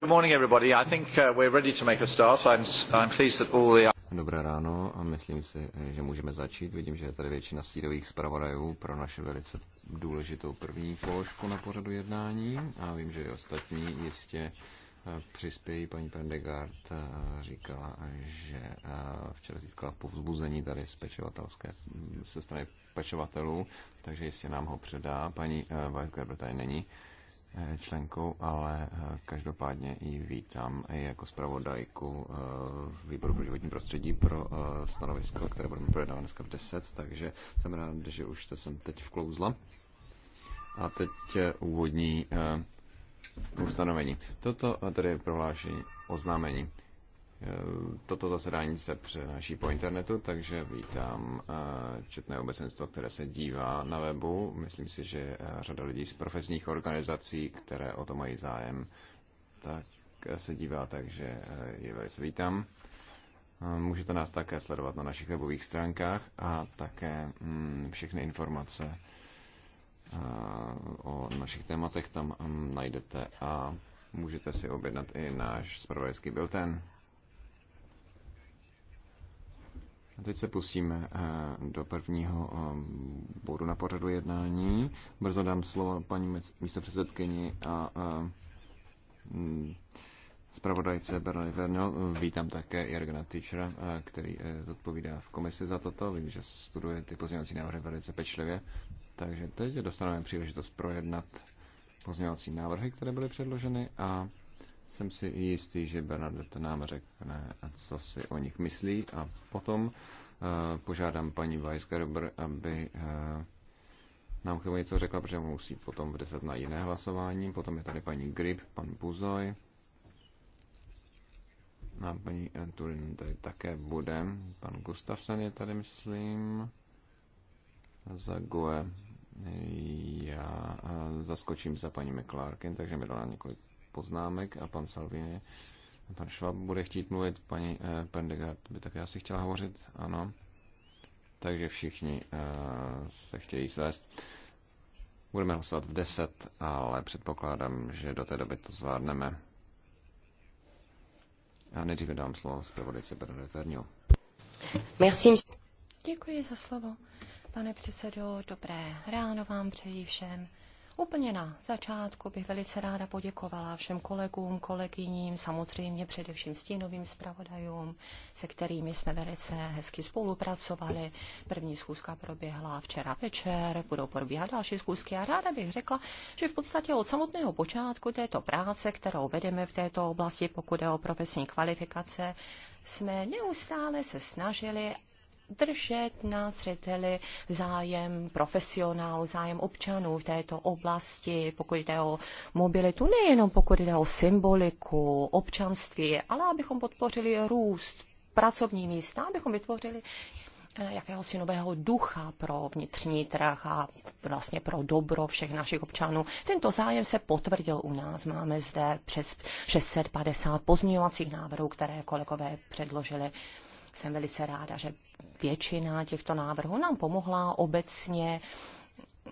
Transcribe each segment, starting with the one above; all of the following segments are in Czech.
Good morning, everybody. I think uh, we're ready to make a start. I'm, pleased that all the... Dobré ráno a myslím si, že můžeme začít. Vidím, že je tady většina stírových zpravodajů pro naše velice důležitou první položku na pořadu jednání a vím, že i ostatní jistě eh, přispějí. Paní Pendegard eh, říkala, že eh, včera získala povzbuzení tady z pečovatelské, se strany pečovatelů, takže jistě nám ho předá. Paní Weisgerber tady není členkou, ale eh, každopádně ji vítám i jako zpravodajku eh, výboru pro životní prostředí pro eh, stanovisko, které budeme projednávat dneska v 10, takže jsem rád, že už se jsem teď vklouzla. A teď úvodní ustanovení. Toto tedy prohlášení oznámení. Eh, toto zasedání se přenáší po internetu, takže vítám eh, četné obecenstvo, které se dívá na webu. Myslím si, že eh, řada lidí z profesních organizací, které o to mají zájem, tak se dívá, takže je velice vítám. Můžete nás také sledovat na našich webových stránkách a také mm, všechny informace o našich tématech tam mm, najdete a můžete si objednat i náš spravodajský bulletin. A teď se pustíme eh, do prvního eh, bodu na pořadu jednání. Brzo dám slovo paní místopředsedkyni a eh, mm, zpravodajce Berlin Verno. Vítám také Jargana Tyčera, který zodpovídá v komisi za toto. Vím, že studuje ty pozměňovací návrhy velice pečlivě. Takže teď dostaneme příležitost projednat pozměňovací návrhy, které byly předloženy a jsem si jistý, že Bernadette nám řekne, co si o nich myslí a potom eh, požádám paní Weisgerber, aby eh, nám k tomu něco řekla, protože musí potom v deset na jiné hlasování. Potom je tady paní Grip, pan Buzoj. A paní eh, Turin tady také bude. Pan Gustafsen je tady, myslím. Za Goe. Já zaskočím za paní McClarkin, takže mi dala několik poznámek a pan Salvini, pan Švab bude chtít mluvit, paní eh, Pendegard by také asi chtěla hovořit, ano. Takže všichni eh, se chtějí svést. Budeme hlasovat v 10, ale předpokládám, že do té doby to zvládneme. A nejdříve dám slovo zpravodajce Bernadette Verniu. Merci. Děkuji za slovo. Pane předsedo, dobré ráno vám přeji všem. Úplně na začátku bych velice ráda poděkovala všem kolegům, kolegyním, samozřejmě především stínovým zpravodajům, se kterými jsme velice hezky spolupracovali. První schůzka proběhla včera večer, budou probíhat další schůzky a ráda bych řekla, že v podstatě od samotného počátku této práce, kterou vedeme v této oblasti, pokud je o profesní kvalifikace, jsme neustále se snažili držet na zřeteli zájem profesionálů, zájem občanů v této oblasti, pokud jde o mobilitu, nejenom pokud jde o symboliku, občanství, ale abychom podpořili růst pracovní místa, abychom vytvořili eh, jakéhosi nového ducha pro vnitřní trh a vlastně pro dobro všech našich občanů. Tento zájem se potvrdil u nás. Máme zde přes 650 pozměňovacích návrhů, které kolegové předložili. Jsem velice ráda, že většina těchto návrhů nám pomohla obecně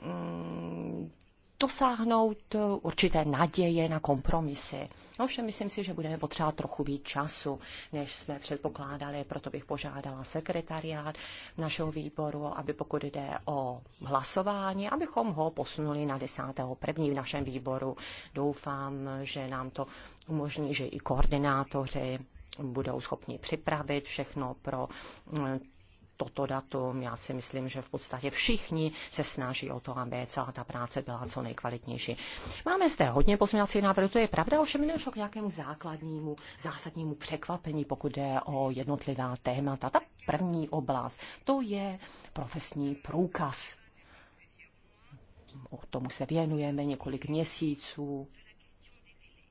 mm, dosáhnout určité naděje na kompromisy. Ovšem myslím si, že budeme potřebovat trochu víc času, než jsme předpokládali, proto bych požádala sekretariát našeho výboru, aby pokud jde o hlasování, abychom ho posunuli na 10.1. v našem výboru. Doufám, že nám to umožní, že i koordinátoři budou schopni připravit všechno pro toto datum. Já si myslím, že v podstatě všichni se snaží o to, aby celá ta práce byla co nejkvalitnější. Máme zde hodně pozměňovacích návrhů, to je pravda, ovšem nedošlo k nějakému základnímu, zásadnímu překvapení, pokud jde o jednotlivá témata. Ta první oblast, to je profesní průkaz. O tomu se věnujeme několik měsíců,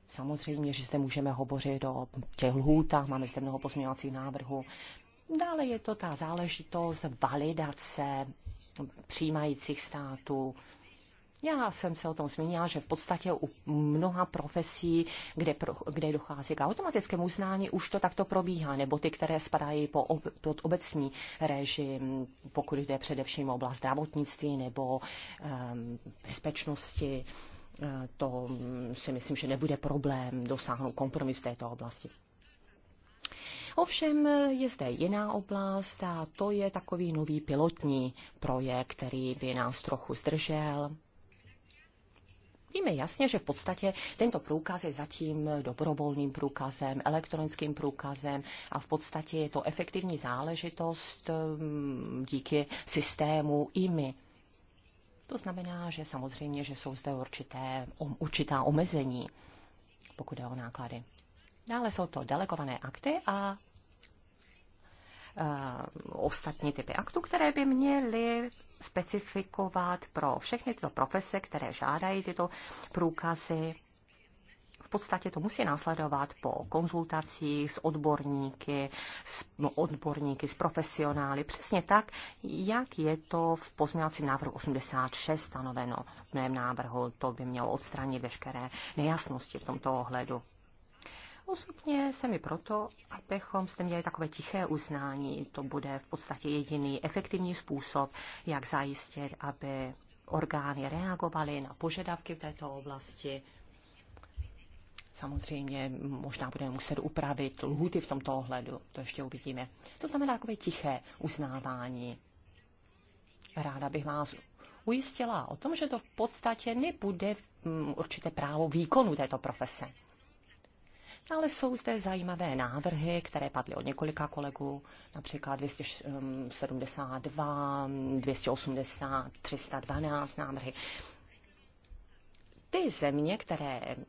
Samozřejmě, že zde můžeme hovořit o těch lhůtách, máme zde mnoho pozměňovacích návrhů. Dále je to ta záležitost validace přijímajících států. Já jsem se o tom zmínila, že v podstatě u mnoha profesí, kde, pro, kde dochází k automatickému uznání, už to takto probíhá, nebo ty, které spadají po, ob, pod obecní režim, pokud jde především oblast zdravotnictví nebo um, bezpečnosti, eh, to si myslím, že nebude problém dosáhnout kompromis v této oblasti. Ovšem je zde jiná oblast a to je takový nový pilotní projekt, který by nás trochu zdržel. Víme jasně, že v podstatě tento průkaz je zatím dobrovolným průkazem, elektronickým průkazem a v podstatě je to efektivní záležitost mm, díky systému IMI. To znamená, že samozřejmě, že jsou zde určité, určitá omezení, pokud je o náklady. Dále jsou to delegované akty a Eh, ostatní typy aktů, které by měly specifikovat pro všechny tyto profese, které žádají tyto průkazy. V podstatě to musí následovat po konzultacích s odborníky, s no, odborníky, s profesionály, přesně tak, jak je to v pozměňovacím návrhu 86 stanoveno. V mém návrhu to by mělo odstranit veškeré nejasnosti v tomto ohledu. Osobně jsem i proto, abychom jste měli takové tiché uznání. To bude v podstatě jediný efektivní způsob, jak zajistit, aby orgány reagovaly na požadavky v této oblasti. Samozřejmě možná budeme muset upravit lhuty v tomto ohledu, to ještě uvidíme. To znamená takové tiché uznávání. Ráda bych vás ujistila o tom, že to v podstatě nebude mm, určité právo výkonu této profese ale jsou zde zajímavé návrhy, které padly od několika kolegů, například 272, 280, 312 návrhy. Ty země, které mm,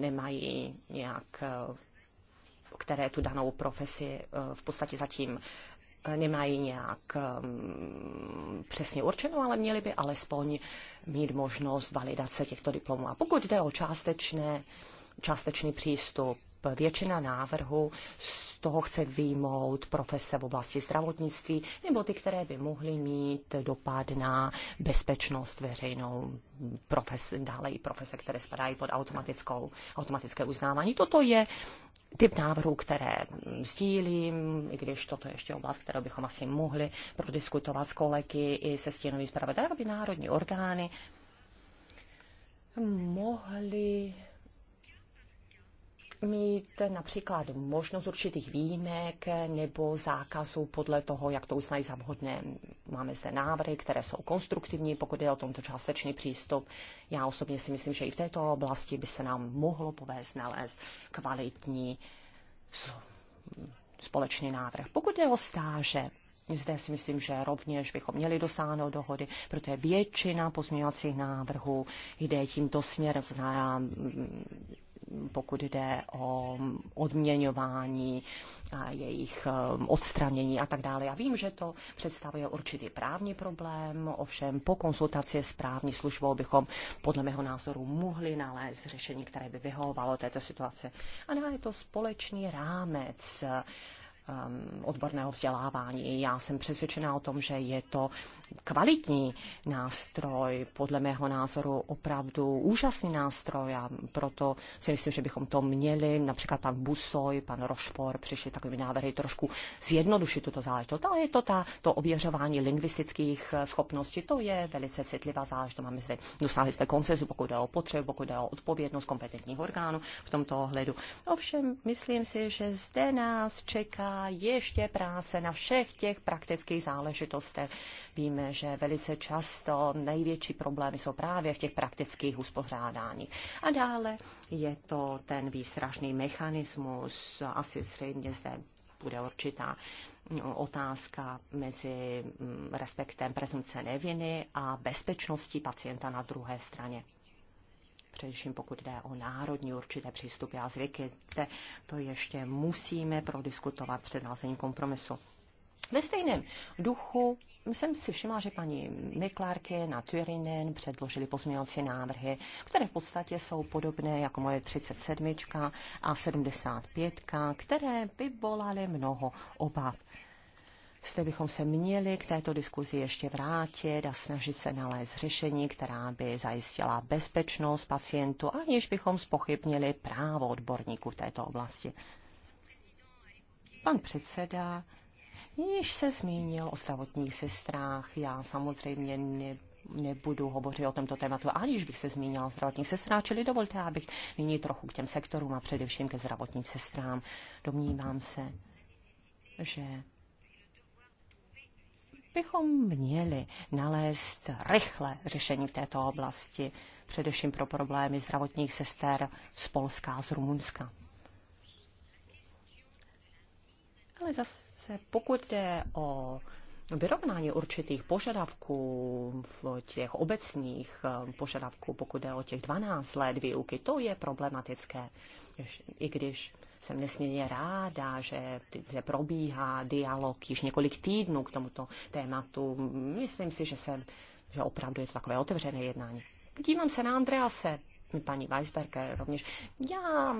nemají nějak, eh, které tu danou profesi eh, v podstatě zatím eh, nemají nějak mm, přesně určenou, ale měli by alespoň mít možnost validace těchto diplomů. A pokud jde o částečné částečný přístup. Většina návrhů z toho chce výjmout profese v oblasti zdravotnictví nebo ty, které by mohly mít dopad na bezpečnost veřejnou profes, dále i profese, které spadají pod automatickou, automatické uznávání. Toto je typ návrhů, které sdílím, i když toto je ještě oblast, kterou bychom asi mohli prodiskutovat s kolegy i se stínovým zpravodajem, aby národní orgány mohly mít například možnost určitých výjimek nebo zákazů podle toho, jak to uznají za vhodné. Máme zde návrhy, které jsou konstruktivní, pokud je o tomto částečný přístup. Já osobně si myslím, že i v této oblasti by se nám mohlo povést nalézt kvalitní společný návrh. Pokud je o stáže, zde si myslím, že rovněž bychom měli dosáhnout dohody, protože většina pozměňovacích návrhů jde tímto směrem, to znamená pokud jde o odměňování a jejich um, odstranění a tak dále. Já vím, že to představuje určitý právní problém, ovšem po konsultaci s právní službou bychom podle mého názoru mohli nalézt řešení, které by vyhovovalo této situaci. A dále je to společný rámec Um, odborného vzdělávání. Já jsem přesvědčená o tom, že je to kvalitní nástroj, podle mého názoru opravdu úžasný nástroj a proto si myslím, že bychom to měli, například pan Busoj, pan Rošpor přišli takovými návrhy trošku zjednodušit tuto záležitost. Ale je to ta, to ověřování lingvistických eh, schopností, to je velice citlivá záležitost. Máme zde, dosáhli jsme koncezu, pokud jde o potřebu, pokud jde o odpovědnost kompetentních orgánů v tomto ohledu. Ovšem, myslím si, že zde nás čeká ještě práce na všech těch praktických záležitostech. Víme, že velice často největší problémy jsou právě v těch praktických uspořádáních. A dále je to ten výstražný mechanismus, asi zřejmě zde bude určitá mm, otázka mezi mm, respektem prezumce neviny a bezpečností pacienta na druhé straně především pokud jde o národní určité přístupy a zvyky. To ještě musíme prodiskutovat před nalezením kompromisu. Ve stejném duchu jsem si všimla, že paní Miklárky na Turinen předložili pozměňovací návrhy, které v podstatě jsou podobné jako moje 37 a 75, které vyvolaly mnoho obav zde bychom se měli k této diskuzi ještě vrátit a snažit se nalézt řešení, která by zajistila bezpečnost pacientů, aniž bychom spochybnili právo odborníků v této oblasti. Pan předseda již se zmínil o zdravotních sestrách. Já samozřejmě ne, nebudu hovořit o tomto tématu, aniž bych se zmínila o zdravotních sestrách, čili dovolte, abych nyní trochu k těm sektorům a především ke zdravotním sestrám. Domnívám se, že bychom měli nalézt rychle řešení v této oblasti, především pro problémy zdravotních sester z Polska a z Rumunska. Ale zase, pokud jde o vyrovnání určitých požadavků, v těch obecných eh, požadavků, pokud jde o těch 12 let výuky, to je problematické, i když jsem nesmírně ráda, že se probíhá dialog již několik týdnů k tomuto tématu. Myslím si, že, se, že opravdu je to takové otevřené jednání. Dívám se na Andrease paní Weisberger rovněž. Já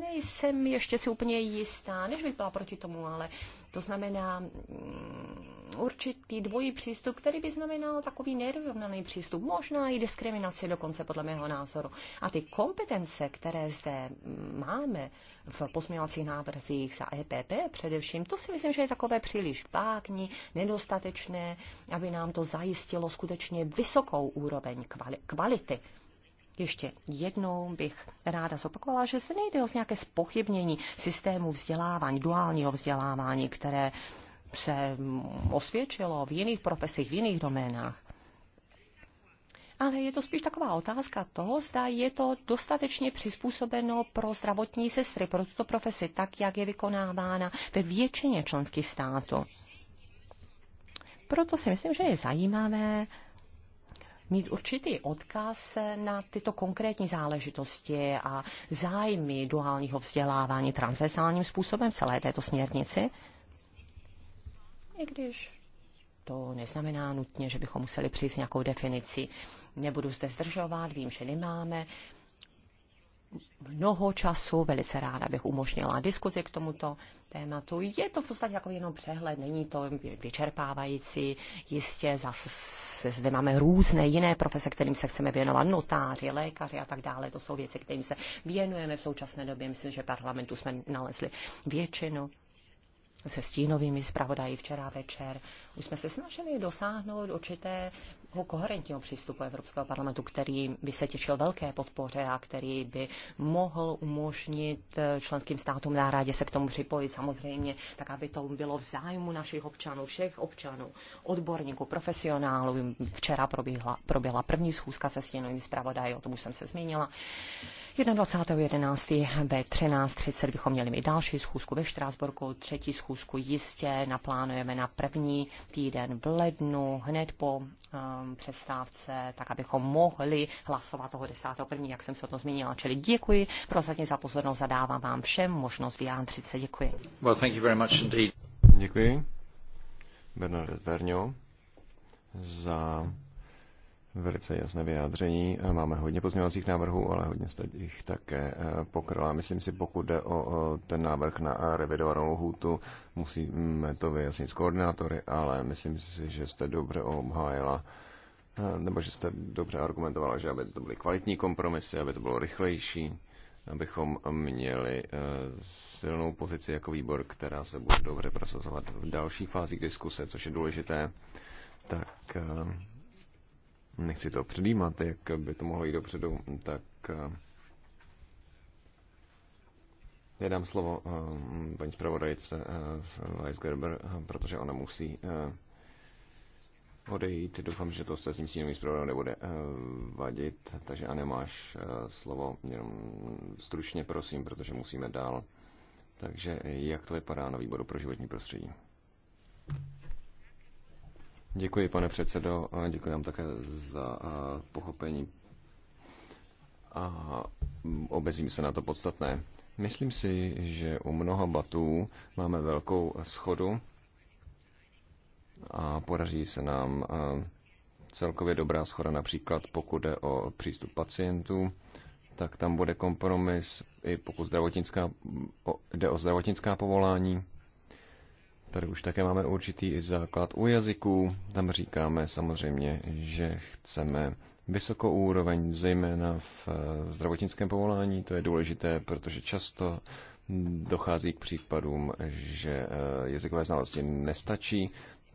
nejsem ještě si úplně jistá, než bych byla proti tomu, ale to znamená mm, určitý dvojí přístup, který by znamenal takový nerovnaný přístup, možná i diskriminaci dokonce podle mého názoru. A ty kompetence, které zde mm, máme v pozměňovacích návrzích za EPP především, to si myslím, že je takové příliš vágní, nedostatečné, aby nám to zajistilo skutečně vysokou úroveň kvality ještě jednou bych ráda zopakovala, že se nejde o nějaké spochybnění systému vzdělávání, duálního vzdělávání, které se osvědčilo v jiných profesích, v jiných doménách. Ale je to spíš taková otázka toho, zda je to dostatečně přizpůsobeno pro zdravotní sestry, pro tuto profesi, tak, jak je vykonávána ve většině členských států. Proto si myslím, že je zajímavé mít určitý odkaz na tyto konkrétní záležitosti a zájmy duálního vzdělávání transversálním způsobem celé této směrnici? I když to neznamená nutně, že bychom museli přijít s nějakou definicí. Nebudu zde zdržovat, vím, že nemáme mnoho času, velice ráda bych umožnila diskuzi k tomuto tématu. Je to v podstatě jako jenom přehled, není to vyčerpávající, jistě zase zde máme různé jiné profese, kterým se chceme věnovat, notáři, lékaři a tak dále, to jsou věci, kterým se věnujeme v současné době, myslím, že parlamentu jsme nalezli většinu se stínovými zpravodají včera večer. Už jsme se snažili dosáhnout určité koherentního přístupu Evropského parlamentu, který by se těšil velké podpoře a který by mohl umožnit eh, členským státům na rádě se k tomu připojit samozřejmě, tak aby to bylo v zájmu našich občanů, všech občanů, odborníků, profesionálů. Včera proběhla, proběhla první schůzka se stěnovým zpravodají, o tom už jsem se zmínila. 21.11. ve 13.30 bychom měli mít další schůzku ve Štrásburku, třetí schůzku jistě naplánujeme na první týden v lednu, hned po uh, Um, přestávce, tak abychom mohli hlasovat toho 10. první, jak jsem se o tom zmínila. Čili děkuji zatím za pozornost zadávám vám všem možnost vyjádřit se. Děkuji. Well, thank you very much indeed. Děkuji. Bernadette Verňo za velice jasné vyjádření. Máme hodně pozměňovacích návrhů, ale hodně jste jich také eh, pokryla. Myslím si, pokud jde o ten návrh na revidovanou lhůtu, musíme to vyjasnit s koordinátory, ale myslím si, že jste dobře obhájila nebo že jste dobře argumentovala, že aby to byly kvalitní kompromisy, aby to bylo rychlejší, abychom měli e, silnou pozici jako výbor, která se bude dobře prosazovat v další fázi diskuse, což je důležité, tak e, nechci to předjímat, jak by to mohlo jít dopředu, tak e, já dám slovo paní zpravodajce Weiss Gerber, protože ona musí odejít. Doufám, že to ostatním stínovým zprávou nebude uh, vadit. Takže a nemáš uh, eh, slovo, jenom stručně prosím, protože musíme dál. Takže jak to vypadá na výboru pro životní prostředí? Děkuji, pane předsedo, a děkuji vám také za uh, pochopení a obezím se na to podstatné. Myslím si, že u mnoha batů máme velkou schodu a podaří se nám eh, celkově dobrá schoda, například pokud jde o přístup pacientů, tak tam bude kompromis, i pokud zdravotnická, jde o zdravotnická povolání. Tady už také máme určitý základ u jazyků. Tam říkáme samozřejmě, že chceme vysokou úroveň, zejména v eh, zdravotnickém povolání. To je důležité, protože často dochází k případům, že eh, jazykové znalosti nestačí.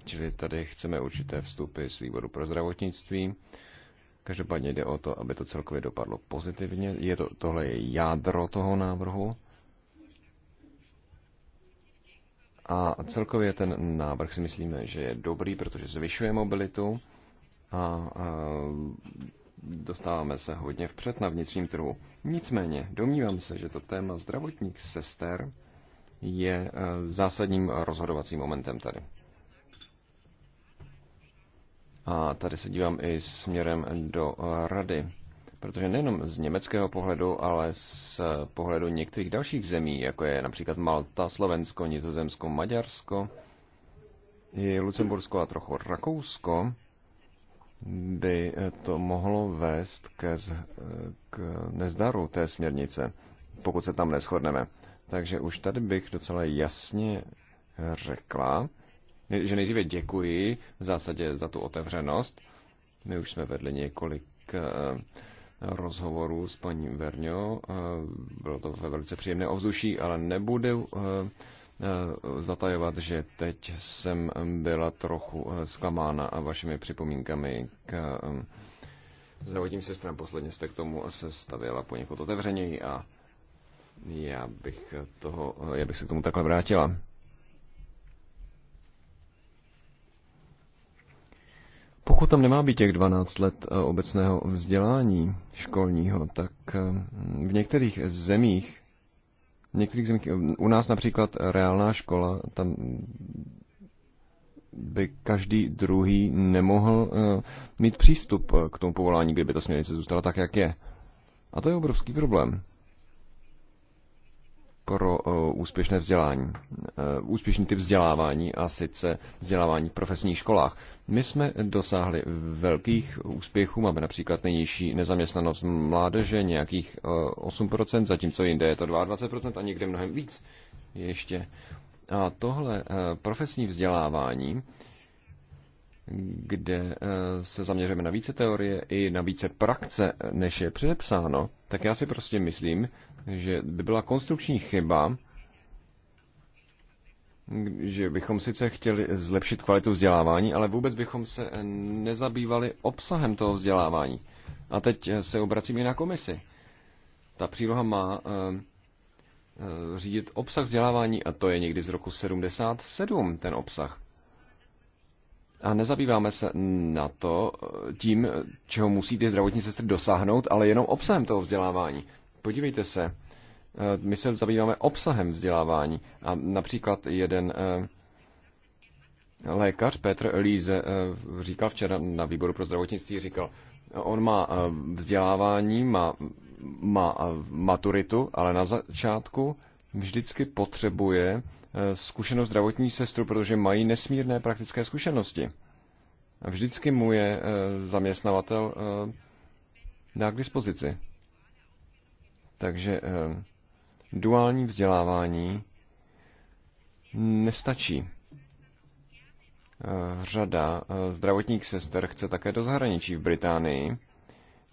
Čili tady chceme určité vstupy z výboru pro zdravotnictví. Každopádně jde o to, aby to celkově dopadlo pozitivně. Je to, tohle je jádro toho návrhu. A celkově ten návrh si myslíme, že je dobrý, protože zvyšuje mobilitu a, a dostáváme se hodně vpřed na vnitřním trhu. Nicméně, domnívám se, že to téma zdravotních sester je e, zásadním rozhodovacím momentem tady. A tady se dívám i směrem do rady. Protože nejenom z německého pohledu, ale z pohledu některých dalších zemí, jako je například Malta, Slovensko, Nizozemsko, Maďarsko, i Lucembursko a trochu Rakousko, by to mohlo vést ke, z, k nezdaru té směrnice, pokud se tam neschodneme. Takže už tady bych docela jasně řekla, že nejdříve děkuji v zásadě za tu otevřenost. My už jsme vedli několik eh, rozhovorů s paní Verňo. Eh, bylo to ve velice příjemné ovzduší, ale nebudu eh, zatajovat, že teď jsem byla trochu zklamána a vašimi připomínkami k zdravotním sestrám. Posledně jste k tomu se stavěla poněkud otevřeněji a já bych, toho, já bych se k tomu takhle vrátila. Pokud tam nemá být těch 12 let eh, obecného vzdělání školního, tak eh, v některých zemích, v některých zemích, u nás například reálná škola, tam by každý druhý nemohl eh, mít přístup k tomu povolání, kdyby ta směrnice zůstala tak, jak je. A to je obrovský problém pro eh, úspěšné vzdělání, eh, úspěšný typ vzdělávání a sice vzdělávání v profesních školách. My jsme dosáhli velkých úspěchů, máme například nejnižší nezaměstnanost mládeže, nějakých 8%, eh, zatímco jinde je to 22% a někde mnohem víc ještě. A tohle profesní vzdělávání, kde se zaměříme na více teorie i na více praxe, než je předepsáno, tak já si prostě myslím, že by byla konstrukční chyba, že bychom sice chtěli zlepšit kvalitu vzdělávání, ale vůbec bychom se nezabývali obsahem toho vzdělávání. A teď se obracím i na komisi. Ta příloha má eh, eh, řídit obsah vzdělávání a to je někdy z roku 77 ten obsah. A nezabýváme se na to eh, tím, čeho musí ty zdravotní sestry dosáhnout, ale jenom obsahem toho vzdělávání podívejte se, eh, my se zabýváme obsahem vzdělávání. A například jeden eh, lékař Petr Líze eh, říkal včera na výboru pro zdravotnictví, říkal, on má vzdělávání, má, má maturitu, ale na začátku vždycky potřebuje zkušenost zdravotní sestru, protože mají nesmírné praktické zkušenosti. Vždycky mu je zaměstnavatel dá k dispozici. Takže eh, duální vzdělávání nestačí. Eh, řada eh, zdravotních sester chce také do zahraničí v Británii.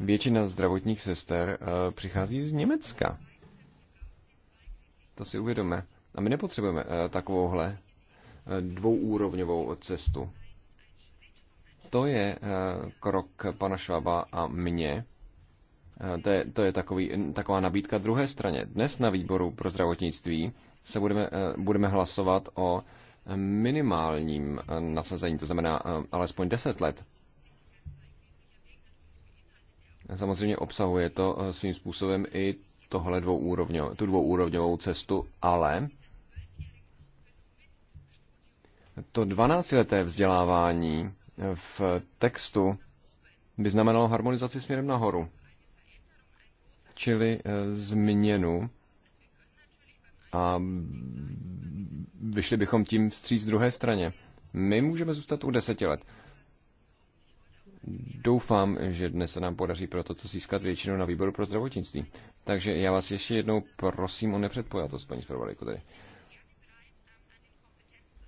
Většina zdravotních sester přichází z Německa. To si uvědome. A my nepotřebujeme takovouhle dvouúrovňovou cestu. To je krok pana Švaba a mě, Eh, to je, to je takový, taková nabídka druhé straně. Dnes na výboru pro zdravotnictví se budeme, eh, budeme hlasovat o eh, minimálním nasazení, to znamená alespoň 10 let. Samozřejmě obsahuje to svým způsobem i tohle dvouúrovňovou, tu dvouúrovňovou cestu, ale to 12-leté vzdělávání v textu by znamenalo harmonizaci směrem nahoru čili eh, změnu a vyšli bychom tím vstříc druhé straně. My můžeme zůstat u deseti let. Doufám, že dnes se nám podaří pro toto získat většinu na výboru pro zdravotnictví. Takže já vás ještě jednou prosím o nepředpojatost, paní zpravodajko tady.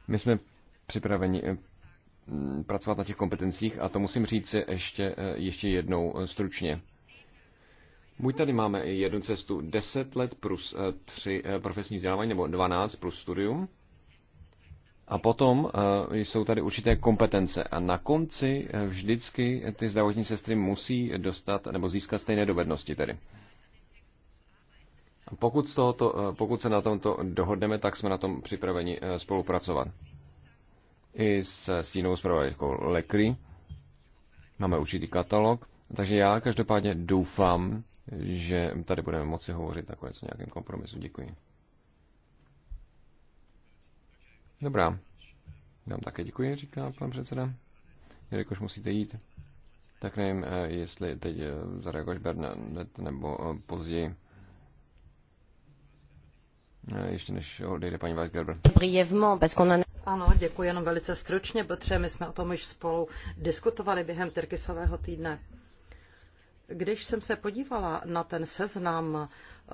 My jsme připraveni eh, pracovat na těch kompetencích a to musím říct ještě, eh, ještě jednou stručně. Buď tady máme jednu cestu 10 let plus 3 eh, eh, profesní vzdělávání nebo 12 plus studium. A potom eh, jsou tady určité kompetence. A na konci vždycky ty zdravotní sestry musí dostat nebo získat stejné dovednosti tedy. Pokud, z tohoto, pokud se na tomto dohodneme, tak jsme na tom připraveni spolupracovat. I s stínovou zpravodajkou Lekry máme určitý katalog, takže já každopádně doufám, že tady budeme moci hovořit nakonec o nějakém kompromisu. Děkuji. Dobrá. Dám také děkuji, říká pan předseda. Jelikož musíte jít, tak nevím, eh, jestli teď eh, zareagoš Bernadette nebo eh, později. Ještě než odejde paní Weisgerber. Ano, děkuji jenom velice stručně, protože my jsme o tom už spolu diskutovali během Tyrkisového týdne. Když jsem se podívala na ten seznam eh,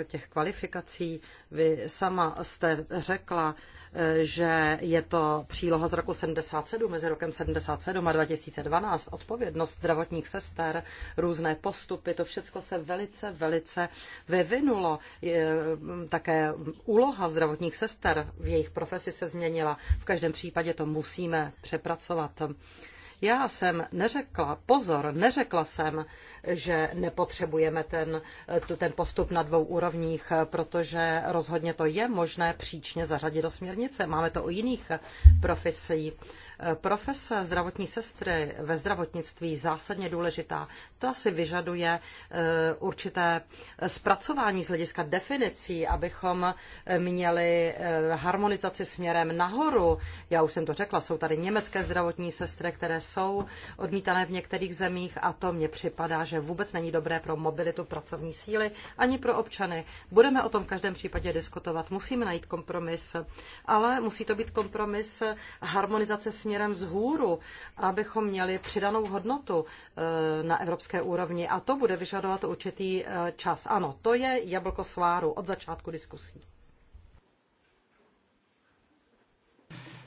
eh, těch kvalifikací, vy sama jste řekla, eh, že je to příloha z roku 77, mezi rokem 77 a 2012, odpovědnost zdravotních sester, různé postupy, to všechno se velice, velice vyvinulo. Mm, také úloha zdravotních sester v jejich profesi se změnila. V každém případě to musíme přepracovat. Já jsem neřekla, pozor, neřekla jsem, že nepotřebujeme ten, ten postup na dvou úrovních, protože rozhodně to je možné příčně zařadit do směrnice. Máme to u jiných profesí. Profese zdravotní sestry ve zdravotnictví zásadně důležitá. Ta si vyžaduje eh, určité zpracování z hlediska definicí, abychom eh, měli eh, harmonizaci směrem nahoru. Já už jsem to řekla, jsou tady německé zdravotní sestry, které jsou odmítané v některých zemích a to mně připadá, že vůbec není dobré pro mobilitu pracovní síly ani pro občany. Budeme o tom v každém případě diskutovat. Musíme najít kompromis, ale musí to být kompromis harmonizace směrem vzhůru, abychom měli přidanou hodnotu eh, na evropské úrovni a to bude vyžadovat určitý eh, čas. Ano, to je jablko sváru od začátku diskusí.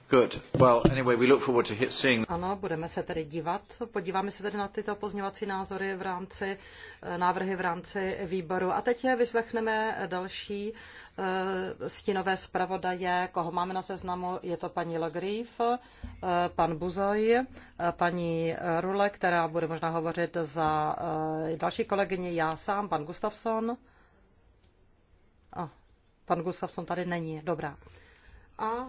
Good. Well, anyway, we look forward to seeing... Ano, budeme se tedy dívat. Podíváme se tedy na tyto pozněvací názory v rámci, eh, návrhy v rámci výboru. A teď vyslechneme eh, další eh, stínové zpravodaje, koho máme na seznamu, je to paní Logrief, pan Buzoj, paní Rule, která bude možná hovořit za další kolegyni, já sám, pan Gustafsson. pan Gustafsson tady není, dobrá. A e,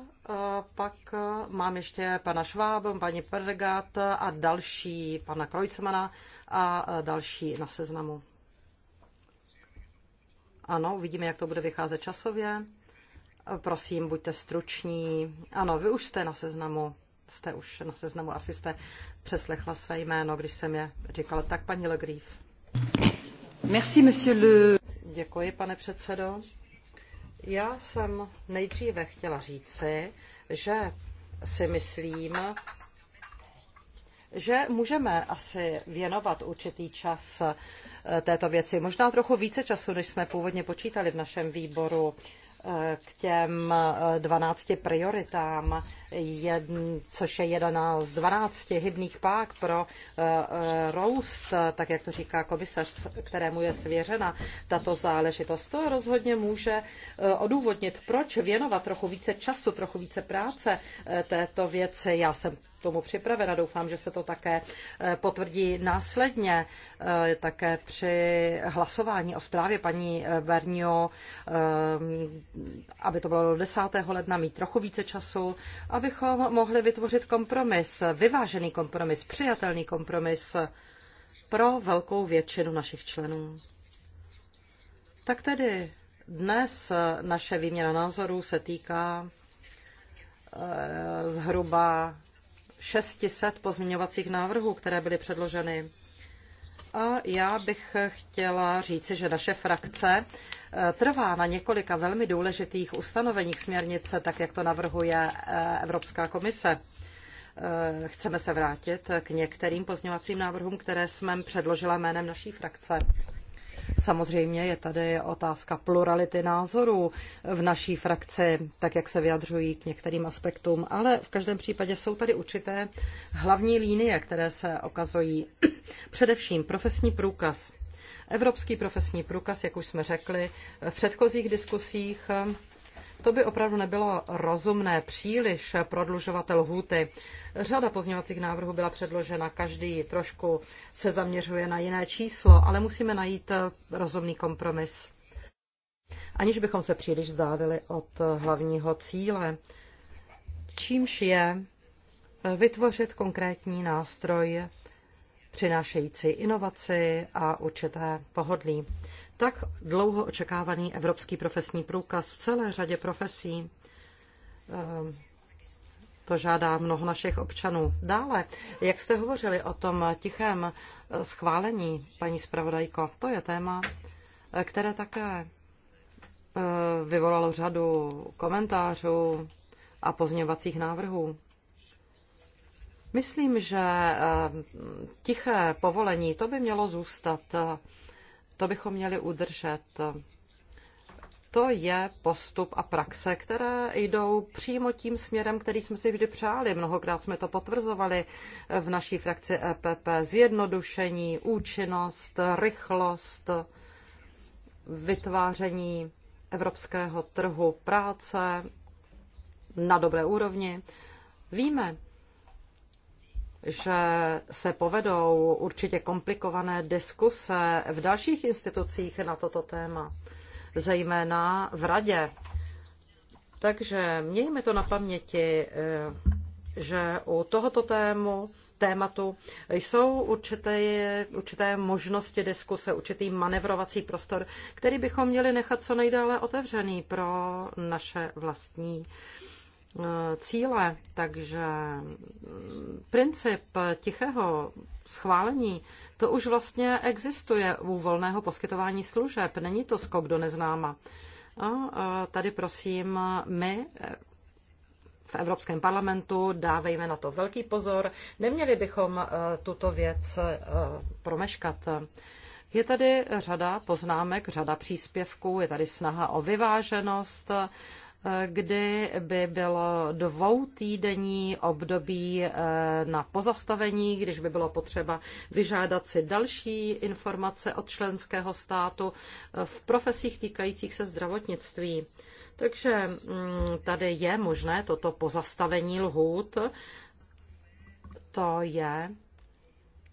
pak e, mám ještě pana Švába, paní Pergat a další, pana Krojcmana a e, další na seznamu. Ano, uvidíme, jak to bude vycházet časově. Prosím, buďte struční. Ano, vy už jste na seznamu. Jste už na seznamu, asi jste přeslechla své jméno, když jsem je říkala. Tak, paní Legrief. Merci, monsieur le... Děkuji, pane předsedo. Já jsem nejdříve chtěla říci, že si myslím, že můžeme asi věnovat určitý čas eh, této věci. Možná trochu více času, než jsme původně počítali v našem výboru eh, k těm 12 eh, prioritám, jedn, což je jedna z 12 hybných pák pro eh, eh, růst, tak jak to říká komisař, kterému je svěřena tato záležitost. To rozhodně může eh, odůvodnit, proč věnovat trochu více času, trochu více práce této věci. Já jsem tomu připravena. Doufám, že se to také potvrdí následně také při hlasování o zprávě paní Bernio, aby to bylo do 10. ledna, mít trochu více času a abychom mohli vytvořit kompromis, vyvážený kompromis, přijatelný kompromis pro velkou většinu našich členů. Tak tedy dnes naše výměna názorů se týká eh, zhruba 600 pozměňovacích návrhů, které byly předloženy. A já bych chtěla říci, že naše frakce trvá na několika velmi důležitých ustanoveních směrnice, tak jak to navrhuje eh, Evropská komise. Eh, chceme se vrátit k některým pozměňovacím návrhům, které jsme předložila jménem naší frakce. Samozřejmě je tady otázka plurality názorů v naší frakci, tak jak se vyjadřují k některým aspektům, ale v každém případě jsou tady určité hlavní linie, které se okazují. Především profesní průkaz. Evropský profesní průkaz, jak už jsme řekli v předchozích diskusích, to by opravdu nebylo rozumné příliš prodlužovat lhůty. Řada pozměňovacích návrhů byla předložena, každý trošku se zaměřuje na jiné číslo, ale musíme najít rozumný kompromis. Aniž bychom se příliš vzdálili od hlavního cíle, čímž je vytvořit konkrétní nástroj přinášející inovaci a určité pohodlí. Tak dlouho očekávaný evropský profesní průkaz v celé řadě profesí. Ehm, to žádá mnoho našich občanů. Dále, jak jste hovořili o tom tichém eh, schválení, paní zpravodajko, to je téma, eh, které také eh, vyvolalo řadu komentářů a pozměňovacích návrhů. Myslím, že eh, tiché povolení, to by mělo zůstat, eh, to bychom měli udržet. To je postup a praxe, které jdou přímo tím směrem, který jsme si vždy přáli. Mnohokrát jsme to potvrzovali v naší frakci EPP. Zjednodušení, účinnost, rychlost, vytváření evropského trhu práce na dobré úrovni. Víme, že se povedou určitě komplikované diskuse v dalších institucích na toto téma, zejména v radě. Takže mějme to na paměti, eh, že u tohoto tému, tématu jsou určité, určité možnosti diskuse, určitý manevrovací prostor, který bychom měli nechat co nejdále otevřený pro naše vlastní uh, Eh, cíle, takže mm, princip tichého schválení, to už vlastně existuje u volného poskytování služeb. Není to skok do neznáma. A eh, tady prosím, my eh, v Evropském parlamentu dávejme na to velký pozor. Neměli bychom tuto věc promeškat. Je tady řada poznámek, řada příspěvků, je tady snaha o vyváženost kdy by bylo dvou týdení období eh, na pozastavení, když by bylo potřeba vyžádat si další informace od členského státu eh, v profesích týkajících se zdravotnictví. Takže mm, tady je možné toto pozastavení lhůt. To je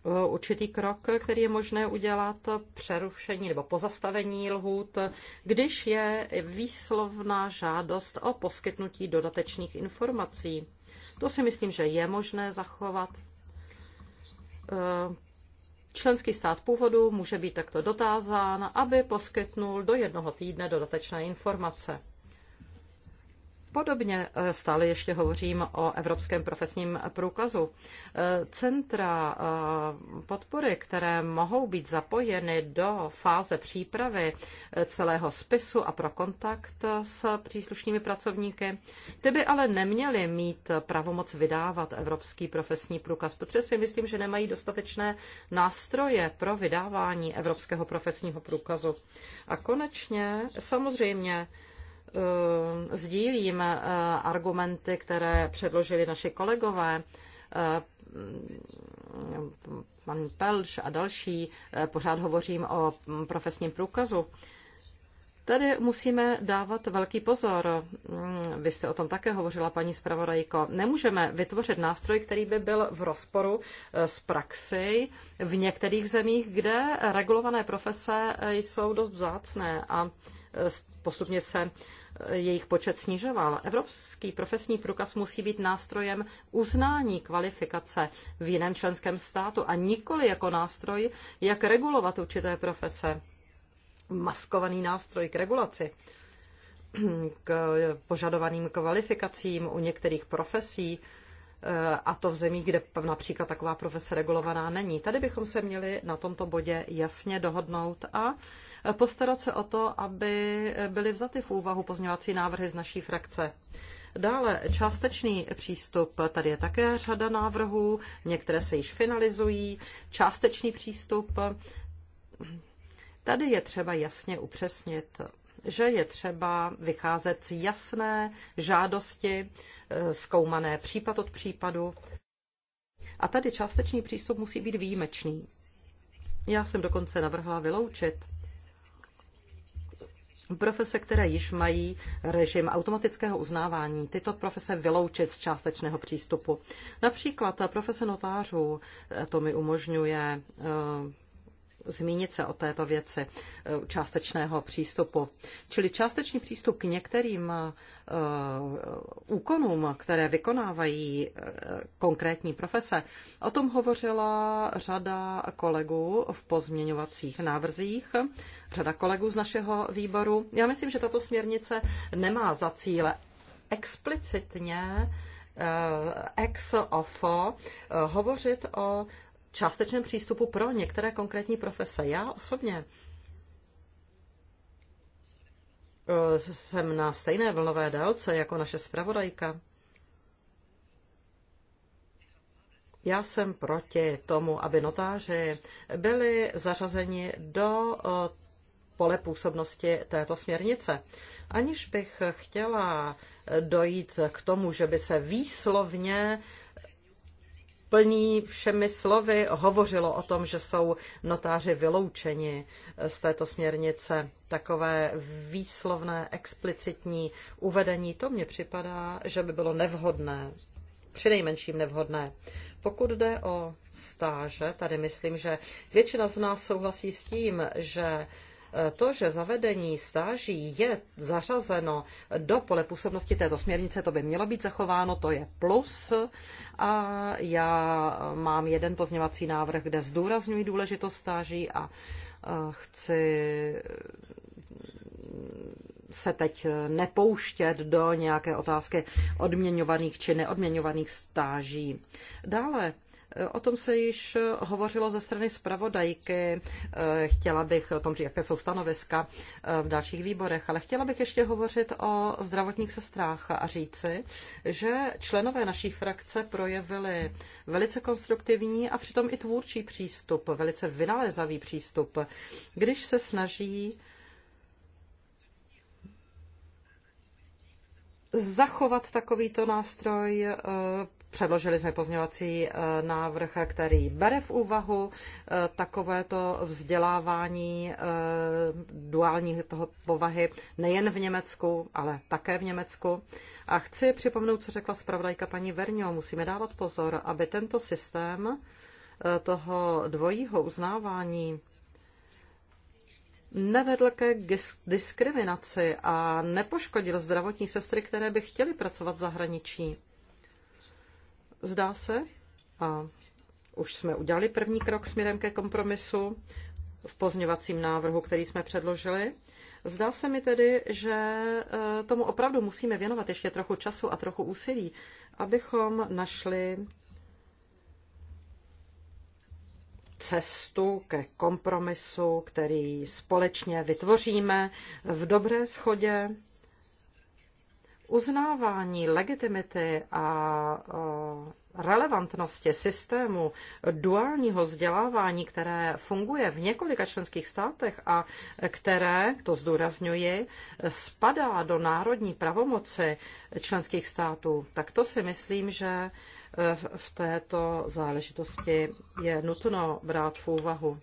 Eh, určitý krok, který je možné udělat, přerušení nebo pozastavení lhůt, když je výslovná žádost o poskytnutí dodatečných informací. To si myslím, že je možné zachovat. Eh, členský stát původu může být takto dotázán, aby poskytnul do jednoho týdne dodatečné informace. Podobně eh, stále ještě hovořím o Evropském profesním průkazu. Eh, centra eh, podpory, které mohou být zapojeny do fáze přípravy celého spisu a pro kontakt s příslušnými pracovníky, ty by ale neměly mít pravomoc vydávat Evropský profesní průkaz, protože si myslím, že nemají dostatečné nástroje pro vydávání Evropského profesního průkazu. A konečně, samozřejmě, Eh, sdílím eh, argumenty, které předložili naši kolegové, eh, pan Pelš a další, pořád hovořím o profesním průkazu. Tady musíme dávat velký pozor. Mm, vy jste o tom také hovořila, paní zpravodajko. Nemůžeme vytvořit nástroj, který by byl v rozporu s praxi v některých zemích, kde regulované profese jsou dost vzácné a postupně se jejich počet snižoval. Evropský profesní průkaz musí být nástrojem uznání kvalifikace v jiném členském státu a nikoli jako nástroj, jak regulovat určité profese. Maskovaný nástroj k regulaci k požadovaným kvalifikacím u některých profesí a to v zemích, kde například taková profese regulovaná není. Tady bychom se měli na tomto bodě jasně dohodnout a postarat se o to, aby byly vzaty v úvahu pozměňovací návrhy z naší frakce. Dále částečný přístup, tady je také řada návrhů, některé se již finalizují. Částečný přístup, tady je třeba jasně upřesnit, že je třeba vycházet z jasné žádosti zkoumané případ od případu. A tady částečný přístup musí být výjimečný. Já jsem dokonce navrhla vyloučit profese, které již mají režim automatického uznávání, tyto profese vyloučit z částečného přístupu. Například profese notářů, eh, to mi umožňuje eh, zmínit se o této věci eh, částečného přístupu. Čili částečný přístup k některým eh, eh, úkonům, které vykonávají konkrétní profese, o tom hovořila řada kolegů v pozměňovacích návrzích, řada kolegů z našeho výboru. Já myslím, že tato směrnice nemá za cíle explicitně ex ofo hovořit o částečném přístupu pro některé konkrétní profese. Já osobně e, jsem na stejné vlnové délce jako naše zpravodajka. Já jsem proti tomu, aby notáři byli zařazeni do e, pole působnosti této směrnice. Aniž bych chtěla dojít k tomu, že by se výslovně plní všemi slovy hovořilo o tom, že jsou notáři vyloučeni z této směrnice. Takové výslovné, explicitní uvedení, to mně připadá, že by bylo nevhodné, přinejmenším nevhodné. Pokud jde o stáže, tady myslím, že většina z nás souhlasí s tím, že to, že zavedení stáží je zařazeno do pole působnosti této směrnice, to by mělo být zachováno, to je plus. A já mám jeden pozněvací návrh, kde zdůrazňuji důležitost stáží a chci se teď nepouštět do nějaké otázky odměňovaných či neodměňovaných stáží. Dále O tom se již hovořilo ze strany zpravodajky. Eh, chtěla bych o tom, jaké jsou stanoviska eh, v dalších výborech, ale chtěla bych ještě hovořit o zdravotních sestrách a říci, že členové naší frakce projevili velice konstruktivní a přitom i tvůrčí přístup, velice vynalézavý přístup, když se snaží zachovat takovýto nástroj eh, Předložili jsme pozměňovací eh, návrh, který bere v úvahu eh, takovéto vzdělávání eh, duální toho povahy nejen v Německu, ale také v Německu. A chci připomenout, co řekla zpravodajka paní Verňo. Musíme dávat pozor, aby tento systém toho dvojího uznávání nevedl ke diskriminaci a nepoškodil zdravotní sestry, které by chtěly pracovat v zahraničí zdá se, a už jsme udělali první krok směrem ke kompromisu v pozněvacím návrhu, který jsme předložili. Zdá se mi tedy, že e, tomu opravdu musíme věnovat ještě trochu času a trochu úsilí, abychom našli cestu ke kompromisu, který společně vytvoříme v dobré schodě uznávání legitimity a relevantnosti systému duálního vzdělávání, které funguje v několika členských státech a které, to zdůrazňuji, spadá do národní pravomoci členských států, tak to si myslím, že e, v této záležitosti je nutno brát v úvahu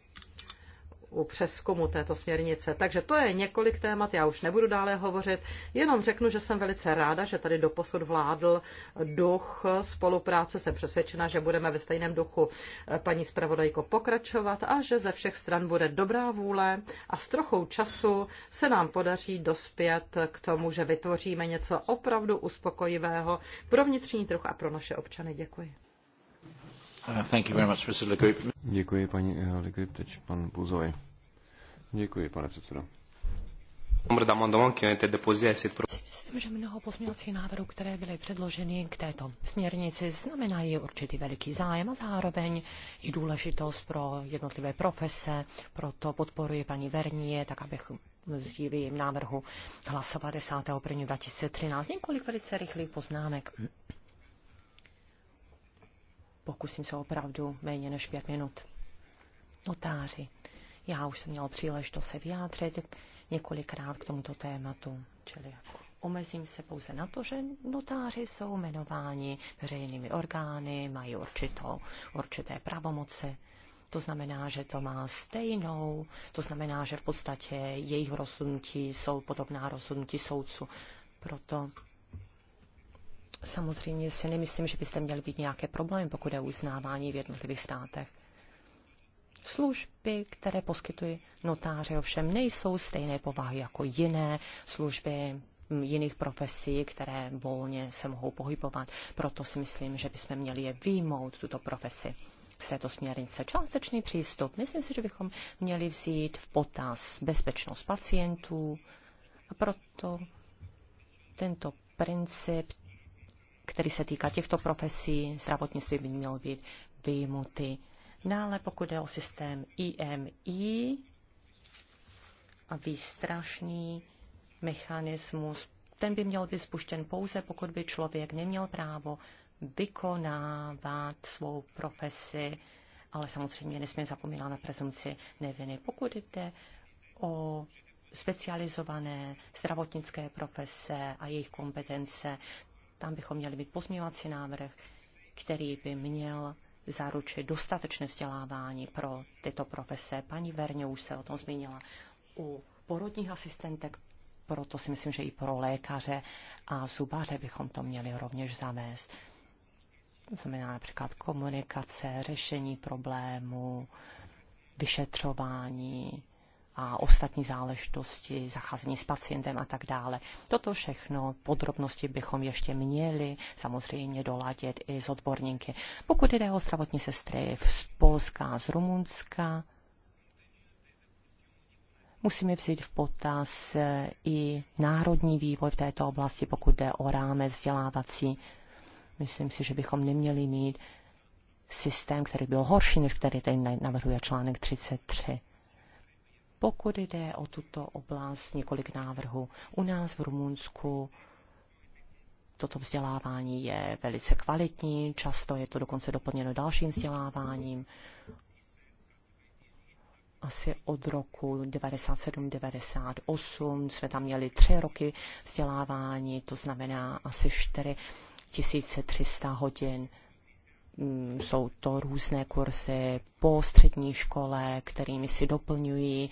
u přeskumu této směrnice. Takže to je několik témat, já už nebudu dále hovořit, jenom řeknu, že jsem velice ráda, že tady doposud vládl duch spolupráce. Jsem přesvědčena, že budeme ve stejném duchu eh, paní zpravodajko pokračovat a že ze všech stran bude dobrá vůle a s trochou času se nám podaří dospět k tomu, že vytvoříme něco opravdu uspokojivého pro vnitřní trh a pro naše občany. Děkuji. Uh, Děkuji, paní eh, Legrip, teď pan Buzoj. Děkuji, pane předsedo. Myslím, že mnoho pozměňovacích návrhů, které byly předloženy k této směrnici, znamenají určitý veliký zájem a zároveň i důležitost pro jednotlivé profese. Proto podporuji paní Vernie, tak abych v jejím návrhu hlasovat 10.1.2013. Několik velice rychlých poznámek pokusím se opravdu méně než pět minut. Notáři. Já už jsem měl příležitost se vyjádřit několikrát k tomuto tématu, čili omezím se pouze na to, že notáři jsou jmenováni veřejnými orgány, mají určitou, určité pravomoci. To znamená, že to má stejnou, to znamená, že v podstatě jejich rozhodnutí jsou podobná rozhodnutí soudců. Proto Samozřejmě si nemyslím, že byste měli být nějaké problémy, pokud je uznávání v jednotlivých státech. Služby, které poskytují notáři, ovšem nejsou stejné povahy jako jiné služby jiných profesí, které volně se mohou pohybovat. Proto si myslím, že bychom měli je výjmout, tuto profesi z této směrnice. Částečný přístup. Myslím si, že bychom měli vzít v potaz bezpečnost pacientů a proto tento princip který se týká těchto profesí, zdravotnictví by měl být vyjimuty. Dále pokud jde o systém IMI a výstrašný mechanismus, ten by měl být spuštěn pouze, pokud by člověk neměl právo vykonávat svou profesi, ale samozřejmě nesmí zapomínat na prezumci neviny. Pokud jde o specializované zdravotnické profese a jejich kompetence tam bychom měli být pozměňovací návrh, který by měl zaručit dostatečné vzdělávání pro tyto profese. Paní Verně už se o tom zmínila. U porodních asistentek proto si myslím, že i pro lékaře a zubaře bychom to měli rovněž zavést. To znamená například komunikace, řešení problémů, vyšetřování, a ostatní záležitosti, zacházení s pacientem a tak dále. Toto všechno podrobnosti bychom ještě měli samozřejmě doladit i z odborníky. Pokud jde o zdravotní sestry z Polska a z Rumunska, musíme vzít v potaz i národní vývoj v této oblasti, pokud jde o rámec vzdělávací. Myslím si, že bychom neměli mít systém, který byl horší, než který tady navrhuje článek 33. Pokud jde o tuto oblast, několik návrhů. U nás v Rumunsku toto vzdělávání je velice kvalitní, často je to dokonce doplněno dalším vzděláváním. Asi od roku 97-98 jsme tam měli tři roky vzdělávání, to znamená asi 4300 hodin Mm, jsou to různé kurzy po střední škole, kterými si doplňují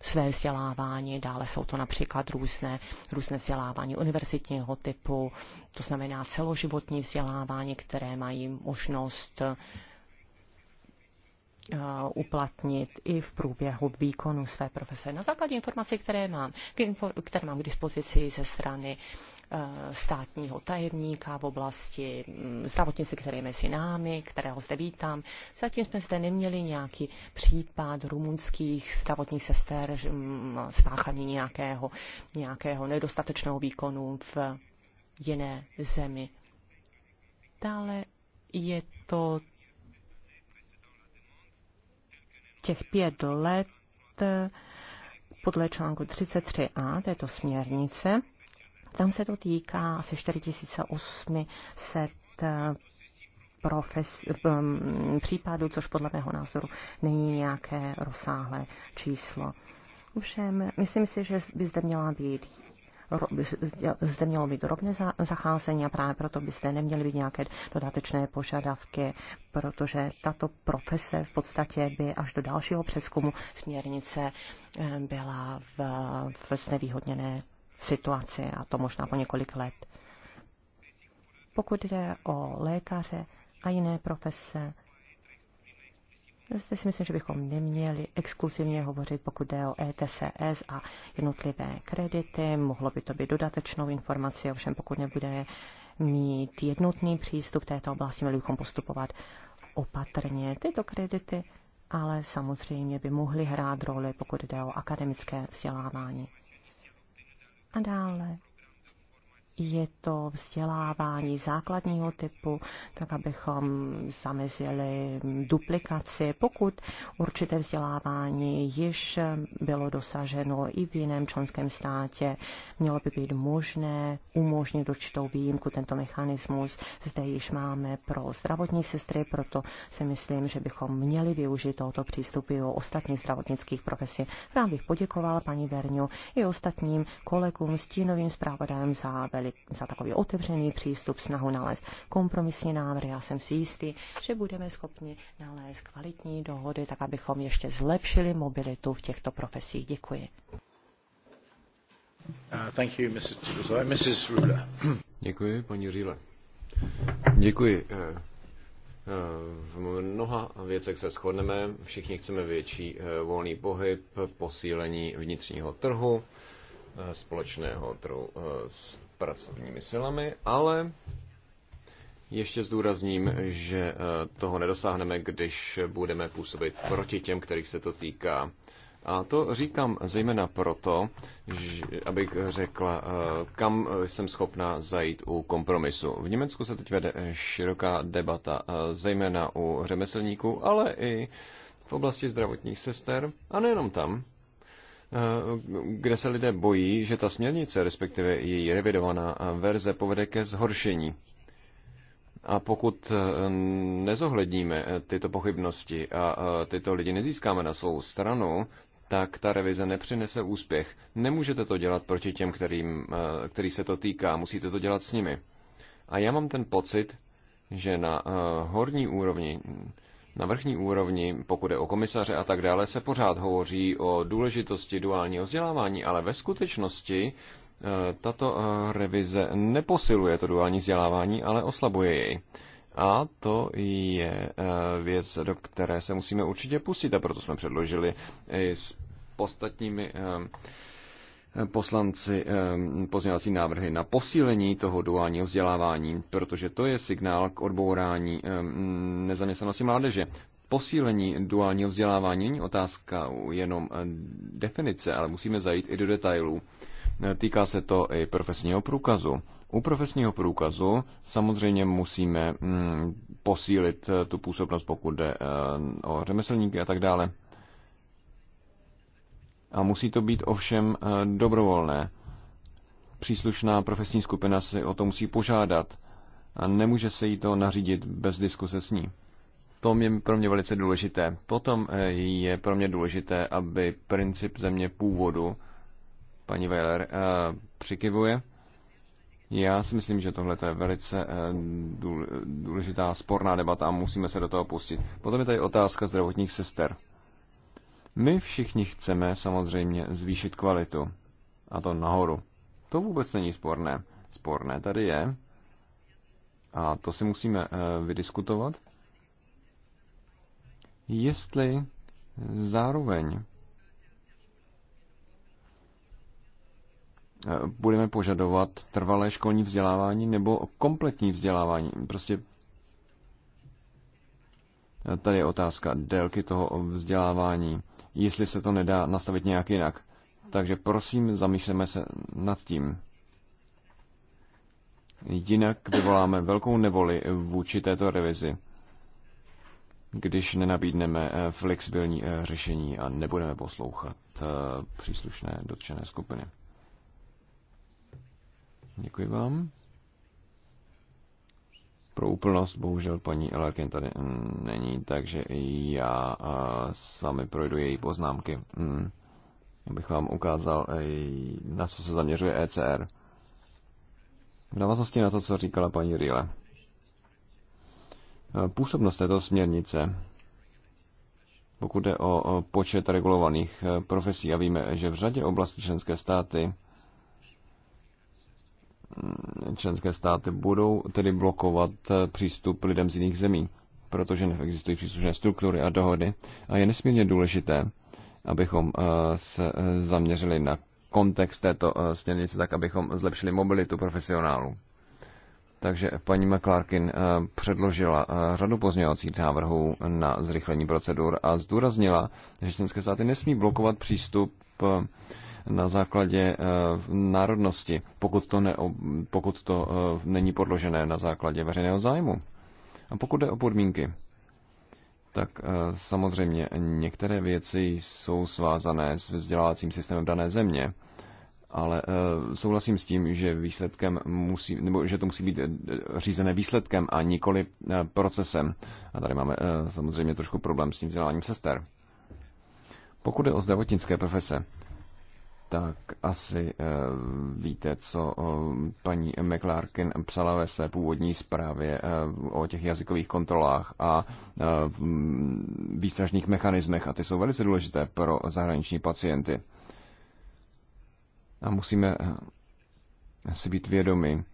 své vzdělávání, dále jsou to například různé, různé vzdělávání univerzitního typu, to znamená celoživotní vzdělávání, které mají možnost eh, uplatnit i v průběhu výkonu své profese. Na základě informací, které mám, které mám k dispozici ze strany Eh, státního tajemníka v oblasti mm, zdravotnictví, který je mezi námi, kterého zde vítám. Zatím jsme zde neměli nějaký případ rumunských zdravotních sester mm, spáchaní nějakého, nějakého nedostatečného výkonu v jiné zemi. Dále je to těch pět let eh, podle článku 33a této směrnice tam se to týká asi 4800 eh, profes, mm, případů, což podle mého názoru není nějaké rozsáhlé číslo. Ovšem, myslím si, že by zde měla být zde mělo být rovné zacházení a právě proto by zde neměly být nějaké dodatečné požadavky, protože tato profese v podstatě by až do dalšího přeskumu směrnice eh, byla v, v znevýhodněné situaci a to možná po několik let. Pokud jde o lékaře a jiné profese, zde si myslím, že bychom neměli exkluzivně hovořit, pokud jde o ETCS a jednotlivé kredity. Mohlo by to být dodatečnou informací, ovšem pokud nebude mít jednotný přístup v této oblasti, měli bychom postupovat opatrně. Tyto kredity ale samozřejmě by mohly hrát roli, pokud jde o akademické vzdělávání. A dále je to vzdělávání základního typu, tak abychom zamezili duplikaci. Pokud určité vzdělávání již bylo dosaženo i v jiném členském státě, mělo by být možné umožnit určitou výjimku. Tento mechanismus zde již máme pro zdravotní sestry, proto si myslím, že bychom měli využít tohoto přístupu o ostatních zdravotnických profesí. Rád bych poděkoval paní Verňu i ostatním kolegům, stínovým zpravodajem za velice takový, za takový otevřený přístup, snahu nalézt kompromisní návrhy. Já jsem si jistý, že budeme schopni nalézt kvalitní dohody, tak abychom ještě zlepšili mobilitu v těchto profesích. Děkuji. Uh, thank you, Mrs. Mrs. Rula. Děkuji, paní Říle. Děkuji. Eh, eh, v mnoha věcech se shodneme, všichni chceme větší eh, volný pohyb, posílení vnitřního trhu, společného trhu s pracovními silami, ale ještě zdůrazním, že eh, toho nedosáhneme, když budeme působit proti těm, kterých se to týká. A to říkám zejména proto, že, abych řekla, eh, kam jsem schopna zajít u kompromisu. V Německu se teď vede široká debata, eh, zejména u řemeslníků, ale i v oblasti zdravotních sester, a nejenom tam. Eh, kde se lidé bojí, že ta směrnice, respektive její revidovaná verze, povede ke zhoršení. A pokud eh, nezohledníme eh, tyto pochybnosti a tyto lidi nezískáme na svou stranu, tak ta revize nepřinese úspěch. Nemůžete to dělat proti těm, kterým, který se to týká, musíte to dělat s nimi. A já mám ten pocit, že na horní úrovni na vrchní úrovni, pokud je o komisaře a tak dále, se pořád hovoří o důležitosti duálního vzdělávání, ale ve skutečnosti eh, tato eh, revize neposiluje to duální vzdělávání, ale oslabuje jej. A to je eh, věc, do které se musíme určitě pustit a proto jsme předložili i s ostatními poslanci pozměňovací návrhy na posílení toho duálního vzdělávání, protože to je signál k odbourání nezaměstnanosti mládeže. Posílení duálního vzdělávání není otázka jenom eh, definice, ale musíme zajít i do detailů. Týká se to i profesního průkazu. U profesního průkazu samozřejmě musíme mm, posílit eh, tu působnost, pokud jde eh, o řemeslníky a tak dále. A musí to být ovšem eh, dobrovolné. Příslušná profesní skupina si o to musí požádat a nemůže se jí to nařídit bez diskuse s ní. To je pro mě velice důležité. Potom eh, je pro mě důležité, aby princip země původu, paní Weiler eh, přikivuje, já si myslím, že tohle je velice důležitá sporná debata a musíme se do toho pustit. Potom je tady otázka zdravotních sester. My všichni chceme samozřejmě zvýšit kvalitu. A to nahoru. To vůbec není sporné. Sporné tady je. A to si musíme eh, vydiskutovat. Jestli zároveň eh, budeme požadovat trvalé školní vzdělávání nebo kompletní vzdělávání. Prostě eh, tady je otázka délky toho vzdělávání, jestli se to nedá nastavit nějak jinak. Takže prosím, zamýšleme se nad tím. Jinak vyvoláme velkou nevoli vůči této revizi, když nenabídneme eh, flexibilní eh, řešení a nebudeme poslouchat eh, příslušné dotčené skupiny. Děkuji vám. Pro úplnost, bohužel paní Elakin tady není, takže já s vámi projdu její poznámky, hmm. abych vám ukázal, na co se zaměřuje ECR. V návaznosti na to, co říkala paní Rile. E, působnost této směrnice, pokud jde o počet regulovaných e, profesí, a víme, že v řadě oblastí členské státy členské státy budou tedy blokovat eh, přístup lidem z jiných zemí, protože neexistují příslušné struktury a dohody. A je nesmírně důležité, abychom eh, se eh, zaměřili na kontext této směrnice, tak abychom zlepšili mobilitu profesionálů. Takže paní McClarkin předložila řadu pozměňovacích návrhů na zrychlení procedur a zdůraznila, že členské státy nesmí blokovat přístup na základě eh, národnosti, pokud to, ne, pokud to eh, není podložené na základě veřejného zájmu. A pokud jde o podmínky, tak eh, samozřejmě některé věci jsou svázané s vzdělávacím systémem dané země, ale souhlasím s tím, že výsledkem musí, nebo že to musí být řízené výsledkem a nikoli procesem. A tady máme samozřejmě trošku problém s tím vzděláním sester. Pokud je o zdravotnické profese, tak asi eh, víte, co eh, paní McLarkin psala ve své původní zprávě eh, o těch jazykových kontrolách a výstražných mechanismech a ty jsou velice důležité pro zahraniční pacienty. A musíme si být vědomi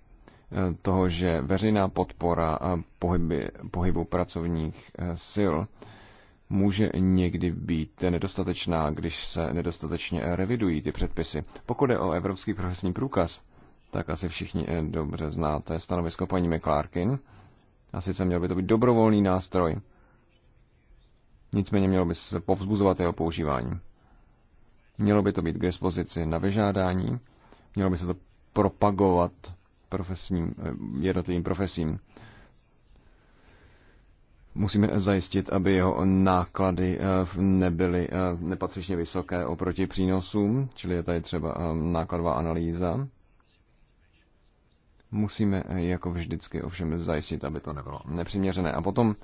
toho, že veřejná podpora pohyby, pohybu pracovních sil může někdy být nedostatečná, když se nedostatečně revidují ty předpisy. Pokud je o Evropský profesní průkaz, tak asi všichni eh, dobře znáte stanovisko paní McClarkin. A sice měl by to být dobrovolný nástroj. Nicméně mělo by se povzbuzovat jeho používání. Mělo by to být k dispozici na vyžádání, mělo by se to propagovat profesním, eh, jednotlivým profesím musíme zajistit, aby jeho náklady eh, nebyly eh, nepatřičně vysoké oproti přínosům, čili je tady třeba eh, nákladová analýza. Musíme jako vždycky ovšem zajistit, aby to nebylo nepřiměřené. A potom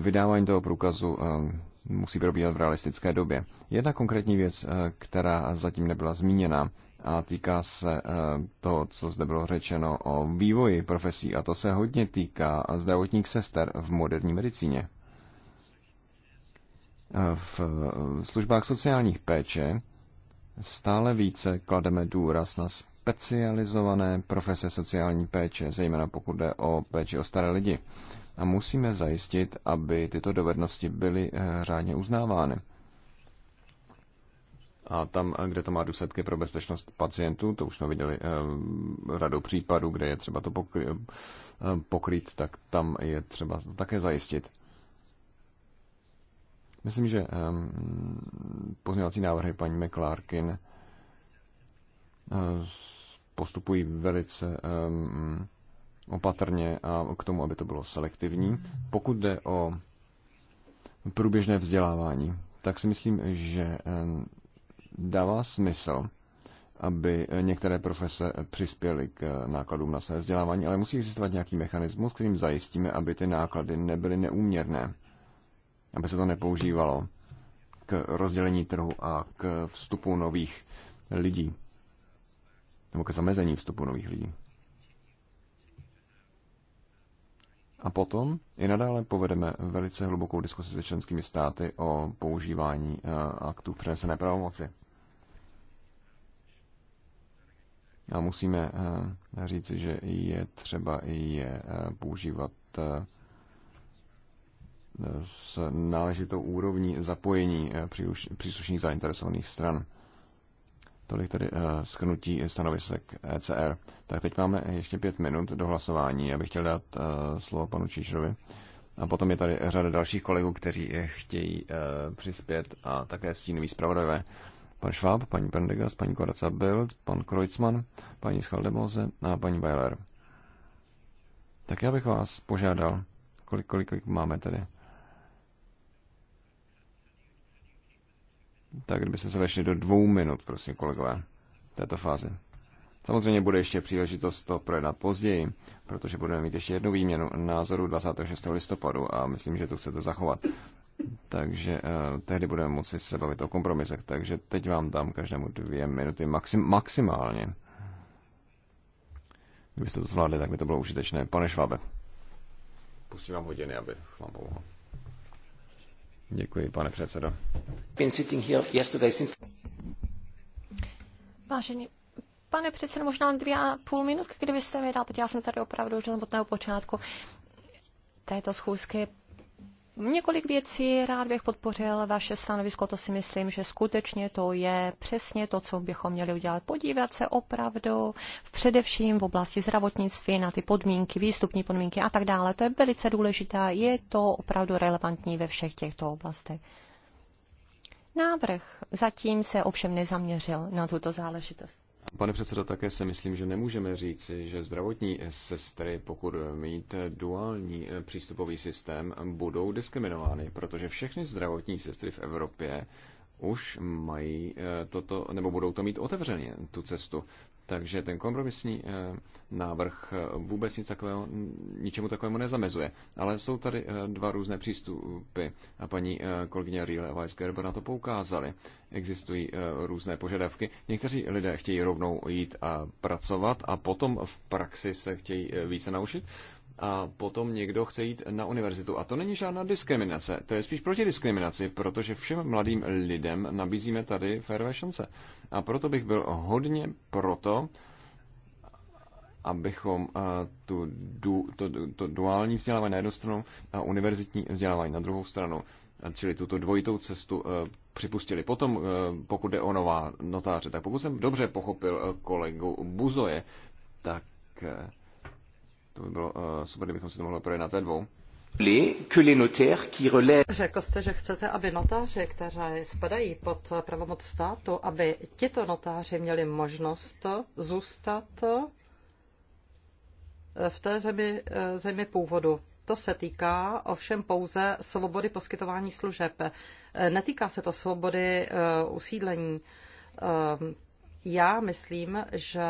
vydávání toho průkazu musí probíhat v realistické době. Jedna konkrétní věc, která zatím nebyla zmíněna, a týká se eh, toho, co zde bylo řečeno o vývoji profesí a to se hodně týká zdravotních sester v moderní medicíně. Eh, v eh, službách sociálních péče stále více klademe důraz na specializované profese sociální péče, zejména pokud jde o péči o staré lidi. A musíme zajistit, aby tyto dovednosti byly řádně uznávány a tam, kde to má důsledky pro bezpečnost pacientů, to už jsme viděli ehm, radou případů, kde je třeba to ehm, pokrýt, tak tam je třeba to také zajistit. Myslím, že ehm, pozměňovací návrhy paní McClarkin postupují velice opatrně a k tomu, aby to bylo selektivní. Pokud jde o průběžné vzdělávání, tak si myslím, že dává smysl, aby některé profese přispěly k nákladům na své vzdělávání, ale musí existovat nějaký mechanismus, kterým zajistíme, aby ty náklady nebyly neúměrné, aby se to nepoužívalo k rozdělení trhu a k vstupu nových lidí, nebo k zamezení vstupu nových lidí. A potom i nadále povedeme velice hlubokou diskusi se členskými státy o používání eh, aktů v přenesené pravomoci. A musíme eh, říci, že je třeba je eh, používat eh, s náležitou úrovní zapojení příslušných zainteresovaných stran. Tolik tedy sknutí stanovisek ECR. Tak teď máme ještě pět minut do hlasování. Já bych chtěl dát slovo panu Číšrovi. A potom je tady řada dalších kolegů, kteří chtějí přispět a také stínový zpravodajové. Pan Schwab, paní Pendegas, paní Koraca Bild, pan Kreuzmann, paní Schaldemose a paní Weiler. Tak já bych vás požádal, kolik, kolik, kolik máme tady. Tak kdybyste se vešli do dvou minut, prosím, kolegové, této fázi. Samozřejmě bude ještě příležitost to projednat později, protože budeme mít ještě jednu výměnu názoru 26. listopadu a myslím, že to chcete zachovat takže uh, tehdy budeme moci se bavit o kompromisech. Takže teď vám dám každému dvě minuty maxim, maximálně. Kdybyste to zvládli, tak by to bylo užitečné. Pane Švábe, pustím vám hodiny, aby vám pomohl. Děkuji, pane předsedo. Vážený pane předsedo, možná dvě a půl minutky, kdybyste mi dal, protože já jsem tady opravdu už od samotného počátku této schůzky Několik věcí rád bych podpořil vaše stanovisko, to si myslím, že skutečně to je přesně to, co bychom měli udělat. Podívat se opravdu v především v oblasti zdravotnictví na ty podmínky, výstupní podmínky a tak dále. To je velice důležité, je to opravdu relevantní ve všech těchto oblastech. Návrh zatím se ovšem nezaměřil na tuto záležitost. Pane předsedo, také si myslím, že nemůžeme říci, že zdravotní sestry, pokud mít duální eh, přístupový systém, budou diskriminovány, protože všechny zdravotní sestry v Evropě už mají eh, toto, nebo budou to mít otevřeně, tu cestu. Takže ten kompromisní eh, návrh eh, vůbec nic takového, ničemu takovému nezamezuje. Ale jsou tady eh, dva různé přístupy a paní kolegyně Riele a Weisgerber na to poukázali. Existují různé požadavky. Někteří lidé chtějí rovnou jít a pracovat a potom v praxi se chtějí více naučit a potom někdo chce jít na univerzitu. A to není žádná diskriminace, to je spíš proti diskriminaci, protože všem mladým lidem nabízíme tady férové šance. A proto bych byl hodně proto, abychom eh, tu, du, to, to duální vzdělávání na jednu stranu a univerzitní vzdělávání na druhou stranu, čili tuto dvojitou cestu eh, připustili. Potom, eh, pokud jde o nová notáře, tak pokud jsem dobře pochopil kolegu Buzoje, tak to by bylo uh, super, kdybychom se to mohli projednat ve dvou. Řekl jste, že chcete, aby notáři, kteří spadají pod pravomoc státu, aby tito notáři měli možnost zůstat eh, v té zemi, eh, zemi původu. To se týká ovšem pouze svobody poskytování služeb. Netýká se to svobody usídlení. Já myslím, že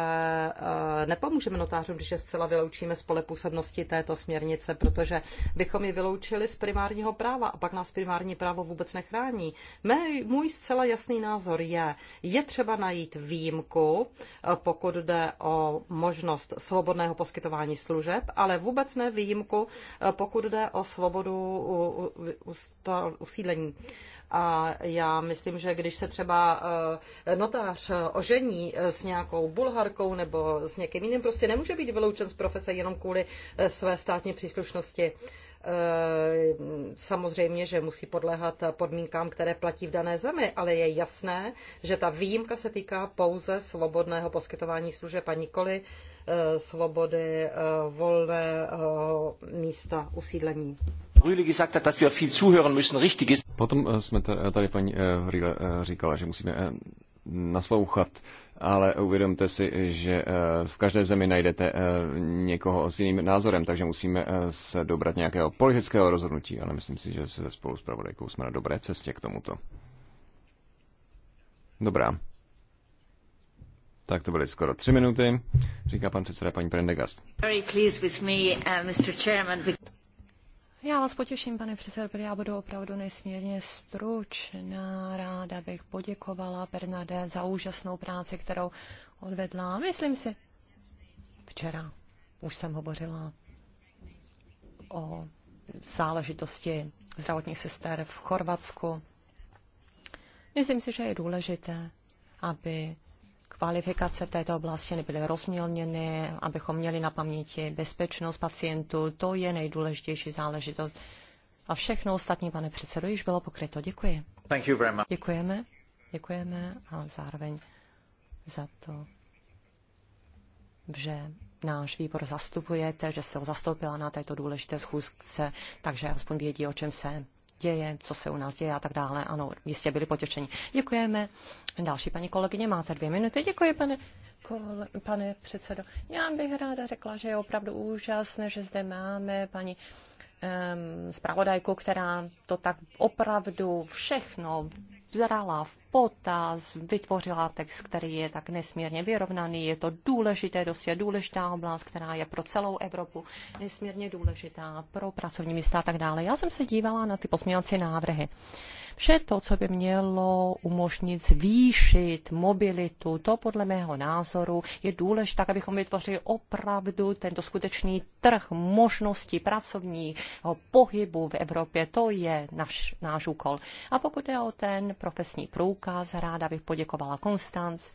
nepomůžeme notářům, když je zcela vyloučíme z pole působnosti této směrnice, protože bychom ji vyloučili z primárního práva a pak nás primární právo vůbec nechrání. Mé, můj zcela jasný názor je, je třeba najít výjimku, pokud jde o možnost svobodného poskytování služeb, ale vůbec ne výjimku, pokud jde o svobodu usídlení. A já myslím, že když se třeba eh, notář eh, ožení eh, s nějakou bulharkou nebo s někým jiným, prostě nemůže být vyloučen z profese jenom kvůli své státní příslušnosti samozřejmě, že musí podléhat podmínkám, které platí v dané zemi, ale je jasné, že ta výjimka se týká pouze svobodného poskytování služeb a nikoli Eh, svobody, eh, volné místa usídlení. Potom eh, jsme tady paní Rühle říkala, že musíme naslouchat, ale uvědomte si, že v každé zemi najdete někoho s jiným názorem, takže musíme se dobrat nějakého politického rozhodnutí, ale myslím si, že se spolu s pravodajkou jsme na dobré cestě k tomuto. Dobrá. Tak to byly skoro tři minuty, říká pan předseda paní Prendegast. Uh, já vás potěším, pane předsedo, já budu opravdu nesmírně stručná. Ráda bych poděkovala Bernadé za úžasnou práci, kterou odvedla, myslím si, včera. Už jsem hovořila o záležitosti zdravotních sester v Chorvatsku. Myslím si, že je důležité, aby kvalifikace v této oblasti nebyly rozmělněny, abychom měli na paměti bezpečnost pacientů. To je nejdůležitější záležitost. A všechno ostatní, pane předsedo, již bylo pokryto. Děkuji. Thank you very much. Děkujeme. Děkujeme a zároveň za to, že náš výbor zastupujete, že jste ho zastoupila na této důležité schůzce, takže aspoň vědí, o čem se děje, co se u nás děje a tak dále. Ano, jistě byli potěšení. Děkujeme. Další paní kolegyně, máte dvě minuty. Děkuji, pane, kole, pane předsedo. Já bych ráda řekla, že je opravdu úžasné, že zde máme paní um, zpravodajku, která to tak opravdu všechno brala v potaz, vytvořila text, který je tak nesmírně vyrovnaný. Je to důležité dosie, důležitá oblast, která je pro celou Evropu nesmírně důležitá, pro pracovní místa a tak dále. Já jsem se dívala na ty pozměňovací návrhy. Uh, Vše to, co by mělo umožnit zvýšit mobilitu, to podle mého názoru je důležité, tak abychom vytvořili opravdu tento skutečný trh možností pracovního pohybu v Evropě. To je naš, náš úkol. A pokud je o ten profesní průkaz, ráda bych poděkovala Konstanc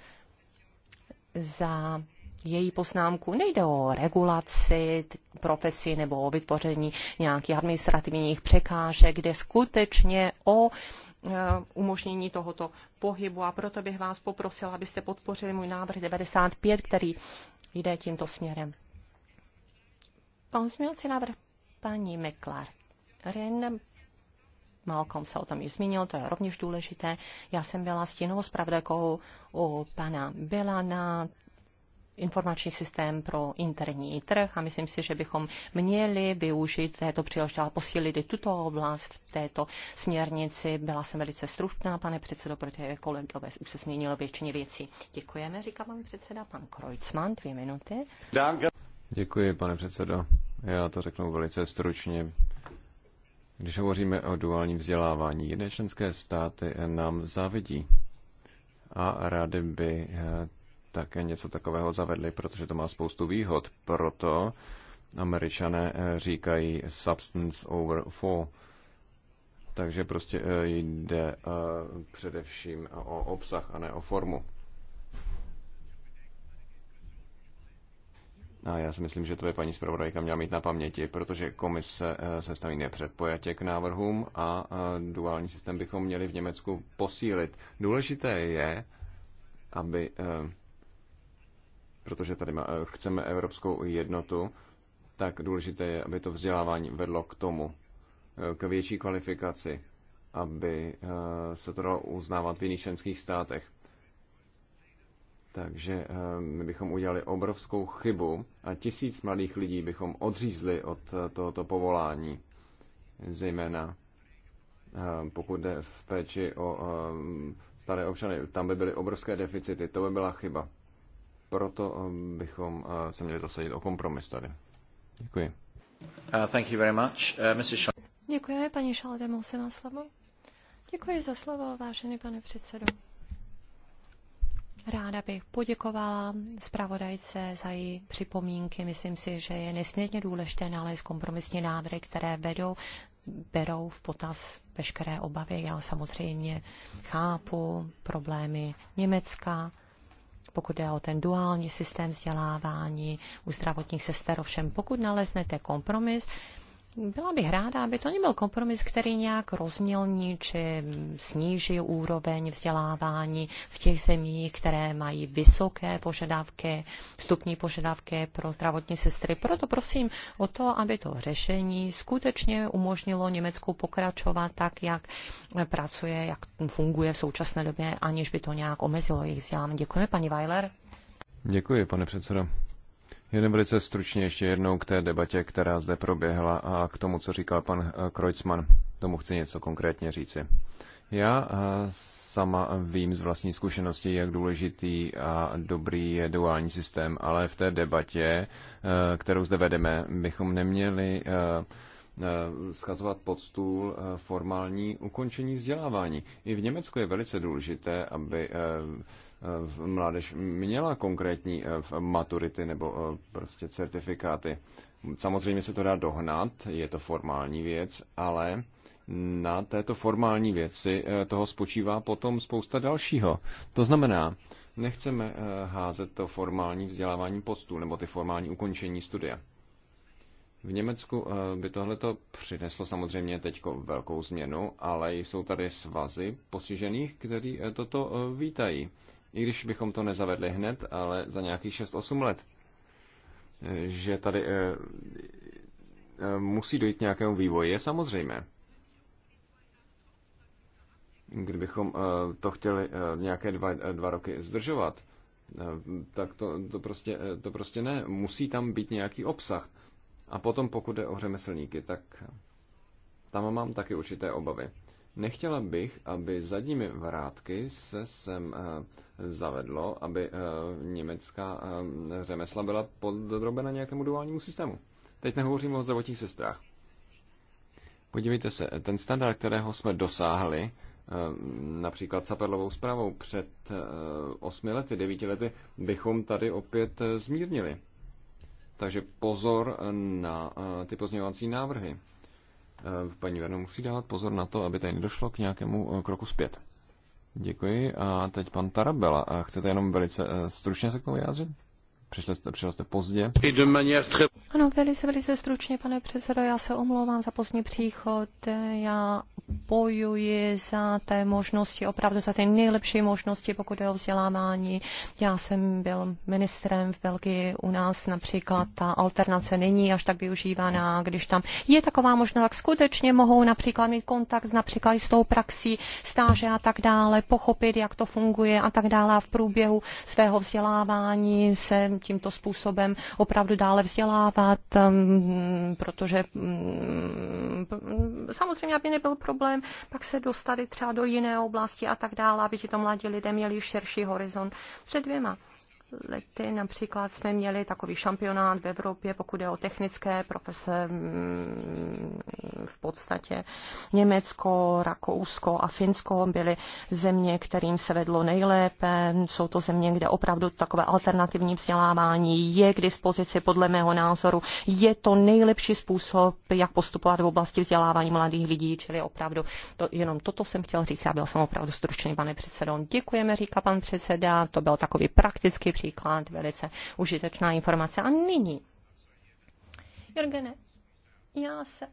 za její poznámku. Nejde o regulaci profesí nebo o vytvoření nějakých administrativních překážek, kde skutečně o e, umožnění tohoto pohybu a proto bych vás poprosila, abyste podpořili můj návrh 95, který jde tímto směrem. Pozměňovací návrh paní Meklar. Ren Malcolm se o tom již zmínil, to je rovněž důležité. Já jsem byla stínovou zpravodajkou u pana Bilana, informační systém pro interní trh a myslím si, že bychom měli využít této příležitosti a posílit i tuto oblast v této směrnici. Byla jsem velice stručná, pane předsedo, protože kolegové už se změnilo většině věcí. Děkujeme, říká pan předseda, pan Krojcman, dvě minuty. Děkuji, pane předsedo. Já to řeknu velice stručně. Když hovoříme o duálním vzdělávání, jedné členské státy nám závidí a rády by eh, také něco takového zavedli, protože to má spoustu výhod. Proto američané eh, říkají substance over form. Takže prostě eh, jde eh, především o obsah a ne o formu. A já si myslím, že to by paní zpravodajka měla mít na paměti, protože komise se staví nepředpojatě k návrhům a duální systém bychom měli v Německu posílit. Důležité je, aby protože tady eh, chceme evropskou jednotu, tak důležité je, aby to vzdělávání vedlo k tomu, eh, k větší kvalifikaci, aby eh, se to dalo uznávat v jiných členských státech. Takže my bychom udělali obrovskou chybu a tisíc mladých lidí bychom odřízli od tohoto povolání, zejména pokud jde v péči o staré občany. Tam by byly obrovské deficity, to by byla chyba proto eh, bychom eh, se měli zasadit o kompromis tady. Děkuji. Uh, thank you very much. Uh, Mrs. Děkujeme, paní Šalde, se má slovo. Děkuji za slovo, vážený pane předsedo. Ráda bych poděkovala zpravodajce za její připomínky. Myslím si, že je nesmírně důležité nalézt kompromisní návrhy, které vedou, berou v potaz veškeré obavy. Já samozřejmě chápu problémy Německa, pokud jde o ten duální systém vzdělávání u zdravotních sester. Ovšem, pokud naleznete kompromis, byla bych ráda, aby to nebyl kompromis, který nějak rozmělní či sníží úroveň vzdělávání v těch zemích, které mají vysoké požadavky, vstupní požadavky pro zdravotní sestry. Proto prosím o to, aby to řešení skutečně umožnilo Německu pokračovat tak, jak pracuje, jak funguje v současné době, aniž by to nějak omezilo jejich vzdělávání. Děkujeme, paní Weiler. Děkuji, pane předsedo. Jenom velice stručně ještě jednou k té debatě, která zde proběhla a k tomu, co říkal pan eh, Kreutzmann. Tomu chci něco konkrétně říci. Já eh, sama vím z vlastní zkušenosti, jak důležitý a dobrý je duální systém, ale v té debatě, eh, kterou zde vedeme, bychom neměli schazovat pod stůl formální ukončení vzdělávání. I v Německu je velice důležité, aby mládež měla konkrétní eh, maturity nebo eh, prostě certifikáty. Samozřejmě se to dá dohnat, je to formální věc, ale na této formální věci eh, toho spočívá potom spousta dalšího. To znamená, nechceme házet to formální vzdělávání pod stůl nebo ty formální ukončení studia. V Německu by tohle to přineslo samozřejmě teď velkou změnu, ale jsou tady svazy postižených, kteří toto vítají i když bychom to nezavedli hned, ale za nějakých 6-8 let. Že tady eh, eh, musí dojít nějakému vývoji, je samozřejmé. Kdybychom eh, to chtěli nějaké dva, dva roky zdržovat, tak to, to, prostě, to prostě ne. Musí tam být nějaký obsah. A potom, pokud jde o řemeslníky, tak tam mám taky určité obavy. Nechtěla bych, aby zadními vrátky se sem eh, zavedlo, aby eh, německá eh, řemesla byla podrobena nějakému duálnímu systému. Teď nehovořím o zdravotních sestrách. Podívejte se, ten standard, kterého jsme dosáhli, například Saperlovou zprávou před osmi lety, devíti lety, bychom tady opět zmírnili. Takže pozor na ty pozměňovací návrhy. Eh, paní Verno musí dávat pozor na to, aby tady nedošlo k nějakému eh, kroku zpět. Děkuji. A teď pan Tarabela. A eh, chcete jenom velice stručně se k tomu vyjádřit? Přišli jste, přišli jste pozdě. Ano, velice, velice stručně, pane předsedo, já se omlouvám za pozdní příchod. Já bojuji za té možnosti, opravdu za ty nejlepší možnosti, pokud je o vzdělávání. Já jsem byl ministrem v Belgii, u nás například ta alternace není až tak využívaná. Když tam je taková možnost, tak skutečně mohou například mít kontakt například s tou praxí, stáže a tak dále, pochopit, jak to funguje a tak dále. A v průběhu svého vzdělávání se tímto způsobem opravdu dále vzdělávat, um, protože um, samozřejmě, aby nebyl problém, pak se dostali třeba do jiné oblasti a tak dále, aby ti to mladí lidé měli širší horizont. Před dvěma lety například jsme měli takový šampionát v Evropě, pokud je o technické profese, mm, v podstatě Německo, Rakousko a Finsko byly země, kterým se vedlo nejlépe. Jsou to země, kde opravdu takové alternativní vzdělávání je k dispozici podle mého názoru. Je to nejlepší způsob, jak postupovat v oblasti vzdělávání mladých lidí, čili opravdu to, jenom toto jsem chtěl říct. Já byl jsem opravdu stručný, pane předsedo. Děkujeme, říká pan předseda. To byl takový praktický příklad příklad, velice užitečná informace. A nyní. Jorgene, já se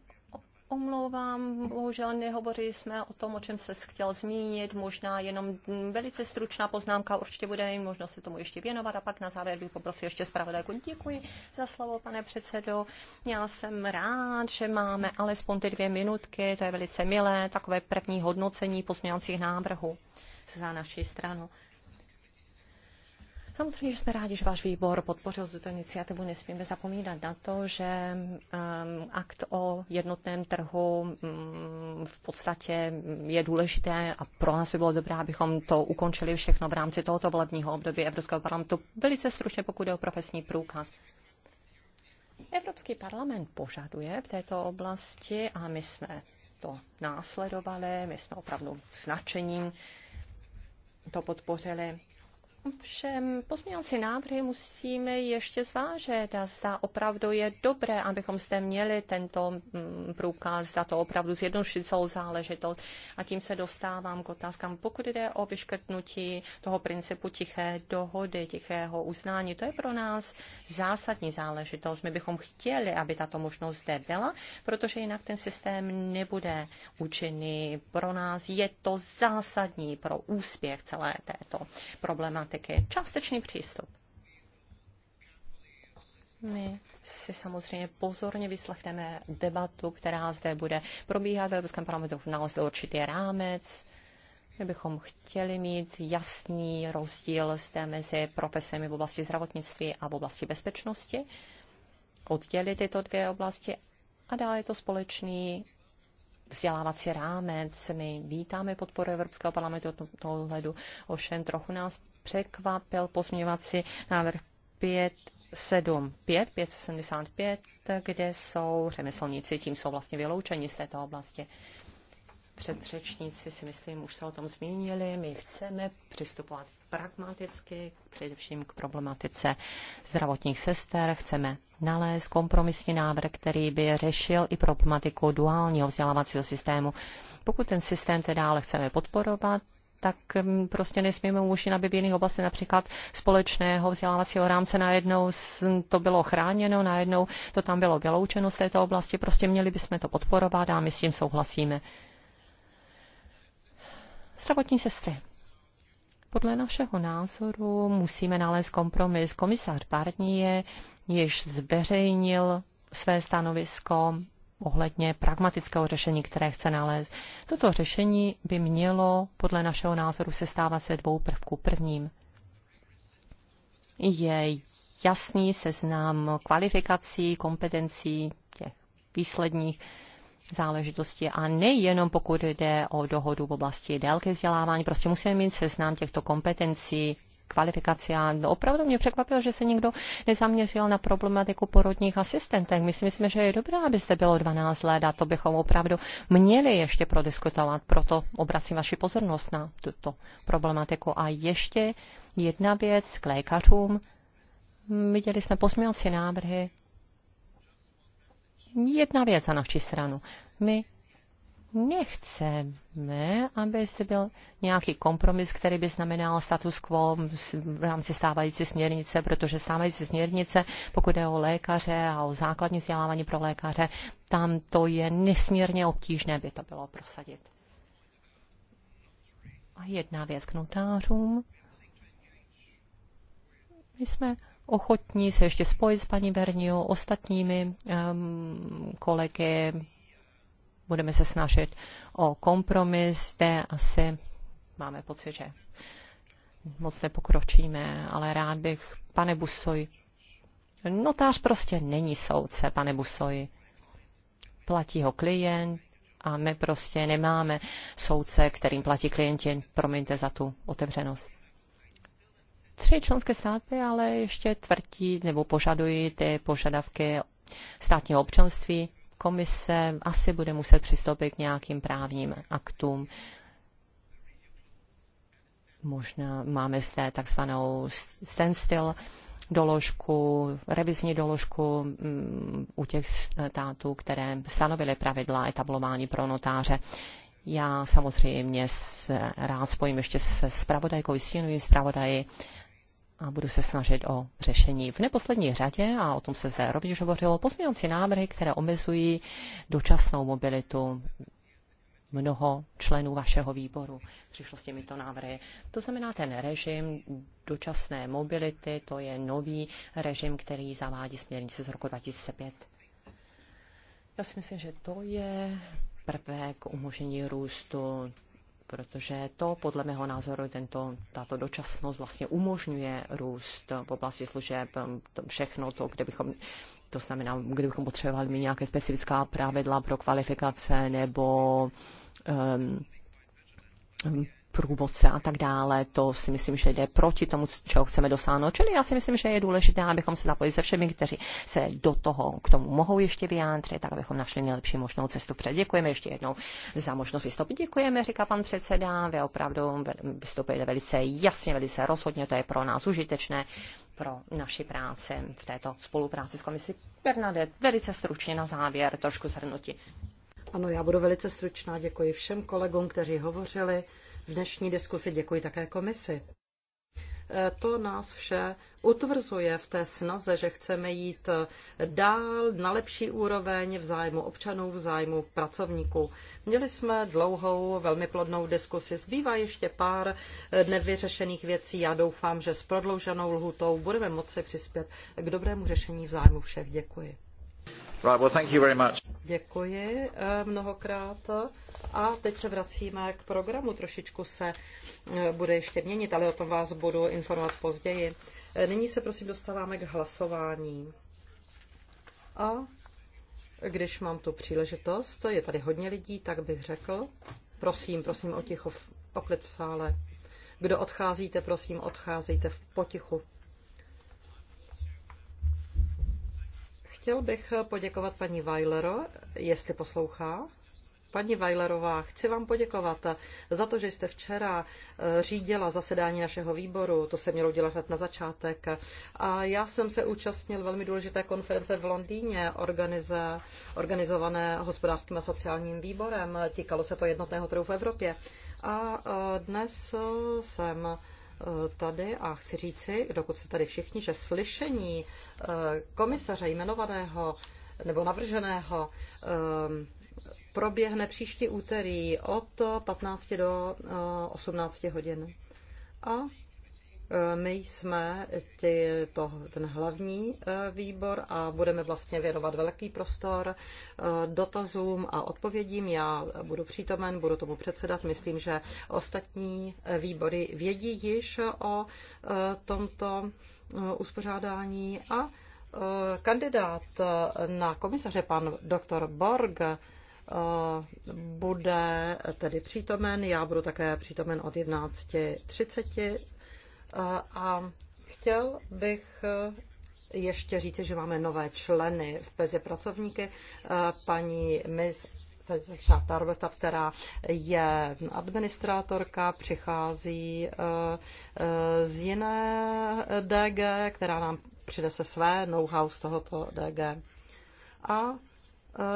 omlouvám, bohužel nehovořili jsme o tom, o čem se chtěl zmínit, možná jenom velice stručná poznámka, určitě bude mít možnost se tomu ještě věnovat a pak na závěr bych poprosil ještě zpravodajku. Děkuji za slovo, pane předsedo. Já jsem rád, že máme alespoň ty dvě minutky, to je velice milé, takové první hodnocení pozměňovacích návrhů za naši stranu. Samozřejmě, že jsme rádi, že váš výbor podpořil tuto iniciativu. Nesmíme zapomínat na to, že um, akt o jednotném trhu um, v podstatě je důležité a pro nás by bylo dobré, abychom to ukončili všechno v rámci tohoto volebního období Evropského parlamentu. Velice stručně, pokud je o profesní průkaz. Evropský parlament požaduje v této oblasti a my jsme to následovali, my jsme opravdu značením to podpořili Ovšem pozměňovací návrhy musíme ještě zvážet a zda opravdu je dobré, abychom zde měli tento mm, průkaz, zda to opravdu zjednodušit celou záležitost. A tím se dostávám k otázkám, pokud jde o vyškrtnutí toho principu tiché dohody, tichého uznání. To je pro nás zásadní záležitost. My bychom chtěli, aby tato možnost zde byla, protože jinak ten systém nebude účinný. Pro nás je to zásadní pro úspěch celé této problematiky problematiky. Částečný přístup. My si samozřejmě pozorně vyslechneme debatu, která zde bude probíhat v Evropském parlamentu. v to určitý rámec. My bychom chtěli mít jasný rozdíl zde mezi profesemi v oblasti zdravotnictví a v oblasti bezpečnosti, oddělit tyto dvě oblasti a dále je to společný vzdělávací rámec. My vítáme podporu Evropského parlamentu od tohoto ohledu, ovšem trochu nás překvapil pozměňovací návrh 575, 575, kde jsou řemeslníci, tím jsou vlastně vyloučeni z této oblasti. Předřečníci si myslím, už se o tom zmínili, my chceme přistupovat pragmaticky, především k problematice zdravotních sester. Chceme nalézt kompromisní návrh, který by řešil i problematiku duálního vzdělávacího systému. Pokud ten systém teda ale chceme podporovat, tak mm, prostě nesmíme umožnit, aby v jiných oblastech například společného vzdělávacího rámce najednou to bylo chráněno, najednou to tam bylo vyloučeno z této oblasti. Prostě měli bychom to podporovat a my s tím souhlasíme. Zdravotní sestry. Podle našeho názoru musíme nalézt kompromis. Komisař Barnier již zveřejnil své stanovisko ohledně pragmatického řešení, které chce nalézt. Toto řešení by mělo podle našeho názoru se stávat se dvou prvků. Prvním je jasný seznam kvalifikací, kompetencí, těch výsledních záležitosti a nejenom pokud jde o dohodu v oblasti délky vzdělávání, prostě musíme mít seznam těchto kompetencí, kvalifikaci a opravdu mě překvapilo, že se nikdo nezaměřil na problematiku porodních asistentek. My si myslíme, že je dobré, abyste bylo 12 let a to bychom opravdu měli ještě prodiskutovat. Proto obracím vaši pozornost na tuto problematiku. A ještě jedna věc k lékařům. Viděli jsme pozměňovací návrhy. Jedna věc za naši stranu. My nechceme, aby byl nějaký kompromis, který by znamenal status quo v rámci stávající směrnice, protože stávající směrnice, pokud je o lékaře a o základní vzdělávání pro lékaře, tam to je nesmírně obtížné, by to bylo prosadit. A jedna věc k notářům. My jsme ochotní se ještě spojit s paní Berniou, ostatními um, kolegy, budeme se snažit o kompromis, zde asi máme pocit, že moc nepokročíme, ale rád bych, pane Busoj, notář prostě není soudce, pane Busoj. Platí ho klient a my prostě nemáme soudce, kterým platí klienti, promiňte za tu otevřenost. Tři členské státy ale ještě tvrdí nebo požadují ty požadavky státního občanství komise asi bude muset přistoupit k nějakým právním aktům. Možná máme zde takzvanou standstill doložku, revizní doložku mm, u těch států, které stanovily pravidla etablování pro notáře. Já samozřejmě s, rád spojím ještě se spravodajkou, s stínovým Uh, a budu se snažit o řešení. V neposlední řadě, a o tom se zde rovněž hovořilo, pozměňovací návrhy, které omezují dočasnou mobilitu mnoho členů vašeho výboru přišlo s těmito návrhy. To znamená ten režim dočasné mobility, to je nový režim, který zavádí směrnice z roku 2005. Já si myslím, že to je prvek umožnění růstu protože to podle mého názoru tento, tato dočasnost vlastně umožňuje růst v oblasti služeb, všechno to, kde bychom to znamená, kdybychom potřebovali mít nějaké specifická pravidla pro kvalifikace nebo um, průvodce a tak dále. To si myslím, že jde proti tomu, čeho chceme dosáhnout. Čili já si myslím, že je důležité, abychom se zapojili se všemi, kteří se do toho k tomu mohou ještě vyjádřit, tak abychom našli nejlepší možnou cestu před. Děkujeme ještě jednou za možnost vystoupit. Děkujeme, říká pan předseda. Vy opravdu vystoupíte velice jasně, velice rozhodně. To je pro nás užitečné pro naši práci v této spolupráci s komisí. Bernadette, velice stručně na závěr, trošku zhrnutí. Ano, já budu velice stručná. Děkuji všem kolegům, kteří hovořili dnešní diskusi, děkuji také komisi. E, to nás vše utvrzuje v té snaze, že chceme jít dál na lepší úroveň v zájmu občanů, v zájmu pracovníků. Měli jsme dlouhou, velmi plodnou diskusi. Zbývá ještě pár nevyřešených věcí. Já doufám, že s prodlouženou lhutou budeme moci přispět k dobrému řešení v zájmu všech. Děkuji. Right, well, thank you very much. Děkuji eh, mnohokrát. A teď se vracíme k programu. Trošičku se eh, bude ještě měnit, ale o tom vás budu informovat později. Eh, nyní se prosím dostáváme k hlasování. A když mám tu příležitost, je tady hodně lidí, tak bych řekl, prosím, prosím o ticho, o klid v sále. Kdo odcházíte, prosím, odcházejte v potichu. Chtěl bych poděkovat paní Weilero, jestli poslouchá. Paní Weilerová, chci vám poděkovat za to, že jste včera eh, řídila zasedání našeho výboru, to se mělo udělat hned na začátek. A já jsem se účastnil velmi důležité konference v Londýně, organize, organizované hospodářským a sociálním výborem, týkalo se to jednotného trhu v Evropě. A eh, dnes jsem tady a chci říci, dokud se tady všichni, že slyšení eh, komisaře jmenovaného nebo navrženého eh, proběhne příští úterý od 15 do 18 eh, hodin. A my jsme ty, to, ten hlavní e, výbor a budeme vlastně věnovat velký prostor e, dotazům a odpovědím. Já budu přítomen, budu tomu předsedat. Myslím, že ostatní e, výbory vědí již o tomto uspořádání a kandidát na komisaře pan doktor Borg bude tedy přítomen. Já budu také přítomen od 11.30 a chtěl bych e, ještě říct, že máme nové členy v PEZě pracovníky, e, paní Miss Šáftárobesta, která je administrátorka, přichází e, z jiné DG, která nám přinese své know-how z tohoto DG. A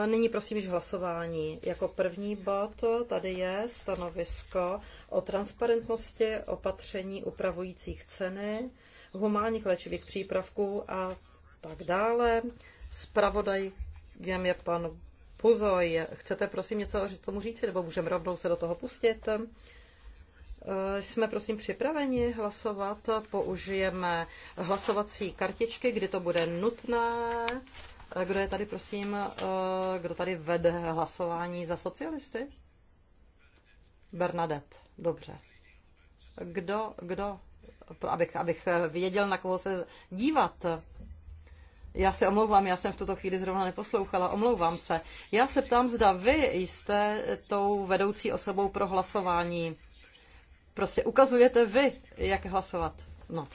Nyní prosím již hlasování. Jako první bod tady je stanovisko o transparentnosti opatření upravujících ceny humánních léčivých přípravků a tak dále. Spravodajem je pan Puzoj. Chcete prosím něco k tomu říci, nebo můžeme rovnou se do toho pustit? E, jsme prosím připraveni hlasovat, použijeme hlasovací kartičky, kdy to bude nutné. Kdo je tady, prosím, eh, kdo tady vede hlasování za socialisty? Bernadet, dobře. Kdo, kdo, abych, abych věděl, na koho se dívat. Já se omlouvám, já jsem v tuto chvíli zrovna neposlouchala, omlouvám se. Já se ptám, zda vy jste tou vedoucí osobou pro hlasování. Prostě ukazujete vy, jak hlasovat. No.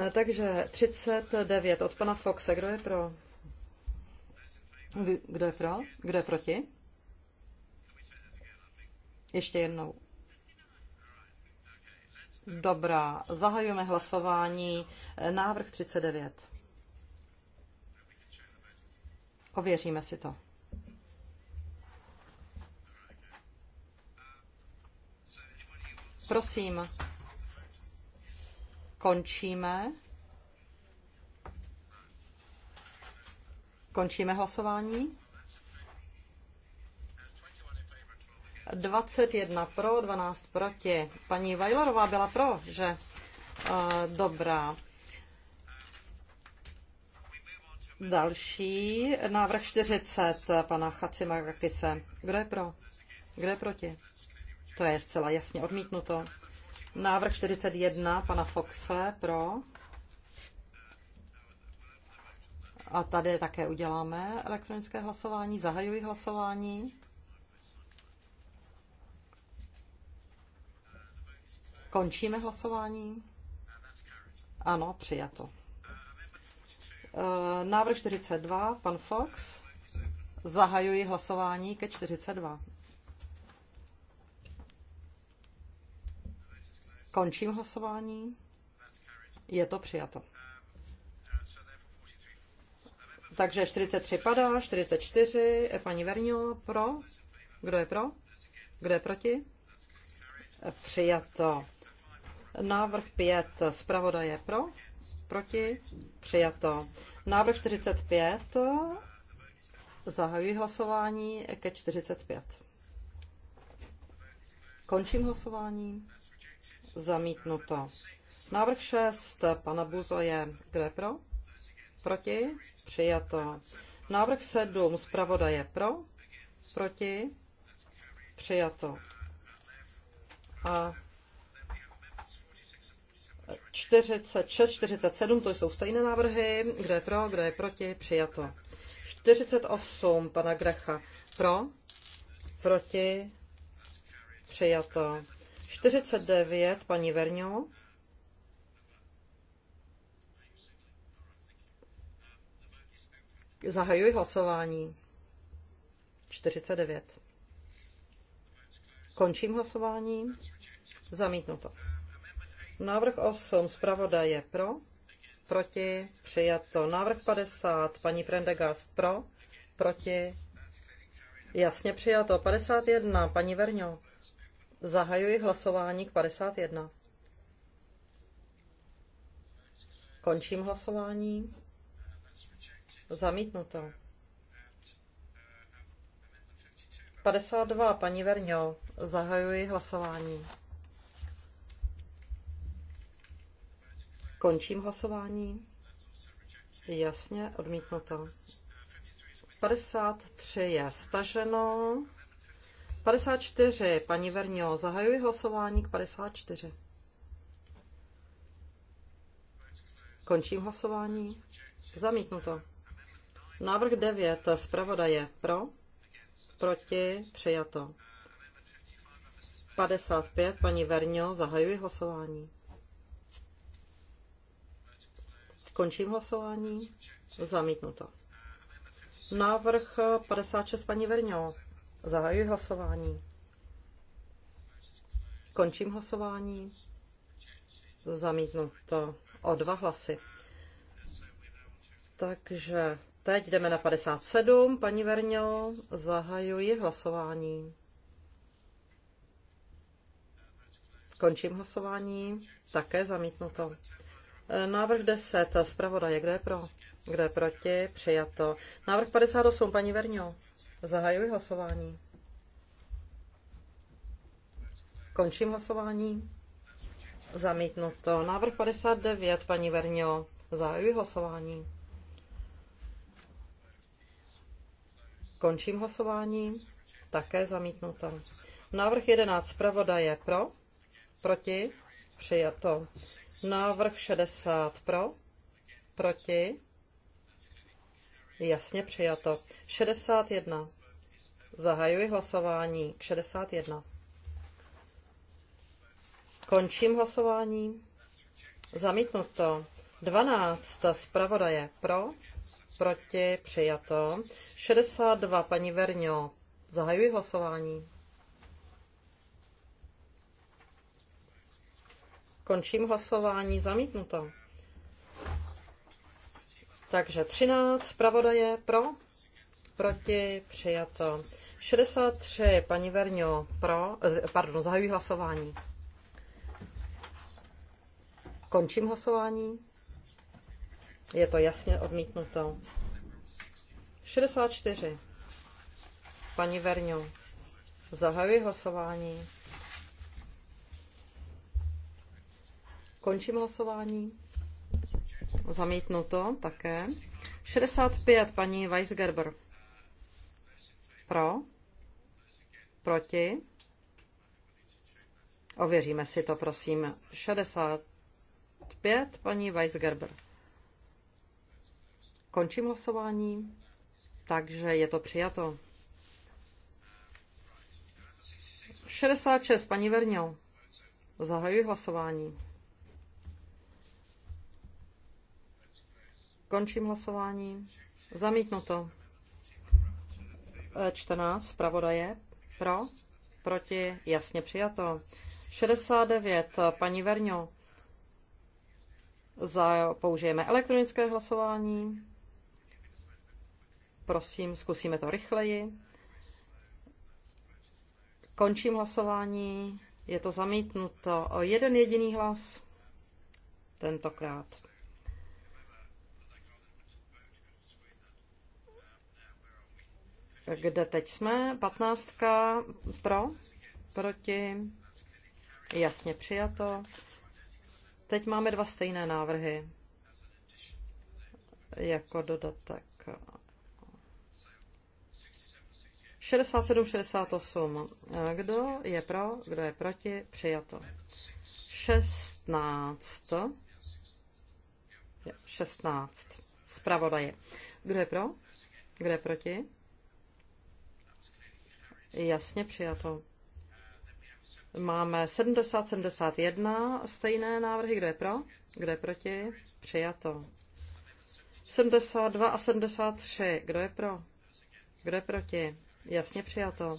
Eh, takže 39 od pana Foxe. Kdo je pro? Kdo je pro? Kdo je proti? Ještě jednou. Dobrá, zahajujeme hlasování. Eh, návrh 39. Ověříme si to. Prosím, Končíme. Končíme hlasování. 21 pro, 12 proti. Paní Vajlerová byla pro, že? Eh, dobrá. Další návrh 40 pana Kise. Kdo je pro? Kdo je proti? To je zcela jasně odmítnuto. Návrh 41 pana Foxe pro. A tady také uděláme elektronické hlasování. Zahajuji hlasování. Končíme hlasování. Ano, přijato. E, návrh 42, pan Fox. Zahajuji hlasování ke 42. Končím hlasování. Je to přijato. Takže 43 padá, 44, paní Vernil pro. Kdo je pro? Kdo je proti? Přijato. Návrh 5, je pro, proti, přijato. Návrh 45, zahajuji hlasování ke 45. Končím hlasování. Zamítnuto. Návrh 6 pana Buzo je Kde pro? Proti? Přijato. Návrh 7 zpravodaje pro? Proti? Přijato. A 46, 47, to jsou stejné návrhy. Kde je pro, kde je proti? Přijato. 48 pana Grecha pro? Proti? Přijato. 49, paní Verňo. Zahajuji hlasování. 49. Končím hlasování. Zamítnuto. Návrh 8 zpravodaje pro, proti, přijato. Návrh 50 paní Prendegast pro, proti, jasně přijato. 51 paní Verňo Zahajuji hlasování k 51. Končím hlasování. Zamítnuto. 52. Paní Verňo, zahajuji hlasování. Končím hlasování. Jasně, odmítnuto. 53 je staženo. 54. Paní Verňo, zahajuji hlasování k 54. Končím hlasování. Zamítnuto. Návrh 9. Zpravodaje. Pro? Proti? Přijato. 55. Paní Verňo, zahajuji hlasování. Končím hlasování. Zamítnuto. Návrh 56. Paní Verňo. Zahajuji hlasování. Končím hlasování. Zamítnu to. o dva hlasy. Takže teď jdeme na 57. Paní Verňo, zahajuji hlasování. Končím hlasování. Také zamítnuto. Návrh 10. Zpravodaje, kde je pro? Kdo je proti? Přijato. Návrh 58, paní Verňo. Zahajuji hlasování. Končím hlasování. Zamítnuto. Návrh 59, paní Verňo. Zahajuji hlasování. Končím hlasování. Také zamítnuto. Návrh 11 zpravodaje pro, proti, přijato. Návrh 60 pro, proti, Jasně přijato. 61. Zahajuji hlasování 61. Končím hlasování. Zamítnuto. 12. Zpravodaje pro, proti, přijato. 62. Paní Verňo. Zahajuji hlasování. Končím hlasování. Zamítnuto. Takže 13 zpravodaje pro, proti, přijato. 63, paní Verňo, pro, eh, pardon, zahajuji hlasování. Končím hlasování. Je to jasně odmítnuto. 64. Paní Verňo, zahajuji hlasování. Končím hlasování. Zamítnuto také. 65, paní Weisgerber. Pro? Proti? Ověříme si to, prosím. 65, paní Weisgerber. Končím hlasování, takže je to přijato. 66, paní Verňou. Zahajuji hlasování. Končím hlasování. Zamítnuto. 14 e, zpravodaje pro, proti, jasně přijato. 69 paní Verňo. Za, použijeme elektronické hlasování. Prosím, zkusíme to rychleji. Končím hlasování. Je to zamítnuto o jeden jediný hlas tentokrát. kde teď jsme. Patnáctka pro, proti, jasně přijato. Teď máme dva stejné návrhy jako dodatek. 67, 68. Kdo je pro, kdo je proti, přijato. 16. 16. Zpravodaje. Kdo je pro, kdo je proti? Jasně přijato. Máme 70-71 stejné návrhy. Kdo je pro? Kdo je proti? Přijato. 72 a 73. Kdo je pro? Kdo je proti? Jasně přijato.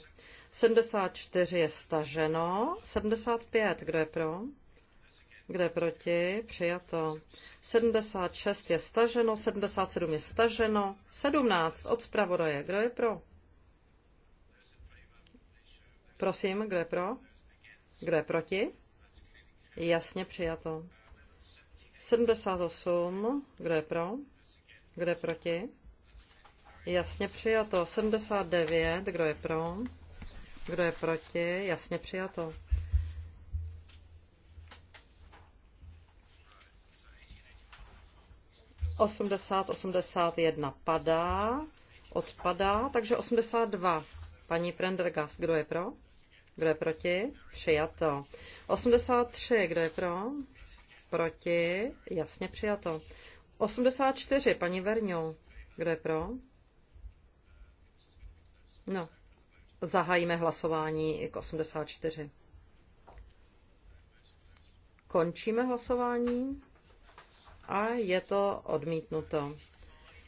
74 je staženo. 75. Kdo je pro? Kde proti? Přijato. 76 je staženo. 77 je staženo. 17 od zpravodaje. Kdo je pro? Prosím, kdo je pro? Kdo je proti? Jasně přijato. 78, kdo je pro? Kdo je proti? Jasně přijato. 79, kdo je pro? Kdo je proti? Jasně přijato. Osmdesát, osmdesát jedna padá, odpadá, takže osmdesát dva. Paní Prendergast, kdo je pro? Kdo je proti? Přijato. 83. Kdo je pro? Proti? Jasně přijato. 84. Paní Verňou. Kdo je pro? No. Zahájíme hlasování i k 84. Končíme hlasování a je to odmítnuto.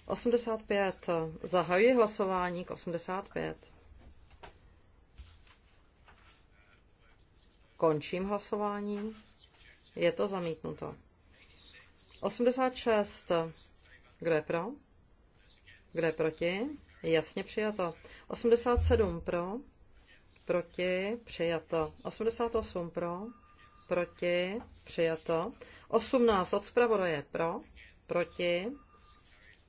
85. Zahajuji hlasování k 85. Končím hlasování. Je to zamítnuto. 86. Kdo je pro? Kdo je proti? Jasně přijato. 87 pro, proti, přijato. 88 pro, proti, přijato. 18 od zpravodaje pro, proti,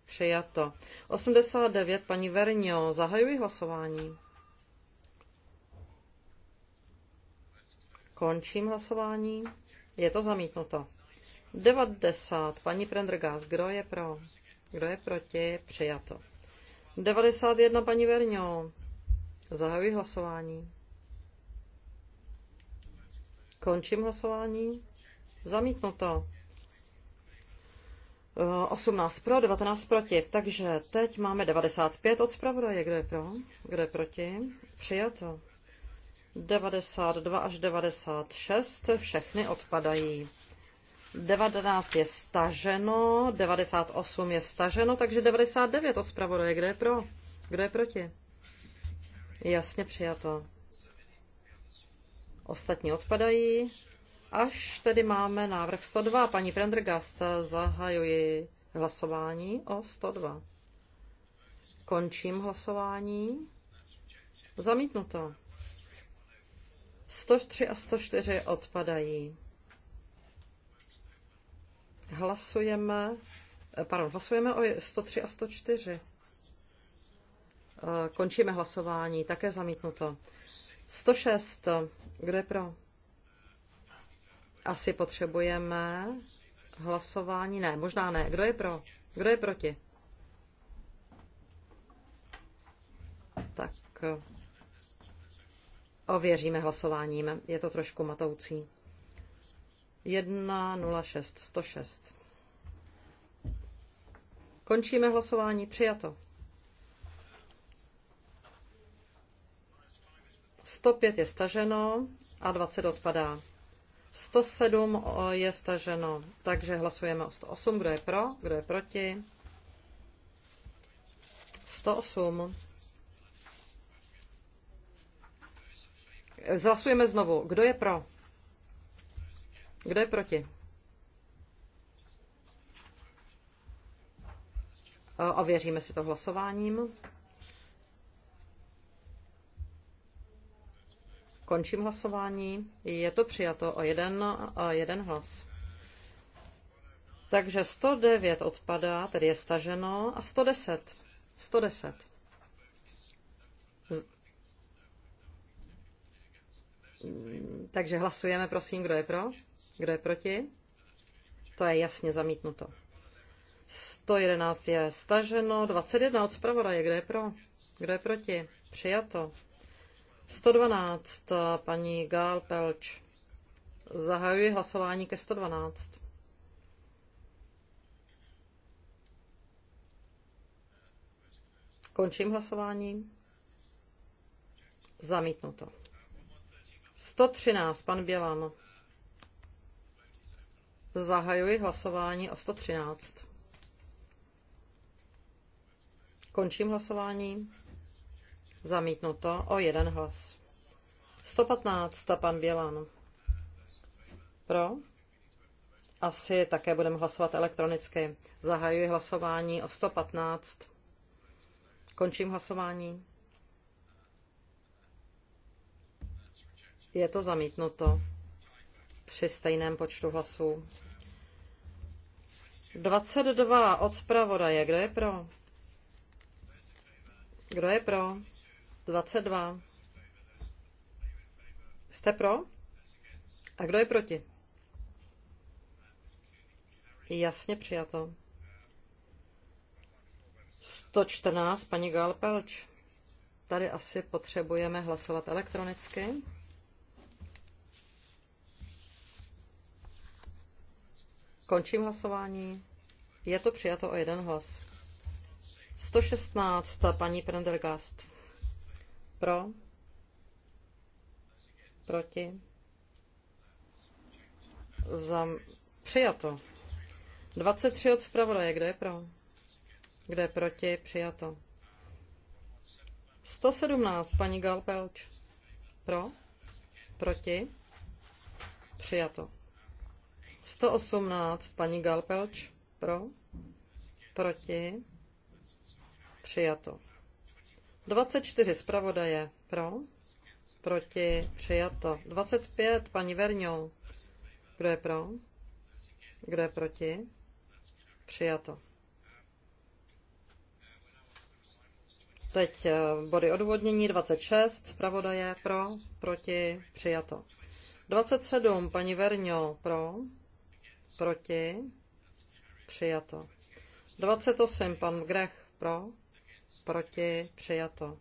přijato. 89 paní Verňo, zahajuji hlasování. Končím hlasování. Je to zamítnuto. 90. Paní Prendergast, kdo je pro? Kdo je proti? Přijato. 91. Paní Verňo. Zahajuji hlasování. Končím hlasování. Zamítnuto. 18 eh, pro, 19 proti. Takže teď máme 95 od zpravodaje. Kdo je pro? Kdo je proti? Přijato. 92 až 96 všechny odpadají. 19 je staženo, 98 je staženo, takže 99 od zpravodaje. Kdo je pro? Kdo je proti? Jasně přijato. Ostatní odpadají. Až tedy máme návrh 102. Paní Prendergast, zahajuji hlasování o 102. Končím hlasování. Zamítnuto. 103 a 104 odpadají. Hlasujeme, eh, pardon, hlasujeme o 103 a 104. Eh, končíme hlasování, také zamítnuto. 106, kdo je pro? Asi potřebujeme hlasování, ne, možná ne. Kdo je pro? Kdo je proti? Tak eh, Ověříme hlasováním. Je to trošku matoucí. 106 106. Končíme hlasování. Přijato. 105 je staženo a 20 odpadá. 107 je staženo, takže hlasujeme o 108. Kdo je pro? Kdo je proti? 108. Zhlasujeme znovu. Kdo je pro? Kdo je proti? Ověříme si to hlasováním. Končím hlasování. Je to přijato o jeden, o jeden hlas. Takže 109 odpadá, tedy je staženo, a 110. 110. Takže hlasujeme, prosím, kdo je pro, kdo je proti. To je jasně zamítnuto. 111 je staženo, 21 od zpravodaje, kdo je pro, kdo je proti. Přijato. 112, paní Gál Pelč. Zahajuji hlasování ke 112. Končím hlasování. Zamítnuto. 113, pan Bělan. Zahajuji hlasování o 113. Končím hlasování. Zamítnuto o jeden hlas. 115, pan Bělan. Pro? Asi také budeme hlasovat elektronicky. Zahajuji hlasování o 115. Končím hlasování. Je to zamítnuto při stejném počtu hlasů. 22 od zpravodaje. Kdo je pro? Kdo je pro? 22. Jste pro? A kdo je proti? Jasně přijato. 114, paní Galpelč. Tady asi potřebujeme hlasovat elektronicky. Končím hlasování. Je to přijato o jeden hlas. 116. Paní Prendergast. Pro. Proti. Za... Přijato. 23 od zpravodaje. Kdo je pro? Kdo je proti? Přijato. 117. Paní Galpelč. Pro. Proti. Přijato. 118, paní Galpelč, pro, proti, přijato. 24, zpravodaje, pro, proti, přijato. 25, paní Verňou, kdo je pro, kdo je proti, přijato. Teď eh, body odvodnění 26, zpravodaje pro, proti, přijato. 27, paní Verňo, pro, proti, přijato. 28, pan Grech, pro, proti, přijato.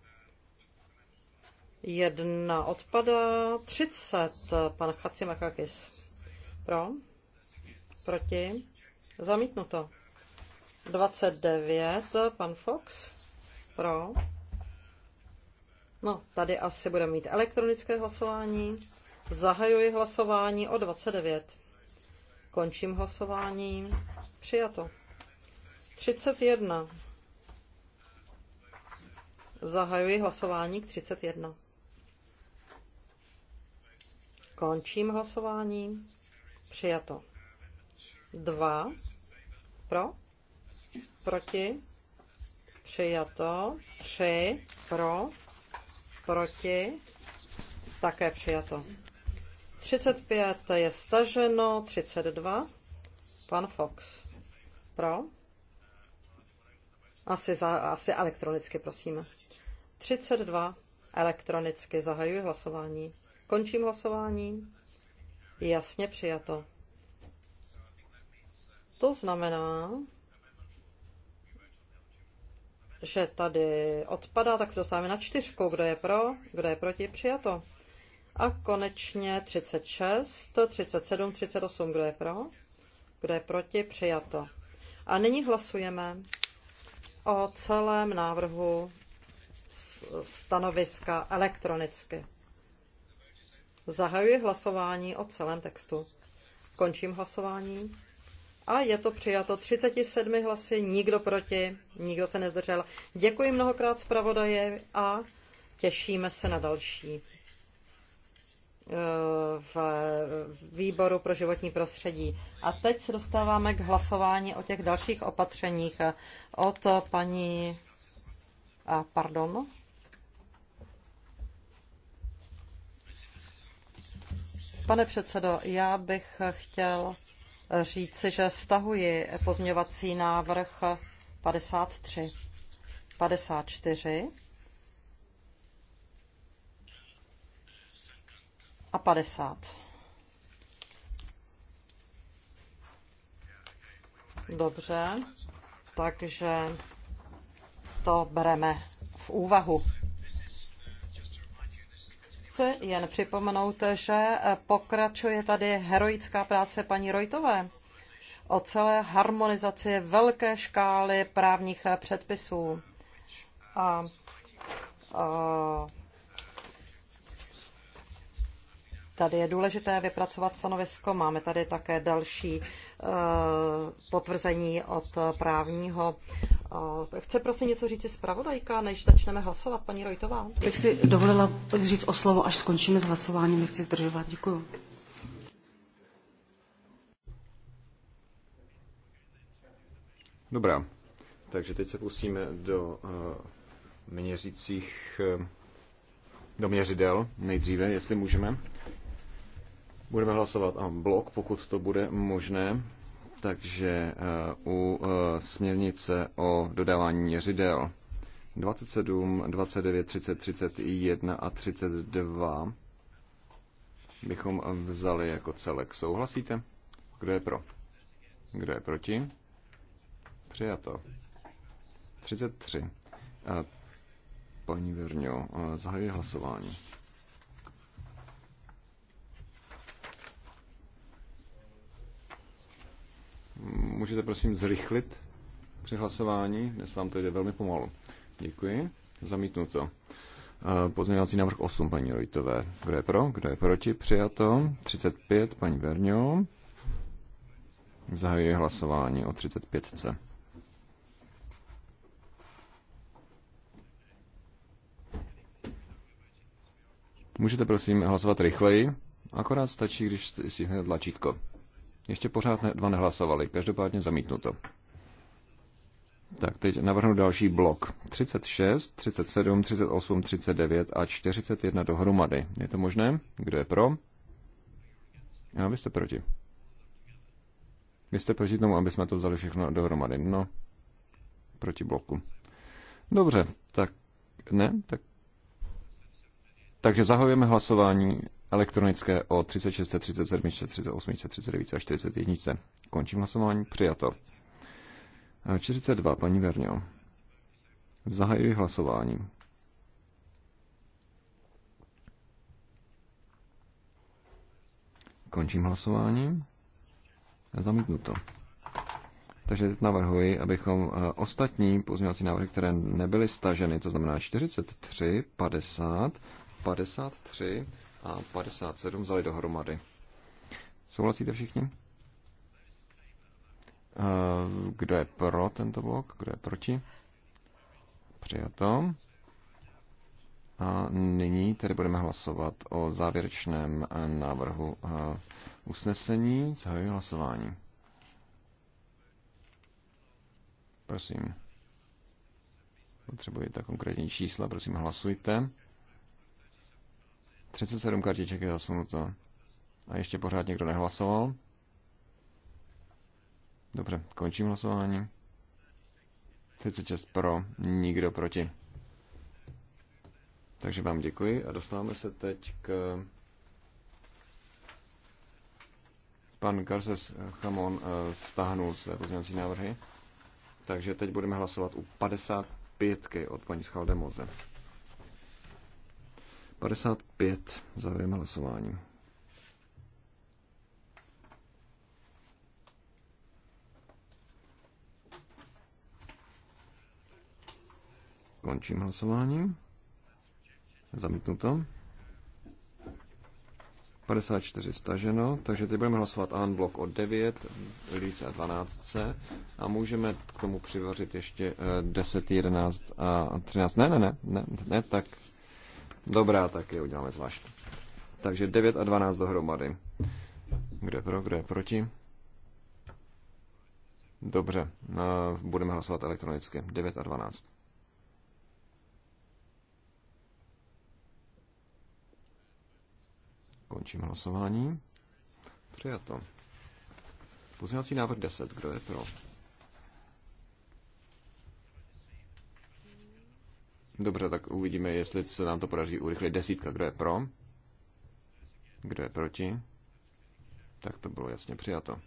1 odpada 30, pan Chacimachakis, pro, proti, zamítnuto. 29, pan Fox, pro. No, tady asi budeme mít elektronické hlasování. Zahajuji hlasování o 29. Končím hlasování. Přijato. 31. Zahajuji hlasování k 31. Končím hlasování. Přijato. 2. Pro. Proti. Přijato. 3. Pro. Proti. Také přijato. 35 je staženo, 32. Pan Fox. Pro? Asi, za, asi elektronicky, prosím. 32. Elektronicky zahajuji hlasování. Končím hlasování. Jasně přijato. To znamená, že tady odpadá, tak se dostáváme na čtyřku. Kdo je pro, kdo je proti, přijato. A konečně 36, 37, 38, kdo je pro? Kdo je proti? Přijato. A nyní hlasujeme o celém návrhu stanoviska elektronicky. Zahajuji hlasování o celém textu. Končím hlasování. A je to přijato 37 hlasy, nikdo proti, nikdo se nezdržel. Děkuji mnohokrát zpravodaje a těšíme se na další v výboru pro životní prostředí. A teď se dostáváme k hlasování o těch dalších opatřeních od paní... A, pardon. Pane předsedo, já bych chtěl říci, že stahuji pozměňovací návrh 53, 54, a 50. Dobře, takže to bereme v úvahu. Chci jen připomenout, že pokračuje tady heroická práce paní Rojtové o celé harmonizaci velké škály právních předpisů. A, a Tady je důležité vypracovat stanovisko. Máme tady také další eh, potvrzení od právního. Eh, chce prosím něco říct zpravodajka, než začneme hlasovat, paní Rojtová? Bych si dovolila říct o slovo, až skončíme s hlasováním. Nechci zdržovat. Děkuji. Dobrá, takže teď se pustíme do eh, měřících, do měřidel nejdříve, jestli můžeme. Budeme hlasovat en blok, pokud to bude možné. Takže eh, u eh, směrnice o dodávání měřidel 27, 29, 30, 31 a 32 bychom vzali jako celek. Souhlasíte? Kdo je pro? Kdo je proti? Přijato. 33. Eh, paní Verňo, zahajuji hlasování. Můžete prosím zrychlit při hlasování? Dnes vám to jde velmi pomalu. Děkuji. to. Eh, pozměňovací návrh 8 paní Rojtové. Kdo je pro? Kdo je proti? Přijato. 35 paní Verňo. Zahajuji hlasování o 35 Můžete prosím hlasovat rychleji, akorát stačí, když si hned tlačítko. Ještě pořád ne, dva nehlasovali, každopádně zamítnuto. Tak teď navrhnu další blok. 36, 37, 38, 39 a 41 dohromady. Je to možné? Kdo je pro? A vy jste proti. Vy jste proti tomu, aby jsme to vzali všechno dohromady. No, proti bloku. Dobře, tak ne, tak. Takže zahajujeme hlasování elektronické o 36, 37, 38, 39 a 41. Končím hlasování. Přijato. 42. Paní Verňo. Zahajuji hlasování. Končím hlasování. Zamítnuto. Takže teď navrhuji, abychom eh, ostatní pozměňovací návrhy, které nebyly staženy, to znamená 43, 50, 53, a 57 vzali dohromady. Souhlasíte všichni? Eh, kdo je pro tento blok? Kdo je proti? Přijato. A nyní tedy budeme hlasovat o závěrečném eh, návrhu eh, usnesení. Zahajuji hlasování. Prosím. Potřebuji ta konkrétní čísla, prosím hlasujte. 37 kartiček je zasunuto. A ještě pořád někdo nehlasoval. Dobře, končím hlasování. 36 pro, nikdo proti. Takže vám děkuji a dostáváme se teď k pan Garces Chamon eh, stáhnul své pozměňovací návrhy. Takže teď budeme hlasovat u 55 od paní Schaldemoze. 55. Závěrem hlasování. Končím hlasování. Zamítnuto. 54 staženo, takže teď budeme hlasovat en blok o 9, líce a 12c a můžeme k tomu přivařit ještě 10, eh, 11 a 13. Ne, ne, ne, ne, ne tak Dobrá, tak je uděláme zvlášť. Takže 9 a 12 dohromady. Kde pro, kde proti? Dobře, budeme hlasovat elektronicky. 9 a 12. Končím hlasování. Přijato. Pozměňovací návrh 10. Kdo je pro? Dobře, tak uvidíme, jestli se nám to podaří urychlit. Desítka, kdo je pro? Kdo je proti? Tak to bylo jasně přijato.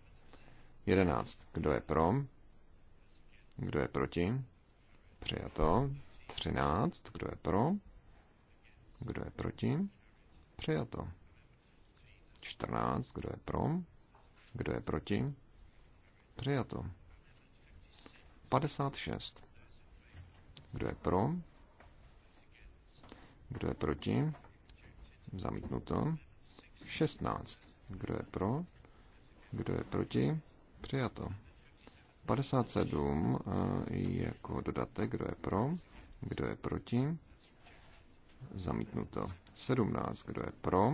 Jedenáct, kdo je pro? Kdo je proti? Přijato. Třináct, kdo je pro? Kdo je proti? Přijato. Čtrnáct, kdo je pro? Kdo je proti? Přijato. 56. Kdo je pro? Kdo je proti? Zamítnuto. 16. Kdo je pro? Kdo je proti? Přijato. 57 eh, jako dodatek, kdo je pro, kdo je proti, zamítnuto. 17, kdo je pro,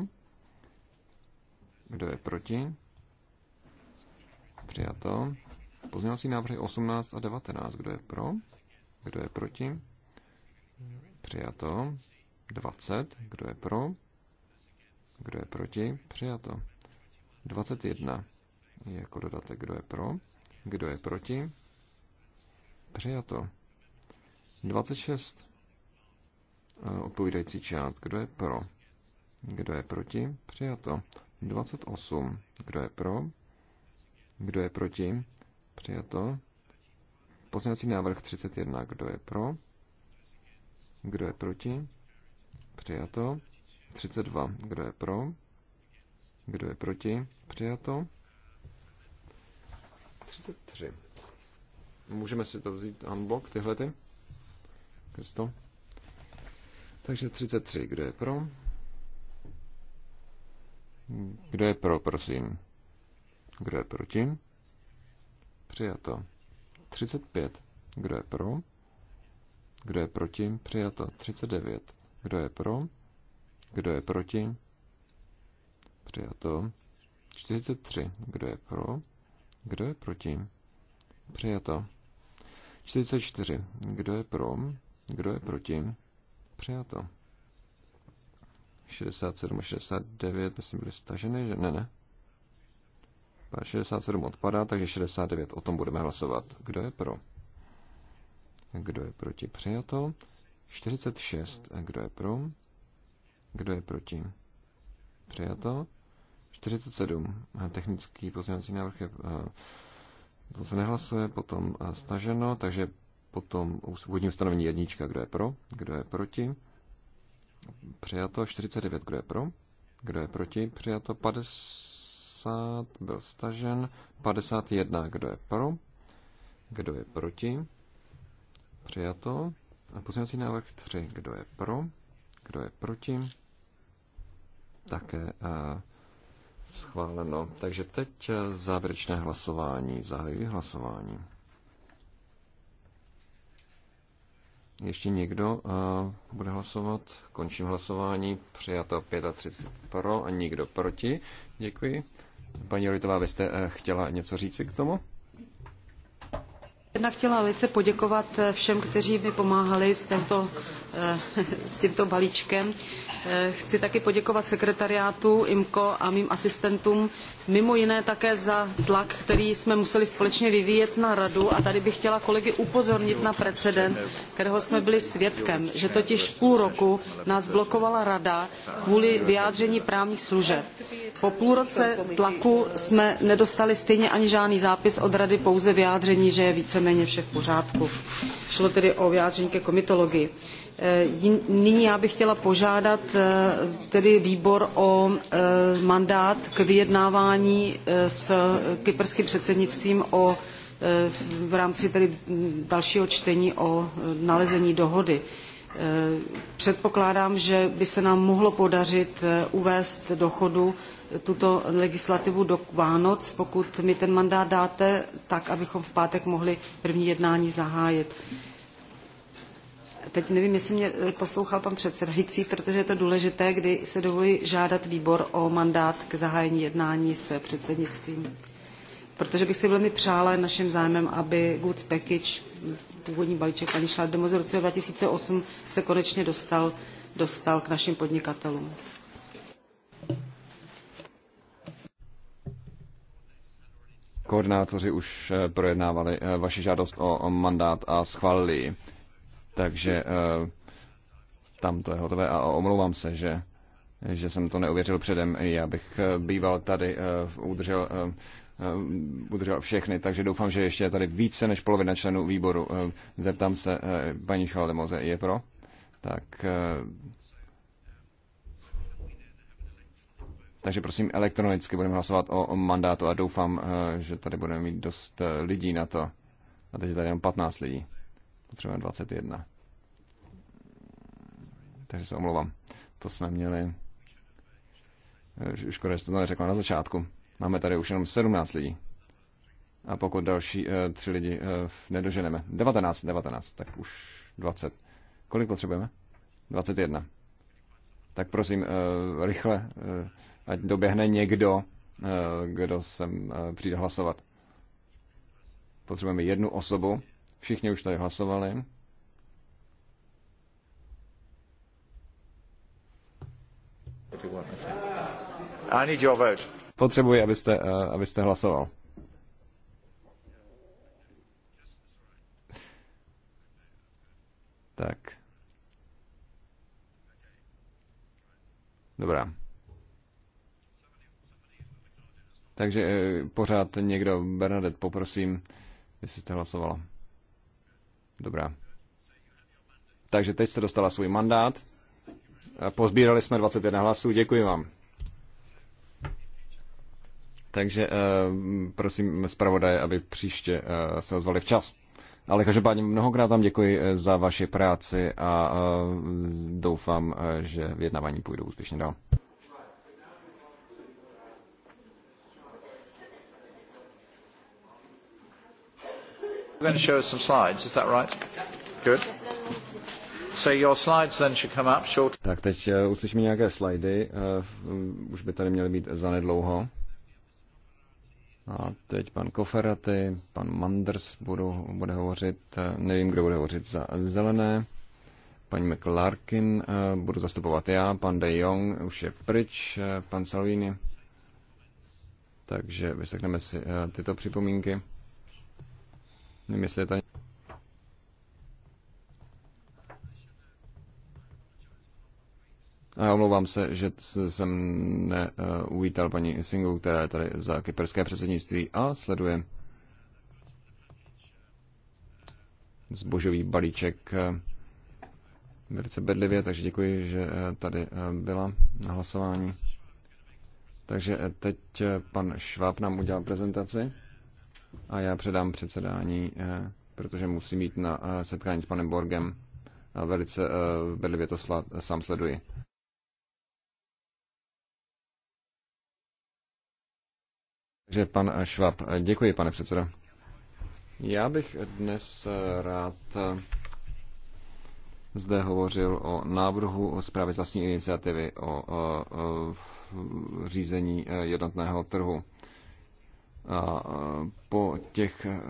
kdo je proti, přijato. Pozměňovací návrhy 18 a 19, kdo je pro, kdo je proti, přijato. 20. Kdo je pro? Kdo je proti? Přijato. 21. Jako dodatek, kdo je pro? Kdo je proti? Přijato. 26. E, odpovídající část. Kdo je pro? Kdo je proti? Přijato. 28. Kdo je pro? Kdo je proti? Přijato. Pozměňovací návrh 31. Kdo je pro? Kdo je proti? Přijato. 32. Kdo je pro? Kdo je proti? Přijato. 33. Můžeme si to vzít unblock, tyhle ty? Kristo. Takže 33. Kdo je pro? Kdo je pro, prosím? Kdo je proti? Přijato. 35. Kdo je pro? Kdo je proti? Přijato. 39. Kdo je pro? Kdo je proti? Přijato. 43. Kdo je pro? Kdo je proti? Přijato. 44. Kdo je pro? Kdo je proti? Přijato. 67 a 69 myslím byly staženy, že ne, ne? 67 odpadá, takže 69 o tom budeme hlasovat. Kdo je pro? Kdo je proti? Přijato. 46. A Kdo je pro? Kdo je proti? Přijato. 47. A Technický pozměňovací návrh je, eh, to se nehlasuje, potom eh, staženo, takže potom úvodní ustanovení jednička, kdo je pro, kdo je proti. Přijato 49, kdo je pro, kdo je proti. Přijato 50, byl stažen. 51, kdo je pro, kdo je proti. Přijato Pozměňovací návrh 3. Kdo je pro? Kdo je proti? Také eh, schváleno. Takže teď eh, závěrečné hlasování. Zahajuji hlasování. Ještě někdo eh, bude hlasovat? Končím hlasování. Přijato 35 pro a nikdo proti. Děkuji. Paní Rojtová, vy jste chtěla něco říci k tomu? Jednak chtěla velice poděkovat eh, všem, kteří mi pomáhali s, tento, eh, s tímto balíčkem. Eh, chci taky poděkovat sekretariátu IMCO a mým asistentům, mimo jiné také za tlak, který jsme museli společně vyvíjet na radu. A tady bych chtěla kolegy upozornit na precedent, kterého jsme byli svědkem, že totiž půl roku nás blokovala rada kvůli vyjádření právních služeb. Po půl roce tlaku jsme nedostali stejně ani žádný zápis od rady, pouze vyjádření, že je více víceméně všech pořádku. Šlo tedy o vyjádření ke komitologii. Eh, nyní já bych chtěla požádat eh, tedy výbor o eh, mandát k vyjednávání s kyperským předsednictvím o, v rámci tedy dalšího čtení o nalezení dohody. Předpokládám, že by se nám mohlo podařit uvést dochodu tuto legislativu do Vánoc, pokud mi ten mandát dáte, tak abychom v pátek mohli první jednání zahájit. Teď nevím, jestli mě eh, poslouchal pan předsedající, protože je to důležité, kdy se dovolí žádat výbor o mandát k zahájení jednání s předsednictvím. Protože bych si velmi přála naším zájmem, aby Goods Package, původní balíček paní v do 2008, se konečně dostal, dostal k našim podnikatelům. Koordinátoři už eh, projednávali eh, vaši žádost o mandát a schválili ji. Takže eh, tam to je hotové a omlouvám se, že že jsem to neuvěřil předem. Já bych býval tady, udržel, udržel všechny, takže doufám, že ještě je tady více než polovina členů výboru. Zeptám se, paní Šaldemoze, je pro? Tak Takže prosím, elektronicky budeme hlasovat o o mandátu a doufám, eh, že tady budeme mít dost eh, lidí na to. A teď je tady jenom 15 lidí. Potřebujeme 21. Takže se omlouvám. To jsme měli... Eh, škoda, že jste to neřekla na začátku. Máme tady už jenom 17 lidí. A pokud další e, tři lidi e, nedoženeme. 19, 19, tak už 20. Kolik potřebujeme? 21. Tak prosím, e, rychle E, ať doběhne někdo, eh, kdo sem eh, přijde hlasovat. Potřebujeme jednu osobu. Všichni už tady hlasovali. vote. Potřebuji, abyste, eh, abyste hlasoval. Tak. Dobrá. Takže eh, pořád někdo, Bernadette, poprosím, jestli jste hlasovala. Dobrá. Takže teď jste dostala svůj mandát. Pozbírali jsme 21 hlasů, děkuji vám. Takže eh, prosím zpravodaje, aby příště eh, se ozvali včas. Ale každopádně mnohokrát vám děkuji za vaši práci a doufám, že vyjednávání půjdou úspěšně dál. You're going to show us some slides, is that right? Good. So your slides then should come up shortly. Tak teď uh, uslyšíme nějaké slidy, eh, už by tady měly být zanedlouho. A teď pan Koferaty, pan Manders budou, bude hovořit, eh, nevím, kdo bude hovořit za zelené. Paní McLarkin budu zastupovat já, pan De Jong už je pryč, pan Salvini. Takže vysekneme si tyto připomínky. Nevím, jestli je to... A já omlouvám se, že jsem neuvítal paní Singu, která je tady za kyperské předsednictví a sleduje zbožový balíček eh, velice bedlivě, takže děkuji, že eh, tady eh, byla na hlasování. Takže teď pan Šváb nám udělal prezentaci a já předám předsedání, eh, protože musím jít na eh, setkání s panem Borgem. A velice eh, bedlivě to slad, sám sleduji. Takže pan Švab, děkuji, pane předsedo. Já bych dnes rád zde hovořil o návrhu o zprávy zasní iniciativy o, o, o řízení jednotného trhu. A po těch e,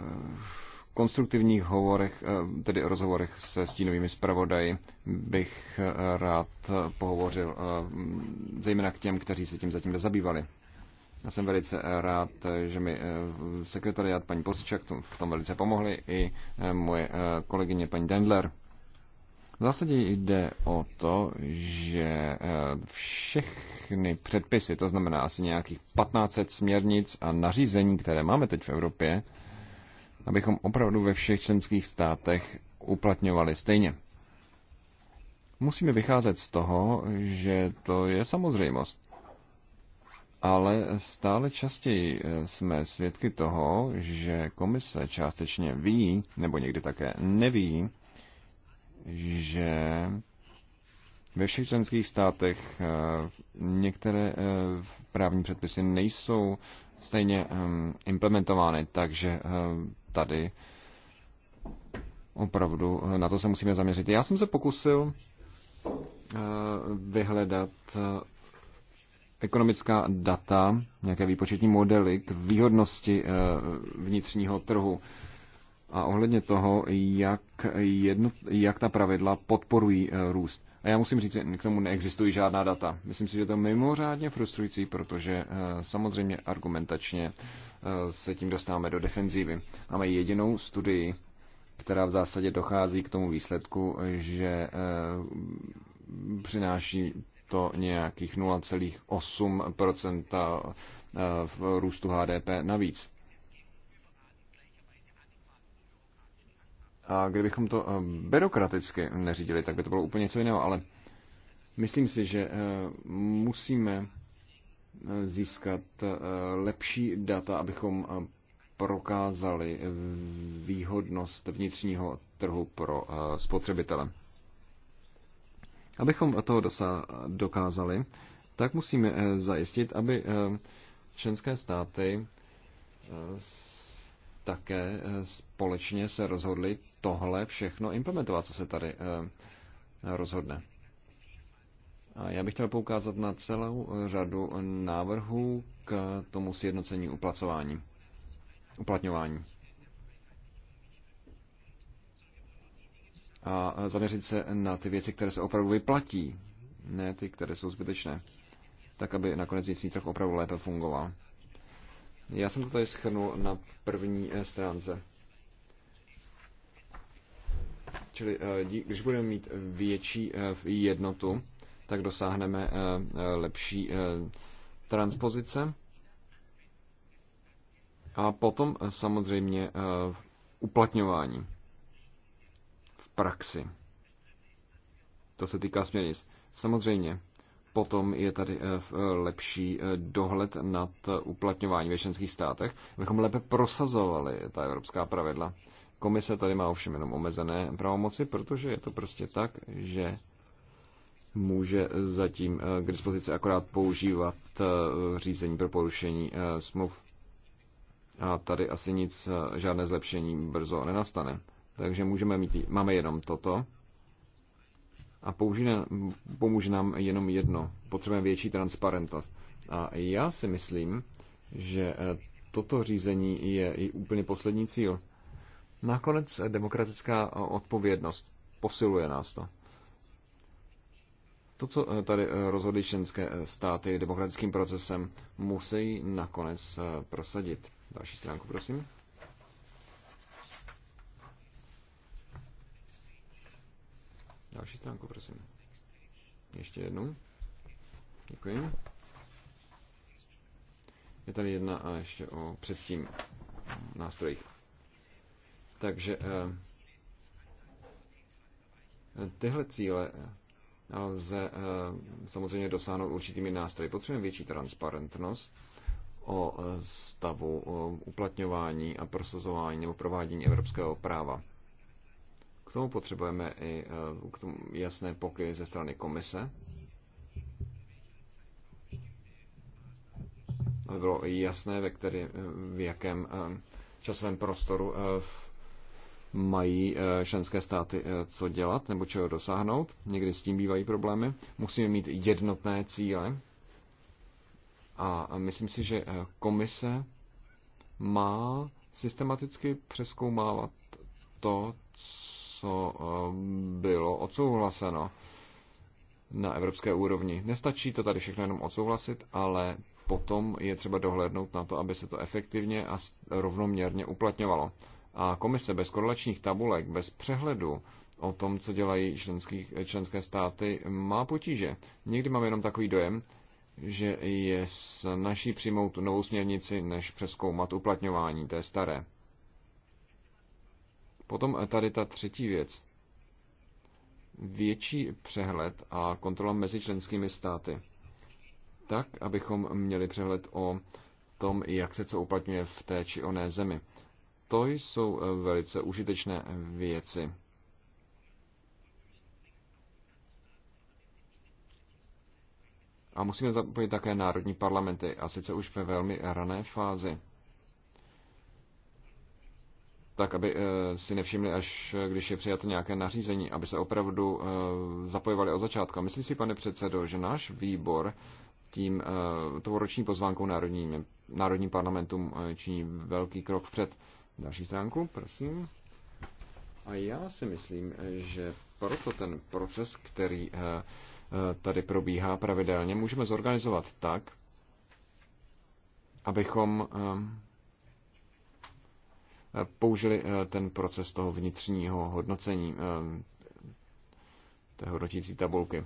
konstruktivních hovorech, e, tedy rozhovorech se stínovými zpravodaji, bych e, rád pohovořil zejména k těm, kteří se tím zatím nezabývali. Já jsem velice rád, že mi sekretariat paní Posčak v tom velice pomohli i moje kolegyně paní Dendler. V zásadě jde o to, že eh, všechny předpisy, to znamená asi nějakých 1500 směrnic a nařízení, které máme teď v Evropě, abychom opravdu ve všech členských státech uplatňovali stejně. Musíme vycházet z toho, že to je samozřejmost. Ale stále častěji eh, jsme svědky toho, že komise částečně ví, nebo někdy také neví, že ve všech členských státech eh, některé eh, právní předpisy nejsou stejně ehm, implementovány, takže eh, tady opravdu na to se musíme zaměřit. Já jsem se pokusil vyhledat ekonomická data, nějaké výpočetní modely k výhodnosti vnitřního trhu a ohledně toho, jak, jedno, jak ta pravidla podporují eh, růst. A já musím říct, k tomu neexistují žádná data. Myslím si, že to je mimořádně frustrující, protože eh, samozřejmě argumentačně eh, se tím dostáváme do defenzívy. Máme jedinou studii, která v zásadě dochází k tomu výsledku, že přináší to nějakých 0,8 v růstu HDP navíc. A kdybychom to eh, byrokraticky neřídili, tak by to bylo úplně něco jiného, ale myslím si, že eh, musíme eh, získat lepší data, abychom prokázali výhodnost vnitřního trhu pro spotřebitele. Abychom toho dokázali, tak musíme zajistit, aby členské státy také eh, společně se rozhodli tohle všechno implementovat, co se tady eh, rozhodne. A já bych chtěl poukázat na celou řadu návrhů k tomu sjednocení uplacování, uplatňování. A eh, zaměřit se na ty věci, které se opravdu vyplatí, ne ty, které jsou zbytečné, tak aby nakonec vnitřní trh opravdu lépe fungoval. Já jsem to tady schrnul na první eh, stránce. Čili eh, když budeme mít větší eh, jednotu, tak dosáhneme lepší transpozice. A potom samozřejmě uplatňování v praxi. To se týká směrnic. Samozřejmě, Potom je tady eh, eh, lepší eh, dohled nad uplatňováním ve členských státech, abychom lépe prosazovali ta evropská pravidla. Komise tady má ovšem jenom omezené pravomoci, protože je to prostě tak, že může zatím k dispozici akorát používat řízení pro porušení smluv. A tady asi nic, žádné zlepšení brzo nenastane. Takže můžeme mít, máme jenom toto a pomůže nám jenom jedno. Potřebujeme větší transparentnost. A já si myslím, že eh, toto řízení je i úplně poslední cíl. Nakonec eh, demokratická eh, odpovědnost. Posiluje nás to. To, co tady rozhodly členské státy demokratickým procesem, musí nakonec prosadit. Další stránku, prosím. Další stránku, prosím. Ještě jednou. Děkuji. Je tady jedna a ještě o předtím nástrojích. Takže eh, tyhle cíle eh, lze eh, samozřejmě dosáhnout určitými nástroji. Potřebujeme větší transparentnost o stavu o uplatňování a prosazování nebo provádění evropského práva. K tomu potřebujeme i eh, k tomu jasné pokyny ze strany komise. Aby bylo jasné, ve který, eh, v jakém eh, časovém prostoru mají členské státy co dělat nebo čeho dosáhnout. Někdy s tím bývají problémy. Musíme mít jednotné cíle. A myslím si, že komise má systematicky přeskoumávat to, co eh, bylo odsouhlaseno na evropské úrovni. Nestačí to tady všechno jenom odsouhlasit, ale potom je třeba dohlédnout na to, aby se to efektivně a rovnoměrně uplatňovalo. A komise bez korelačních tabulek, bez přehledu o tom, co dělají členský, členské státy, má potíže. Někdy mám jenom takový dojem, že je snaží přijmout novou směrnici, než přeskoumat uplatňování té staré. Potom tady ta třetí věc. Větší přehled a kontrola mezi členskými státy. Tak, abychom měli přehled o tom, jak se co uplatňuje v té či oné zemi. To jsou eh, velice užitečné věci. A musíme zapojit také národní parlamenty, a sice už ve velmi rané fázi tak aby eh, si nevšimli, až eh, když je přijato nějaké nařízení, aby se opravdu eh, zapojovali od začátku. A myslím si, pane předsedo, že náš výbor tím tou roční pozvánkou národním, národním parlamentům činí velký krok před Další stránku, prosím. A já si myslím, že proto ten proces, který tady probíhá pravidelně, můžeme zorganizovat tak, abychom použili eh, ten proces toho vnitřního hodnocení, eh, té hodnotící tabulky.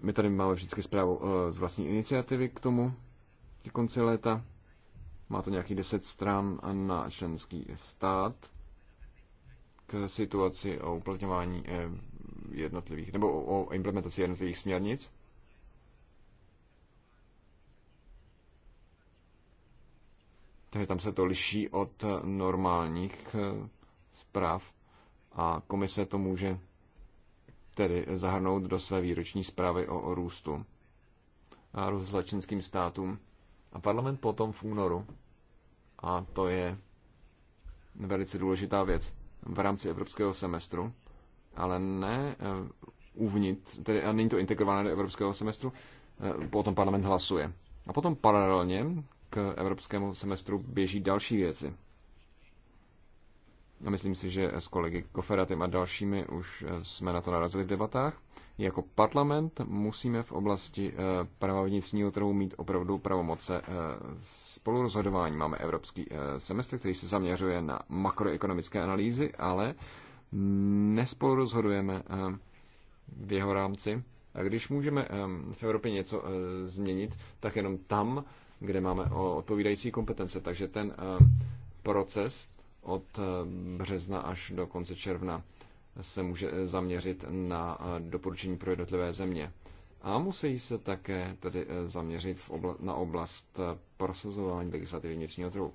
My tady máme vždycky zprávu eh, z vlastní iniciativy k tomu, ke konci léta. Má to nějakých 10 stran na členský stát k situaci o uplatňování jednotlivých, nebo o implementaci jednotlivých směrnic. Takže tam se to liší od normálních eh, zpráv a komise to může tedy zahrnout do své výroční zprávy o, růstu a rozhla státům. A parlament potom v únoru. A to je velice důležitá věc v rámci evropského semestru, ale ne eh, uvnitř, tedy, a není to integrované do evropského semestru, eh, potom parlament hlasuje. A potom paralelně k evropskému semestru běží další věci. A myslím si, že s kolegy Koferatem a dalšími už eh, jsme na to narazili v debatách. Jako parlament musíme v oblasti eh, práva vnitřního trhu mít opravdu pravomoce eh, spolurozhodování. Máme evropský semestr, který se zaměřuje na makroekonomické analýzy, ale nespolurozhodujeme v jeho rámci. A když můžeme v Evropě něco změnit, tak jenom tam, kde máme odpovídající kompetence. Takže ten eh, proces od eh, března až do konce června se může eh, zaměřit na doporučení pro jednotlivé země. A musí se také tedy zaměřit v obla- na oblast prosazování legislativy vnitřního trhu.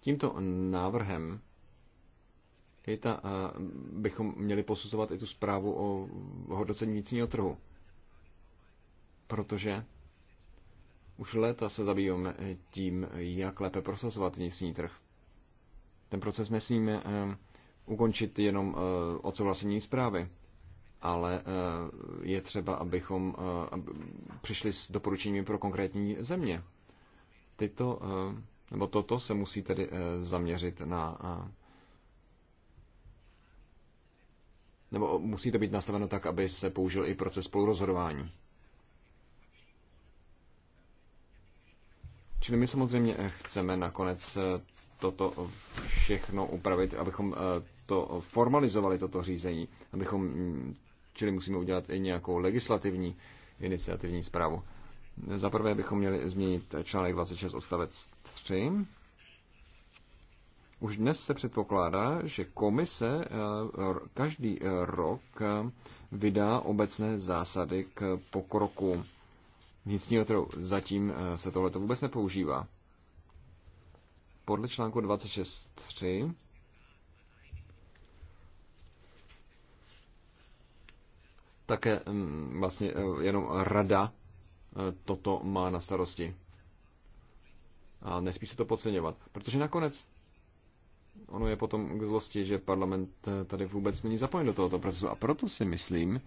Tímto návrhem i ta, bychom měli posuzovat i tu zprávu o hodnocení vnitřního trhu, protože už léta se zabýváme tím, jak lépe prosazovat vnitřní trh. Ten proces nesmíme eh, ukončit jenom eh, odsouhlasením zprávy, ale eh, je třeba, abychom přišli s doporučeními pro konkrétní země. Tyto, nebo toto se musí tedy zaměřit na nebo musí to být nastaveno tak, aby se použil i proces spolurozhodování. Čili my samozřejmě eh, chceme nakonec eh, toto všechno upravit, abychom eh, to formalizovali, toto řízení, abychom, mm, čili musíme udělat i nějakou legislativní iniciativní zprávu. Za prvé bychom měli změnit článek 26 odstavec 3. Už dnes se předpokládá, že komise každý rok vydá obecné zásady k pokroku vnitřního trhu. Zatím eh, se tohle to vůbec nepoužívá. Podle článku 26.3 také mm, vlastně eh, jenom rada eh, toto má na starosti. A nespí se to podceňovat, protože nakonec ono je potom k zlosti, že parlament tady vůbec není zapojen do tohoto procesu. A proto si myslím,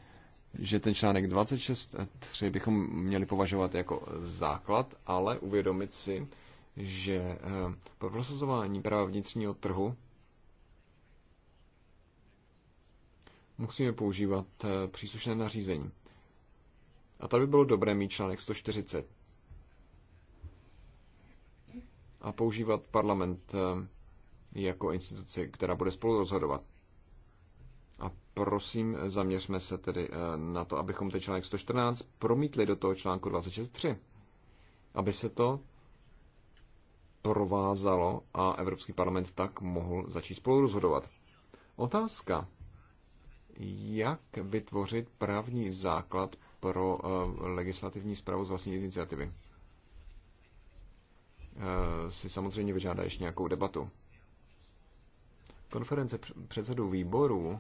že ten článek 26.3 bychom měli považovat jako základ, ale uvědomit si, že eh, pro prosazování práva vnitřního trhu musíme používat eh, příslušné nařízení. A tady by bylo dobré mít článek 140 a používat parlament eh, jako instituci, která bude spolu rozhodovat. A prosím, zaměřme se tedy eh, na to, abychom ten článek 114 promítli do toho článku 26.3, aby se to provázalo a Evropský parlament tak mohl začít spolu rozhodovat. Otázka, jak vytvořit právní základ pro eh, legislativní zprávu z vlastní iniciativy, eh, si samozřejmě vyžádá ještě nějakou debatu. Konference předsedů výborů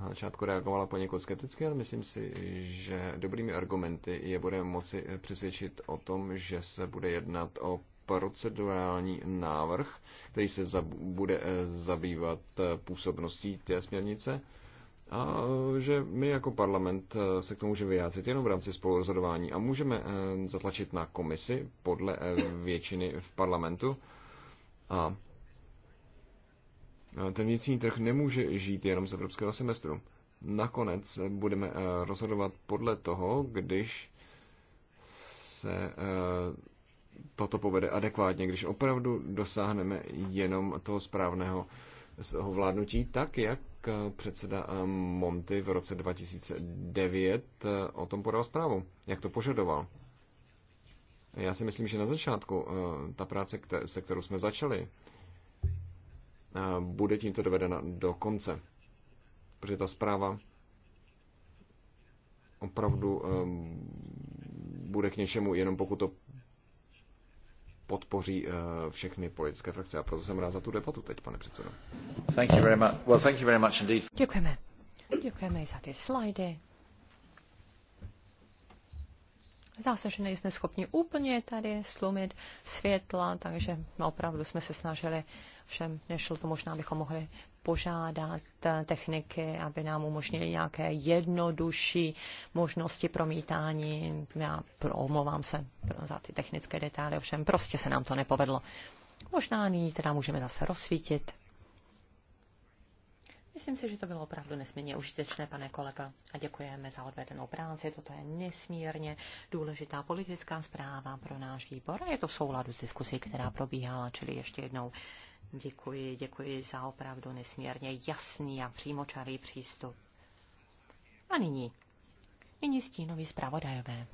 na začátku reagovala poněkud skepticky, ale myslím si, že dobrými argumenty je budeme moci eh, přesvědčit o tom, že se bude jednat o procedurální návrh, který se za, bude eh, zabývat eh, působností té směrnice a že my jako parlament se k tomu můžeme vyjádřit jenom v rámci spolurozhodování a můžeme zatlačit na komisi podle většiny v parlamentu a ten vnitřní trh nemůže žít jenom z evropského semestru. Nakonec budeme eh, rozhodovat podle toho, když se eh, toto povede adekvátně, když opravdu dosáhneme jenom toho správného vládnutí, tak jak eh, předseda Monty v roce 2009 o tom podal zprávu, jak to požadoval. Já si myslím, že na začátku ta práce, se kterou jsme začali, bude tímto dovedena do konce. Protože ta zpráva opravdu ehm, bude k něčemu, jenom pokud to podpoří eh, všechny politické frakce. A proto jsem rád za tu debatu teď, pane předsedo. Thank you very much. Well, thank you very much indeed. Děkujeme. Děkujeme za ty slajdy. Zdá se, že nejsme schopni úplně tady slumit světla, takže opravdu jsme se snažili uh, Všem nešlo to možná, bychom mohli požádat eh, techniky, aby nám umožnili nějaké jednodušší možnosti promítání. Já omlouvám se za ty technické detaily, ovšem prostě se nám to nepovedlo. Možná nyní teda můžeme zase rozsvítit. Myslím si, že to bylo opravdu nesmírně užitečné, pane kolega, a děkujeme za odvedenou práci. Toto je nesmírně důležitá politická zpráva pro náš výbor a je to v souladu s diskusí, která probíhala, čili ještě jednou Děkuji, děkuji za opravdu nesmírně jasný a přímočarý přístup. A nyní. Nyní stínový zpravodajové.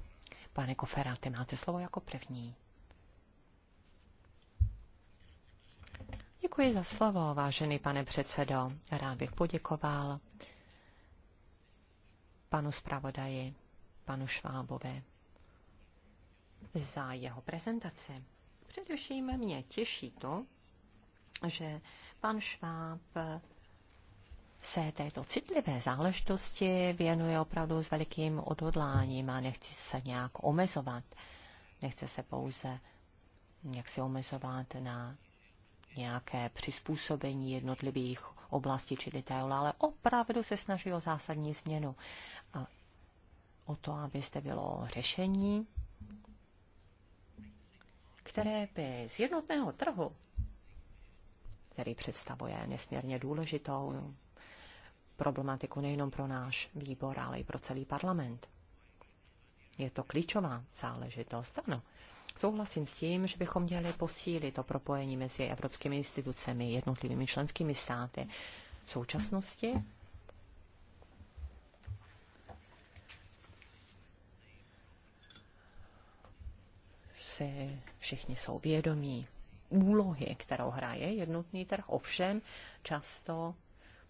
Pane Koferáte, máte slovo jako první. Děkuji za slovo, vážený pane předsedo. Rád bych poděkoval panu zpravodaji, panu Švábové, za jeho prezentaci. Především mě těší to, že pan Šváb se této citlivé záležitosti věnuje opravdu s velikým odhodláním a nechce se nějak omezovat. Nechce se pouze jak si omezovat na nějaké přizpůsobení jednotlivých oblastí či detailů, ale opravdu se snaží o zásadní změnu. A o to, aby zde bylo řešení, které by z jednotného trhu který představuje nesmírně důležitou problematiku nejenom pro náš výbor, ale i pro celý parlament. Je to klíčová záležitost, ano. Souhlasím s tím, že bychom měli posílit to propojení mezi evropskými institucemi, jednotlivými členskými státy. V současnosti se všichni jsou vědomí úlohy, kterou hraje jednotný trh, ovšem často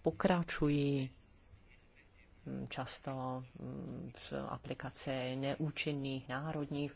pokračují mm, často mm, v aplikace neúčinných národních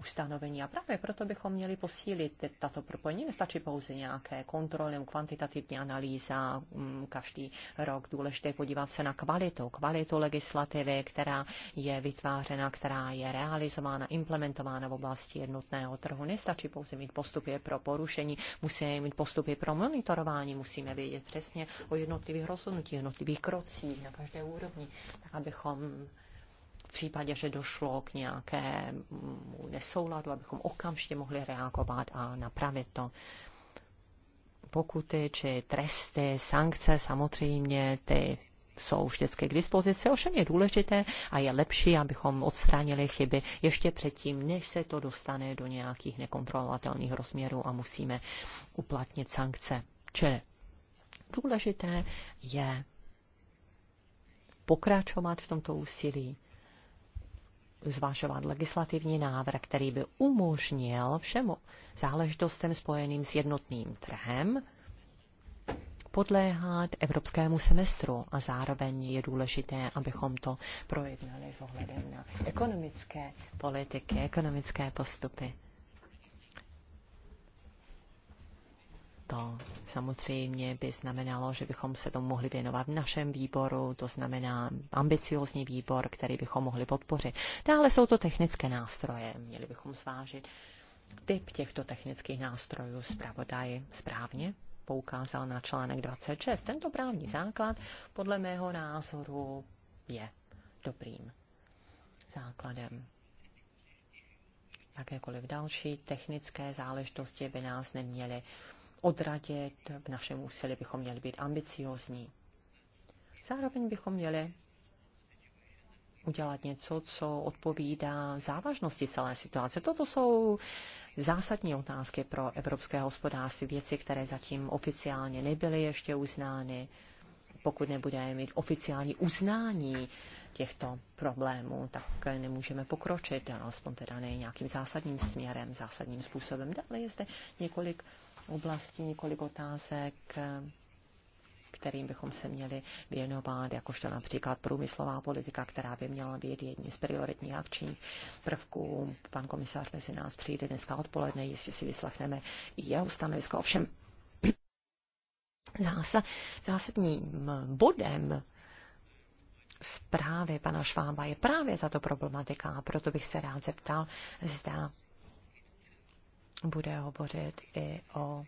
ustanovení. A právě proto bychom měli posílit tato propojení. Nestačí pouze nějaké kontroly nebo kvantitativní analýza mm, každý rok. Důležité podívat se na kvalitu, kvalitu legislativy, která je vytvářena, která je realizována, implementována v oblasti jednotného trhu. Nestačí pouze mít postupy pro porušení, musíme mít postupy pro monitorování, musíme vědět přesně o jednotlivých rozhodnutích, jednotlivých krocích na každé úrovni, tak abychom případě, že došlo k nějakému nesouladu, abychom okamžitě mohli reagovat a napravit to. Pokuty či tresty, sankce, samozřejmě ty jsou vždycky k dispozici, ovšem je důležité a je lepší, abychom odstranili chyby ještě předtím, než se to dostane do nějakých nekontrolovatelných rozměrů a musíme uplatnit sankce. Čili důležité je pokračovat v tomto úsilí zvažovat legislativní návrh, který by umožnil všemu záležitostem spojeným s jednotným trhem podléhat evropskému semestru a zároveň je důležité, abychom to projednali s ohledem na ekonomické politiky, ekonomické postupy. to samozřejmě by znamenalo, že bychom se tomu mohli věnovat v našem výboru, to znamená ambiciozní výbor, který bychom mohli podpořit. Dále jsou to technické nástroje, měli bychom zvážit typ těchto technických nástrojů. Zpravodaj správně poukázal na článek 26. Tento právní základ podle mého názoru je dobrým základem jakékoliv další technické záležitosti by nás neměly odradit. V našem úsilí bychom měli být ambiciozní. Zároveň bychom měli udělat něco, co odpovídá závažnosti celé situace. Toto jsou zásadní otázky pro evropské hospodářství, věci, které zatím oficiálně nebyly ještě uznány. Pokud nebudeme mít oficiální uznání těchto problémů, tak nemůžeme pokročit, alespoň teda ne nějakým zásadním směrem, zásadním způsobem. Dále je zde několik oblastí, několik otázek, kterým bychom se měli věnovat, jakožto například průmyslová politika, která by měla být jedním z prioritních akčních prvků. Pan komisář mezi nás přijde dneska odpoledne, jistě si vyslechneme jeho stanovisko. Ovšem zásadním bodem zprávy pana Švába je právě tato problematika, proto bych se rád zeptal, zda bude hovořit i o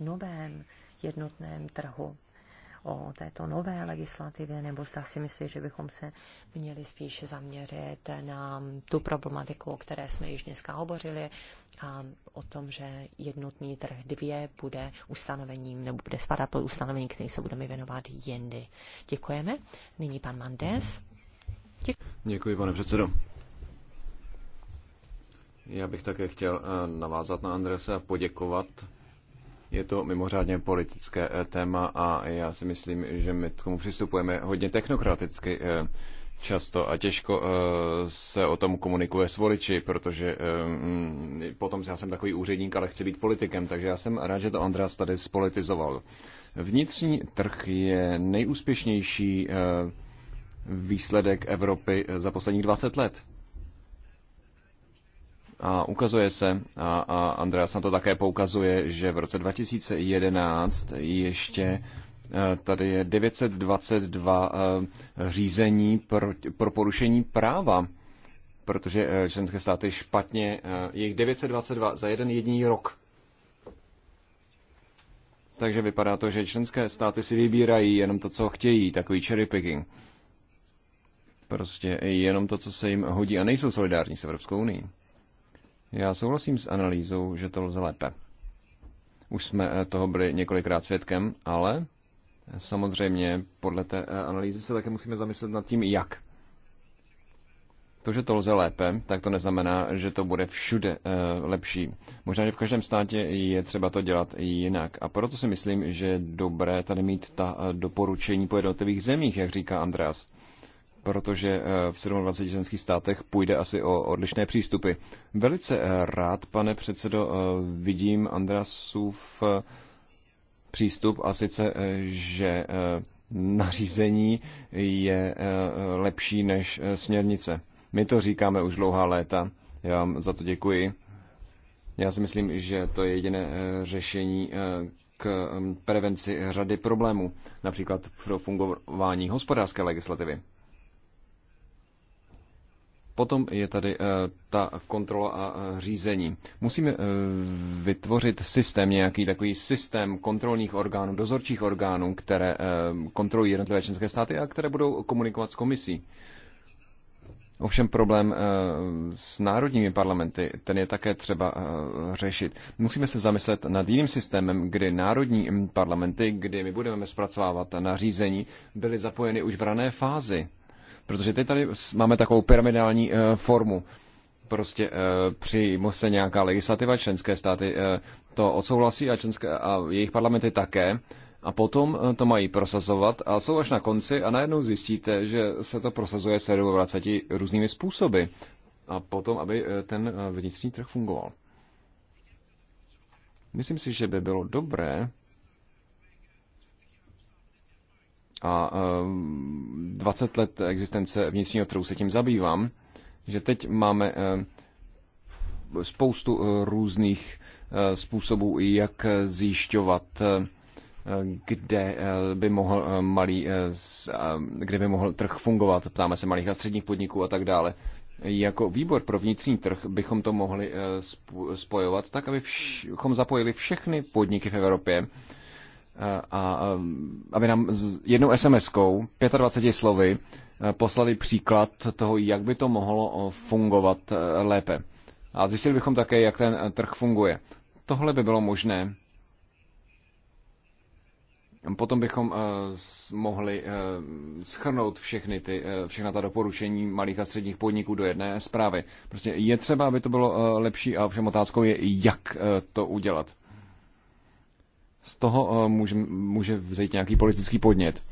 novém jednotném trhu, o této nové legislativě, nebo zda si myslí, že bychom se měli spíše zaměřit na tu problematiku, o které jsme již dneska hovořili, a o tom, že jednotný trh dvě bude ustanovením, nebo bude spadat pod ustanovení, který se budeme věnovat jindy. Děkujeme. Nyní pan Mandes. Děkuji, pane předsedo. Já bych také chtěl eh, navázat na Andrese a poděkovat. Je to mimořádně politické eh, téma a já si myslím, že my k tomu přistupujeme hodně technokraticky eh, často a těžko se o tom komunikuje s voliči, protože mm, potom já jsem takový úředník, ale chci být politikem, takže já jsem rád, že to András tady spolitizoval. Vnitřní trh je nejúspěšnější výsledek Evropy za posledních 20 let. A ukazuje se, a, a Andreas na to také poukazuje, že v roce 2011 ještě e, tady je 922 e, řízení pro, pro porušení práva, protože e, členské státy špatně, je jich 922 za jeden jediný rok. Takže vypadá to, že členské státy si vybírají jenom to, co chtějí, takový cherry picking. Prostě jenom to, co se jim hodí a nejsou solidární s Evropskou unii. Já souhlasím s analýzou, že to lze lépe. Už jsme eh, toho byli několikrát svědkem, ale samozřejmě podle té eh, analýzy se také musíme zamyslet nad tím, jak. To, že to lze lépe, tak to neznamená, že to bude všude eh, lepší. Možná, že v každém státě je třeba to dělat jinak. A proto si myslím, že je dobré tady mít ta doporučení po jednotlivých zemích, jak říká Andreas protože eh, v 27 členských státech půjde asi o odlišné přístupy. Velice eh, rád, pane předsedo, eh, vidím Andrasův přístup a sice, že nařízení je lepší než směrnice. My to říkáme už dlouhá léta. Já vám za to děkuji. Já si myslím, že to je jediné řešení k mm, prevenci řady problémů, například pro fungování hospodářské legislativy. Potom je tady eh, ta kontrola a eh, řízení. Musíme eh, vytvořit systém, nějaký takový systém kontrolních orgánů, dozorčích orgánů, které kontrolují jednotlivé členské státy a které budou komunikovat s komisí. Ovšem problém s národními parlamenty, ten je také třeba řešit. Musíme se zamyslet nad jiným systémem, kdy národní mm, parlamenty, kdy my budeme zpracovávat nařízení, byly zapojeny už v rané fázi Protože teď tady máme takovou pyramidální eh, formu prostě uh, eh, přijme se nějaká legislativa, členské státy uh, to odsouhlasí a, členské, a jejich parlamenty také. A potom uh, to mají prosazovat a jsou až na konci a najednou zjistíte, že se to prosazuje 27 různými způsoby. A potom, aby uh, ten uh, vnitřní trh fungoval. Myslím si, že by bylo dobré a 20 eh, let existence vnitřního trhu se tím zabývám, že teď máme eh, spoustu eh, různých způsobů, jak zjišťovat, kde by mohl malý, kde by mohl trh fungovat. Ptáme se malých a středních podniků a tak dále. Jako výbor pro vnitřní trh bychom to mohli spojovat tak, abychom zapojili všechny podniky v Evropě, a um, aby nám jednou SMS-kou, 25 slovy, eh, poslali příklad toho, jak by to mohlo eh, fungovat eh, lépe. A zjistili bychom také, jak ten trh funguje. Tohle by bylo možné. Potom bychom mohli schrnout všechny ty, všechna ta doporučení malých a středních podniků do jedné zprávy. Prostě je třeba, aby to bylo lepší a všem otázkou je, jak to udělat z toho eh, může, může vzít nějaký politický podnět.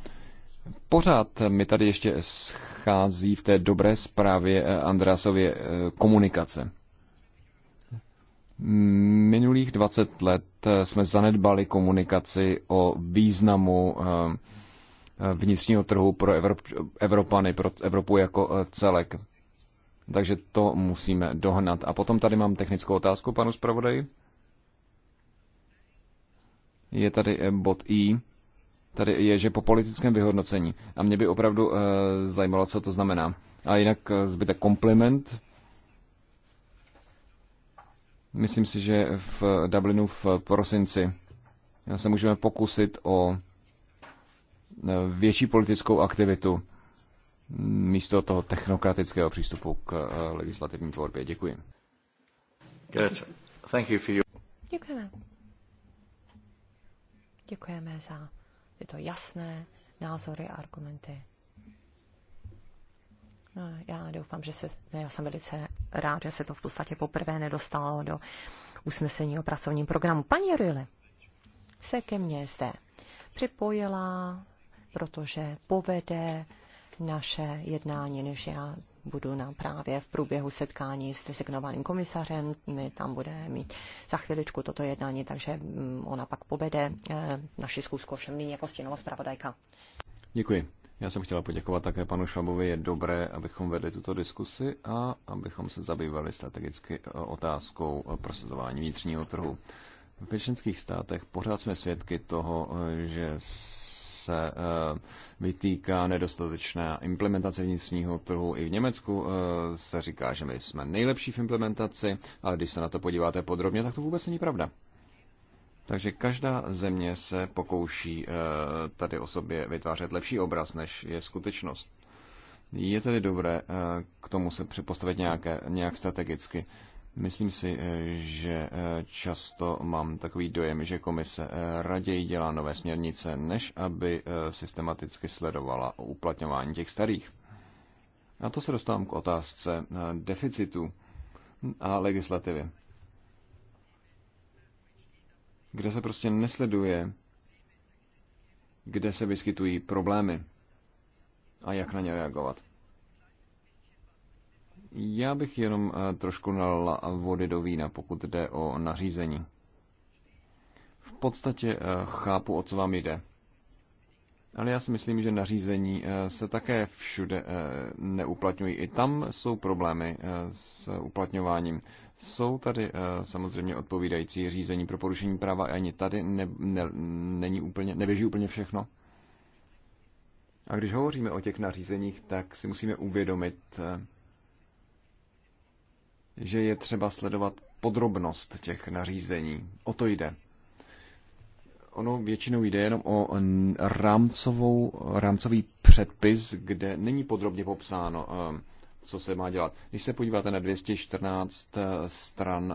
Pořád mi tady ještě schází v té dobré zprávě eh, Andrásově eh, komunikace. Minulých 20 let jsme zanedbali komunikaci o významu vnitřního trhu pro Evrop, Evropany, pro Evropu jako celek. Takže to musíme dohnat. A potom tady mám technickou otázku panu zpravodaji je tady eh, bod I, tady je, že po politickém vyhodnocení. A mě by opravdu eh, zajímalo, co to znamená. A jinak eh, zbytek kompliment. Myslím si, že v Dublinu v prosinci se můžeme pokusit o větší politickou aktivitu místo toho technokratického přístupu k legislativní tvorbě. Děkuji. Good. Thank you for your... Děkujeme Děkujeme za tyto jasné názory a argumenty. No, já doufám, že se, no, já jsem velice rád, že se to v podstatě poprvé nedostalo do usnesení o pracovním programu. Paní Ryle se ke mně zde připojila, protože povede naše jednání, než já budu nám právě v průběhu setkání s designovaným komisařem, my tam bude mít za chviličku toto jednání, takže mm, ona pak povede eh, naši zkusku všem nyní jako stěnová zpravodajka. Děkuji. Já jsem chtěla poděkovat také panu Švabovi. Je dobré, abychom vedli tuto diskusi a abychom se zabývali strategicky eh, otázkou eh, prosazování vnitřního trhu. V většinských státech pořád jsme svědky toho, že se eh, vytýká nedostatečná implementace vnitřního trhu. I v Německu eh, se říká, že my jsme nejlepší v implementaci, ale když se na to podíváte podrobně, tak to vůbec není pravda. Takže každá země se pokouší eh, tady o sobě vytvářet lepší obraz, než je skutečnost. Je tedy dobré k tomu se připostavit nějaké, nějak strategicky. Myslím si, eh, že eh, často mám takový dojem, že komise eh, raději dělá nové směrnice, než aby systematicky sledovala uplatňování těch starých. A to se dostávám k otázce deficitu a legislativy, kde se prostě nesleduje, kde se vyskytují problémy a jak na ně reagovat. Já bych jenom eh, trošku nalila vody do vína, pokud jde o nařízení. V podstatě eh, chápu, o co vám jde. Ale já si myslím, že nařízení eh, se také všude neuplatňují. I tam jsou problémy s uplatňováním. Jsou tady samozřejmě odpovídající řízení pro porušení práva, ani tady ne, ne, není úplně, nevěží úplně všechno. A když hovoříme o těch nařízeních, tak si musíme uvědomit, že je třeba sledovat podrobnost těch nařízení. O to jde. Ono většinou jde jenom o rámcovou, rámcový předpis, kde není podrobně popsáno, eh, co se má dělat. Když se podíváte na 214 eh, stran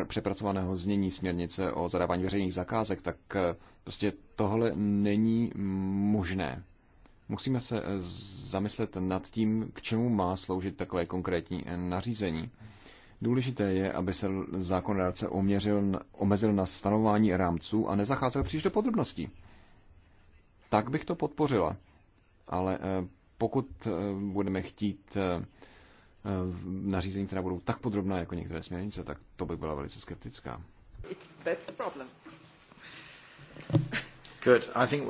eh, přepracovaného znění směrnice o zadávání veřejných zakázek, tak prostě tohle není možné. Musíme se eh, zamyslet nad tím, k čemu má sloužit takové konkrétní eh, nařízení. Důležité je, aby se zákonodárce oměřil, omezil na stanování rámců a nezacházel příliš do podrobností. Tak bych to podpořila. Ale eh, pokud budeme chtít nařízení, která budou tak podrobná jako některé směrnice, tak to bych byla velice skeptická.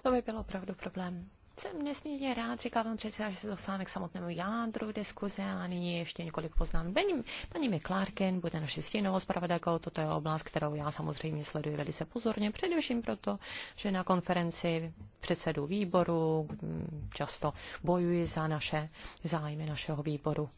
To by byl opravdu problém. Jsem nesmírně rád, říká pan předseda, že se dostáváme k samotnému jádru diskuze a nyní ještě několik poznám. Paní, paní Miklárkin bude naše stínovou zpravodajkou. Toto je oblast, kterou já samozřejmě sleduji velice pozorně, především proto, že na konferenci předsedů výboru mm, často bojuji za naše zájmy našeho výboru.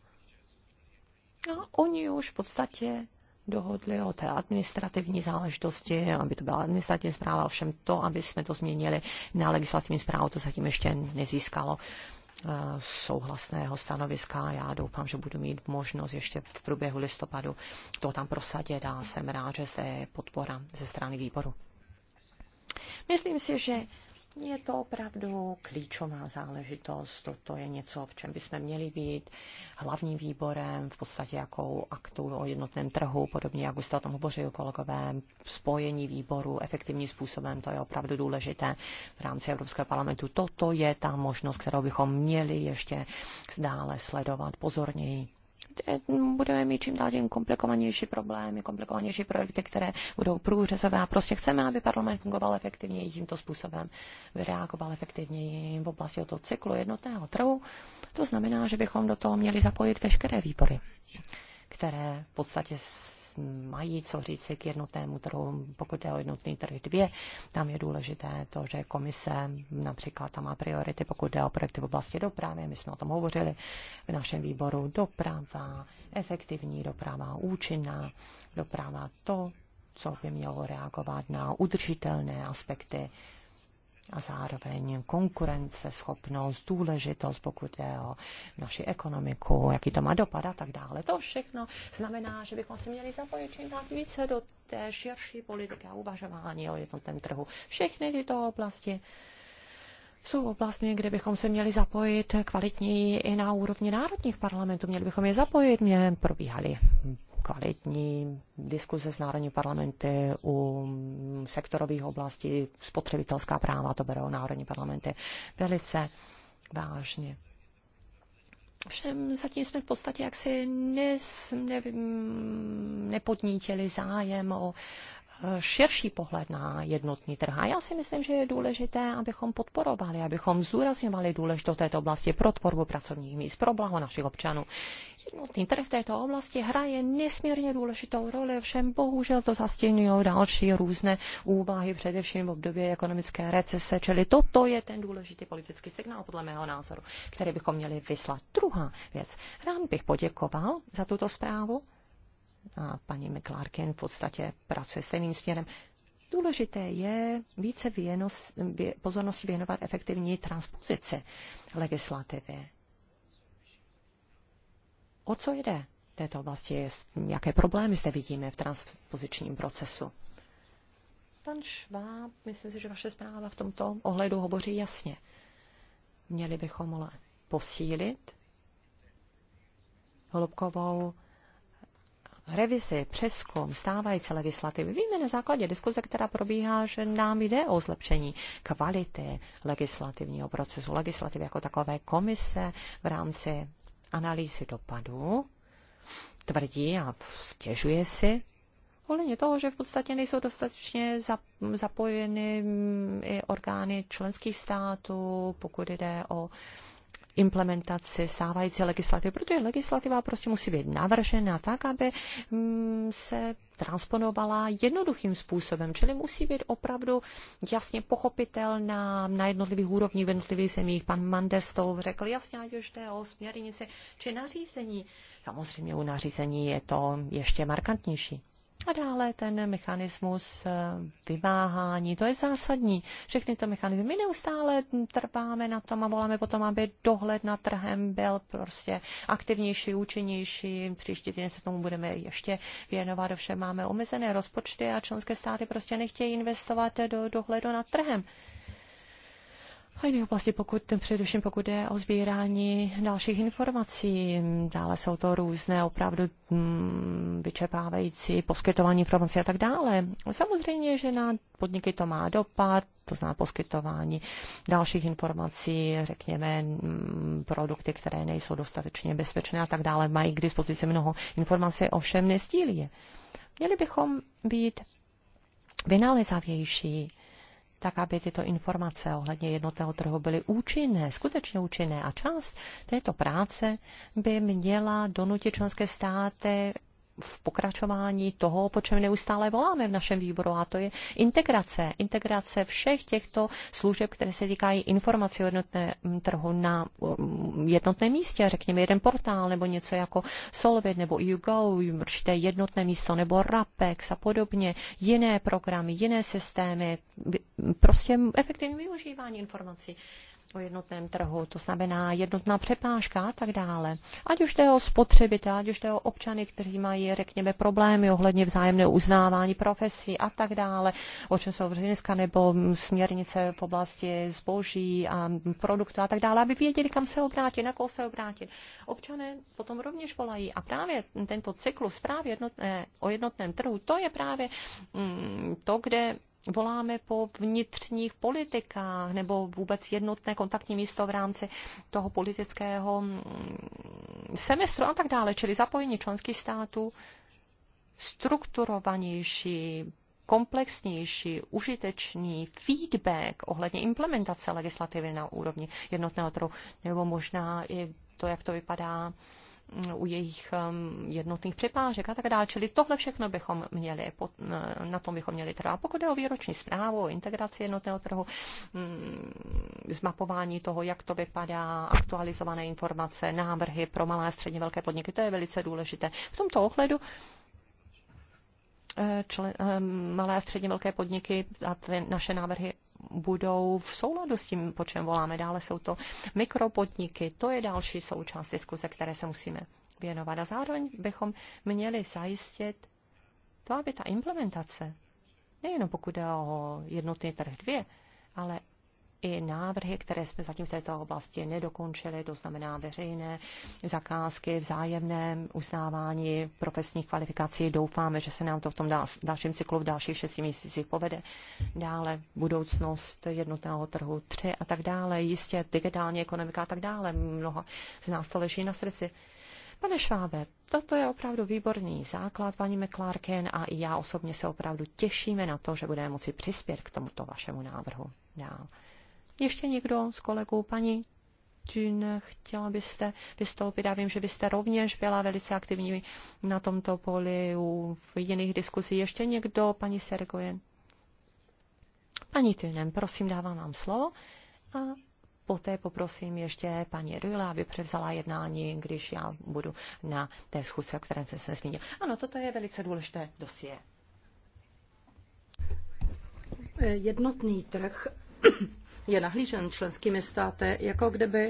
A no, oni už v podstatě dohodli o té administrativní záležitosti, aby to byla administrativní zpráva, ovšem to, aby jsme to změnili na legislativní zprávu, to zatím ještě nezískalo eh, souhlasného stanoviska. Já doufám, že budu mít možnost ještě v průběhu listopadu to tam prosadit a jsem rád, že zde je podpora ze strany výboru. Myslím si, že je to opravdu klíčová záležitost. Toto je něco, v čem bychom měli být hlavním výborem, v podstatě jakou aktu o jednotném trhu, podobně jak už jste o tom hovořil kolegové, spojení výboru efektivním způsobem, to je opravdu důležité v rámci Evropského parlamentu. Toto je ta možnost, kterou bychom měli ještě dále sledovat pozorněji budeme mít čím dál tím komplikovanější problémy, komplikovanější projekty, které budou průřezové a prostě chceme, aby parlament fungoval efektivněji tímto způsobem, vyreagoval efektivněji v oblasti toho cyklu jednotného trhu. To znamená, že bychom do toho měli zapojit veškeré výbory, které v podstatě mají co říci k jednotnému trhu, pokud je o jednotný trh dvě, tam je důležité to, že komise například tam má priority, pokud jde o projekty v oblasti dopravy, my jsme o tom hovořili v našem výboru, doprava, efektivní doprava, účinná doprava, to, co by mělo reagovat na udržitelné aspekty a zároveň konkurenceschopnost, důležitost, pokud je o naši ekonomiku, jaký to má dopad a tak dále. To všechno znamená, že bychom se měli zapojit čím dát více do té širší politiky a uvažování o jednotném trhu. Všechny tyto oblasti jsou oblastmi, kde bychom se měli zapojit kvalitněji i na úrovni národních parlamentů. Měli bychom je zapojit. Mě probíhaly kvalitní diskuze s národní parlamenty u sektorových oblastí, spotřebitelská práva, to berou národní parlamenty velice vážně. Všem zatím jsme v podstatě jaksi nes, ne, nepodnítili zájem o širší pohled na jednotný trh. A já si myslím, že je důležité, abychom podporovali, abychom zúrazňovali důležitost této oblasti pro tvorbu pracovních míst, pro blaho našich občanů. Jednotný trh v této oblasti hraje nesmírně důležitou roli, všem, bohužel to zastěňují další různé úvahy, především v období ekonomické recese, čili toto je ten důležitý politický signál, podle mého názoru, který bychom měli vyslat. Druhá věc. Rád bych poděkoval za tuto zprávu a paní McClarkin v podstatě pracuje stejným směrem. Důležité je více věnos, vě, pozornosti věnovat efektivní transpozici legislativy. O co jde v této oblasti? Jaké problémy zde vidíme v transpozičním procesu? Pan Šváb, myslím si, že vaše zpráva v tomto ohledu hovoří jasně. Měli bychom ale posílit hloubkovou revizi, přeskum stávající legislativy. Víme na základě diskuze, která probíhá, že nám jde o zlepšení kvality legislativního procesu, legislativy jako takové komise v rámci analýzy dopadů tvrdí a stěžuje si, kvůli toho, že v podstatě nejsou dostatečně zapojeny i orgány členských států, pokud jde o implementaci stávající legislativy, protože legislativa prostě musí být navržena tak, aby mm, se transponovala jednoduchým způsobem, čili musí být opravdu jasně pochopitelná na jednotlivých úrovních v jednotlivých zemích. Pan Mandes to řekl jasně, ať už jde o směrnici či nařízení. Samozřejmě u nařízení je to ještě markantnější. A dále ten mechanismus eh, vymáhání, to je zásadní. Všechny ty mechanismy. My neustále trpáme na tom a voláme potom, aby dohled na trhem byl prostě aktivnější, účinnější. Příští týden se tomu budeme ještě věnovat. Ovšem máme omezené rozpočty a členské státy prostě nechtějí investovat do dohledu nad trhem. Fajný oblasti, pokud, především pokud je o sbírání dalších informací. Dále jsou to různé opravdu mm, vyčerpávající poskytování informací a tak dále. Samozřejmě, že na podniky to má dopad, to zná poskytování dalších informací, řekněme, mm, produkty, které nejsou dostatečně bezpečné a tak dále, mají k dispozici mnoho informací, ovšem nestílí je. Měli bychom být vynalezavější, tak aby tyto informace ohledně jednotného trhu byly účinné, skutečně účinné. A část této práce by měla donutit členské státy v pokračování toho, po čem neustále voláme v našem výboru, a to je integrace. Integrace všech těchto služeb, které se týkají informací o jednotném trhu na mm, jednotném místě, řekněme jeden portál nebo něco jako Solvit nebo YouGo, e určité jednotné místo nebo Rapex a podobně, jiné programy, jiné systémy, prostě efektivní využívání informací o jednotném trhu, to znamená jednotná přepážka a tak dále. Ať už jde o spotřebitele, ať už jde o občany, kteří mají, řekněme, problémy ohledně vzájemného uznávání profesí a tak dále, o čem jsou dneska, nebo směrnice v oblasti zboží a produktů a tak dále, aby věděli, kam se obrátit, na koho se obrátit. Občané potom rovněž volají a právě tento cyklus právě jednotné, o jednotném trhu, to je právě mm, to, kde voláme po vnitřních politikách nebo vůbec jednotné kontaktní místo v rámci toho politického mm, semestru a tak dále, čili zapojení členských států strukturovanější, komplexnější, užitečný feedback ohledně implementace legislativy na úrovni jednotného trhu, nebo možná i to, jak to vypadá u jejich um, jednotných přepážek a tak dále. Čili tohle všechno bychom měli, eh, na tom bychom měli trvat. Pokud je o výroční zprávu, o integraci jednotného trhu, mm, zmapování toho, jak to vypadá, aktualizované informace, návrhy pro malé a středně velké podniky, to je velice důležité. V tomto ohledu eh, člen, eh, malé a středně velké podniky a naše návrhy budou v souladu s tím, po čem voláme. Dále jsou to mikropodniky, to je další součást diskuze, které se musíme věnovat. A zároveň bychom měli zajistit to, aby ta implementace, nejenom pokud je o jednotný trh dvě, ale i návrhy, které jsme zatím v této oblasti nedokončili, to znamená veřejné zakázky, vzájemné uznávání profesních kvalifikací. Doufáme, že se nám to v tom dá, dalším cyklu v dalších šesti měsících povede. Dále budoucnost jednotného trhu 3 a tak dále, jistě digitální ekonomika a tak dále. Mnoho z nás to leží na srdci. Pane Švábe, toto je opravdu výborný základ, paní McClarken, a i já osobně se opravdu těšíme na to, že budeme moci přispět k tomuto vašemu návrhu dál. Ještě někdo z kolegů, paní Džin, chtěla byste vystoupit? Já vím, že byste rovněž byla velice aktivní na tomto poli u jiných diskusí. Ještě někdo, paní Sergojen? Paní Tynem, prosím, dávám vám slovo a poté poprosím ještě paní Rula, aby převzala jednání, když já budu na té schůzce, o kterém jsem se zmínil. Ano, toto je velice důležité dosie. Jednotný trh je nahlížen členskými státy, jako kdyby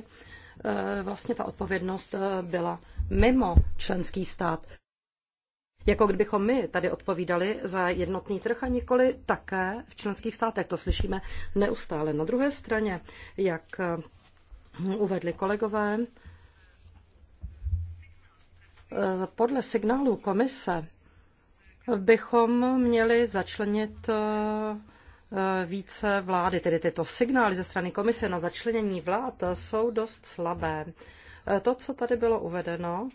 eh, vlastně ta odpovědnost eh, byla mimo členský stát. Jako kdybychom my tady odpovídali za jednotný trh a nikoli také v členských státech. To slyšíme neustále. Na druhé straně, jak eh, uvedli kolegové, podle signálu komise bychom měli začlenit Eh, více vlády, tedy tyto signály ze strany komise na začlenění vlád eh, jsou dost slabé. Eh, to, co tady bylo uvedeno,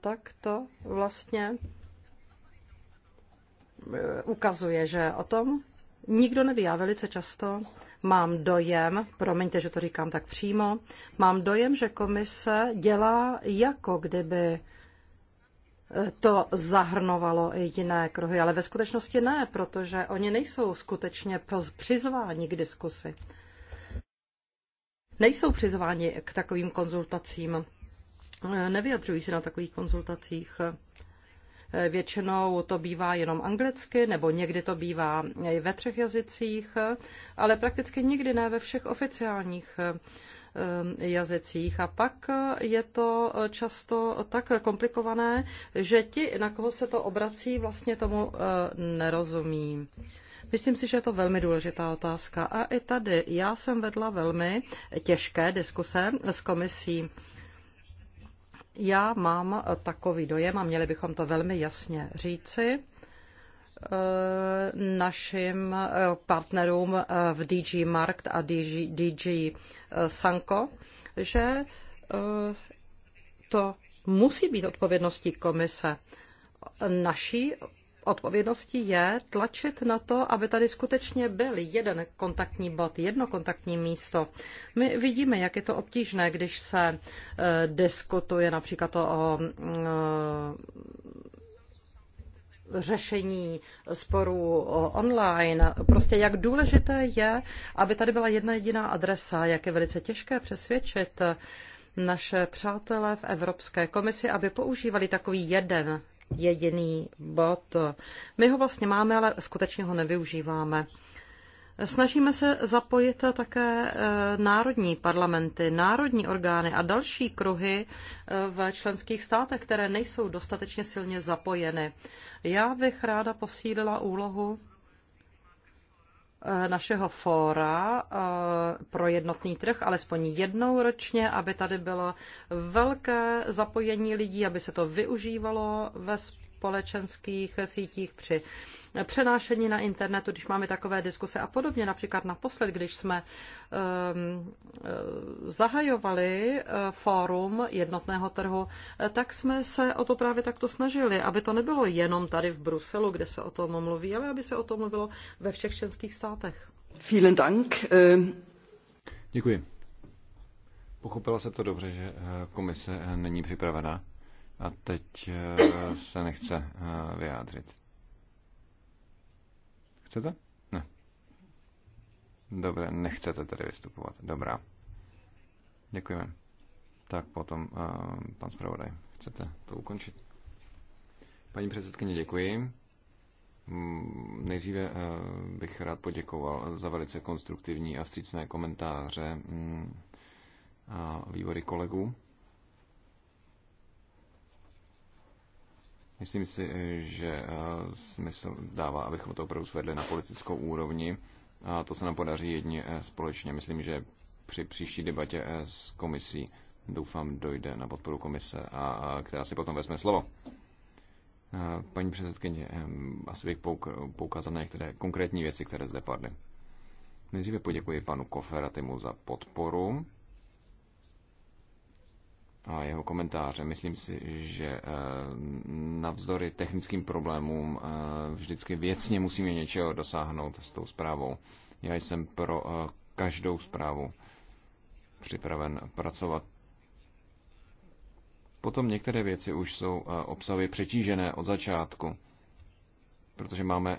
tak to vlastně ukazuje, že o tom nikdo neví. Já velice často mám dojem, promiňte, že to říkám tak přímo, mám dojem, že komise dělá jako kdyby to zahrnovalo i jiné kruhy, ale ve skutečnosti ne, protože oni nejsou skutečně přizváni k diskusi. Nejsou přizváni k takovým konzultacím. Nevyjadřují se na takových konzultacích. Většinou to bývá jenom anglicky, nebo někdy to bývá i ve třech jazycích, ale prakticky nikdy ne ve všech oficiálních Um, jazycích. A pak je to často tak komplikované, že ti, na koho se to obrací, vlastně tomu uh, nerozumí. Myslím si, že je to velmi důležitá otázka. A i tady já jsem vedla velmi těžké diskuse s komisí. Já mám takový dojem, a měli bychom to velmi jasně říci, Eh, našim eh, partnerům eh, v DG Markt a DG, DG Sanko, že to musí být odpovědností komise. Naší odpovědností je tlačit na to, aby tady skutečně byl jeden kontaktní bod, jedno kontaktní místo. My vidíme, jak je to obtížné, když se diskutuje například o mm, řešení sporů online, prostě jak důležité je, aby tady byla jedna jediná adresa, jak je velice těžké přesvědčit naše přátelé v Evropské komisi, aby používali takový jeden jediný bod. My ho vlastně máme, ale skutečně ho nevyužíváme. Snažíme se zapojit také e, národní parlamenty, národní orgány a další kruhy e, v členských státech, které nejsou dostatečně silně zapojeny. Já bych ráda posílila úlohu e, našeho fóra pro jednotný trh alespoň jednou ročně, aby tady bylo velké zapojení lidí, aby se to využívalo ve společenských sítích při přenášení na internetu, když máme takové diskuse a podobně. Například naposled, když jsme ehm, eh, zahajovali eh, fórum jednotného trhu, eh, tak jsme se o to právě takto snažili, aby to nebylo jenom tady v Bruselu, kde se o tom mluví, ale aby se o tom mluvilo ve všech členských státech. Vielen Dank. Děkuji. Pochopila se to dobře, že komise není připravená a teď se nechce vyjádřit. Chcete? Ne. Dobré, nechcete tady vystupovat. Dobrá. Děkujeme. Tak potom, uh, pan zpravodaj, chcete to ukončit? Paní předsedkyně, děkuji. Mm, nejdříve eh, bych rád poděkoval za velice konstruktivní a vstřícné komentáře mm, a vývody kolegů. Myslím si, že eh, smysl dává, abychom to opravdu svedli na politickou úrovni a to se nám podaří jedně eh, společně. Myslím, že při příští debatě eh, s komisí doufám dojde na podporu komise, a, která si potom vezme slovo. Paní předsedkyně, asi bych poukázal na některé konkrétní věci, které zde padly. Nejdříve poděkuji panu Koferatimu za podporu a jeho komentáře. Myslím si, že eh, navzdory technickým problémům eh, vždycky věcně musíme něčeho dosáhnout s tou zprávou. Já jsem pro eh, každou zprávu připraven pracovat. Potom některé věci už jsou obsahy přetížené od začátku, protože máme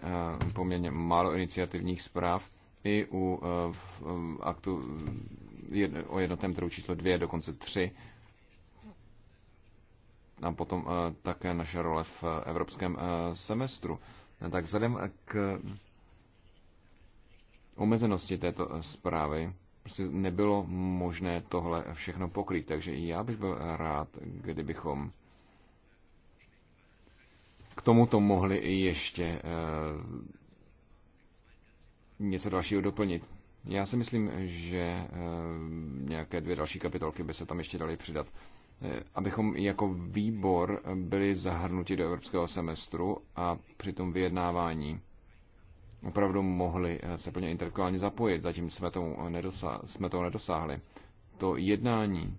poměrně málo iniciativních zpráv i u aktu o jednotném trhu číslo dvě, dokonce tři a potom eh, také naše role v eh, evropském eh, semestru. Tak vzhledem k omezenosti této zprávy prostě nebylo možné tohle všechno pokrýt. Takže i já bych byl rád, kdybychom k tomuto mohli i ještě něco dalšího doplnit. Já si myslím, že nějaké dvě další kapitolky by se tam ještě daly přidat. Eh, abychom jako výbor byli zahrnuti do evropského semestru a při tom vyjednávání opravdu mohli eh, se plně intelektuálně zapojit. Zatím jsme, toho, eh, nedosa- jsme toho nedosáhli. To jednání,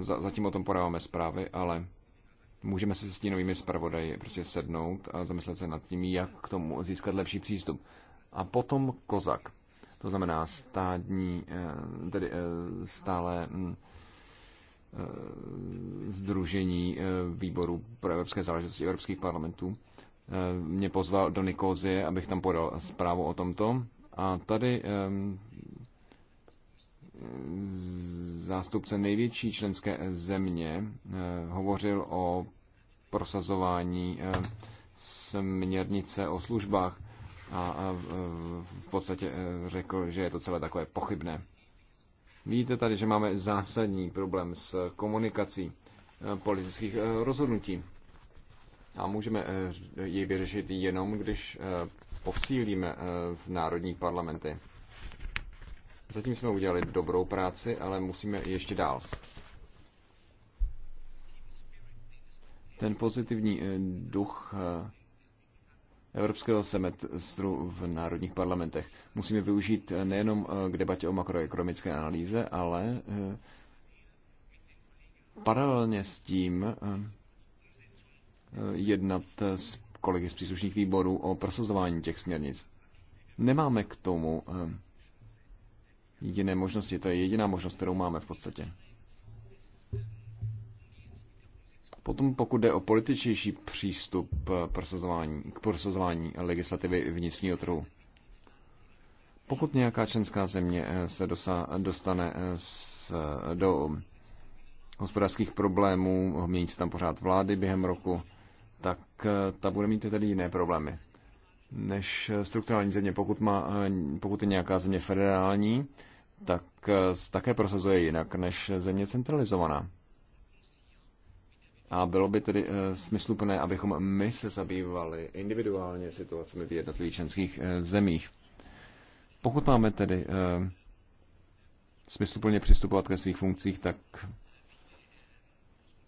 zatím o tom podáváme zprávy, ale můžeme se s tím novými zpravodaji prostě sednout a zamyslet se nad tím, jak k tomu získat lepší přístup. A potom kozak, to znamená stádní, tedy stále hm, Eh, Združení eh, výboru pro evropské záležitosti evropských parlamentů eh, mě pozval do Nikozie, abych tam podal zprávu o tomto. A tady zástupce největší členské země hovořil o prosazování směrnice o službách a v podstatě řekl, že je to celé takové pochybné. Vidíte tady, že máme zásadní problém s komunikací eh, politických eh, rozhodnutí. A můžeme eh, jej vyřešit jenom, když posílíme v národní parlamenty. Zatím jsme udělali dobrou práci, ale musíme ještě dál. Ten pozitivní duch evropského semestru v národních parlamentech. Musíme využít eh, nejenom eh, k debatě o makroekonomické analýze, ale eh, paralelně s tím jednat s kolegy z příslušných výborů o prosazování těch směrnic. Nemáme k tomu jediné možnosti, to je jediná možnost, kterou máme v podstatě. Potom pokud jde o političnější přístup eh, prosazování, k prosazování legislativy vnitřního trhu. Pokud nějaká členská země eh, se dosa, dostane eh, s, do hospodářských problémů, mění se tam pořád vlády během roku, tak ta bude mít tedy jiné problémy než strukturální země. Pokud, má, pokud je nějaká země federální, tak také prosazuje jinak než země centralizovaná. A bylo by tedy eh, smysluplné, abychom my se zabývali individuálně situacemi v jednotlivých členských eh, zemích. Pokud máme tedy eh, smysluplně přistupovat ke svých funkcích, tak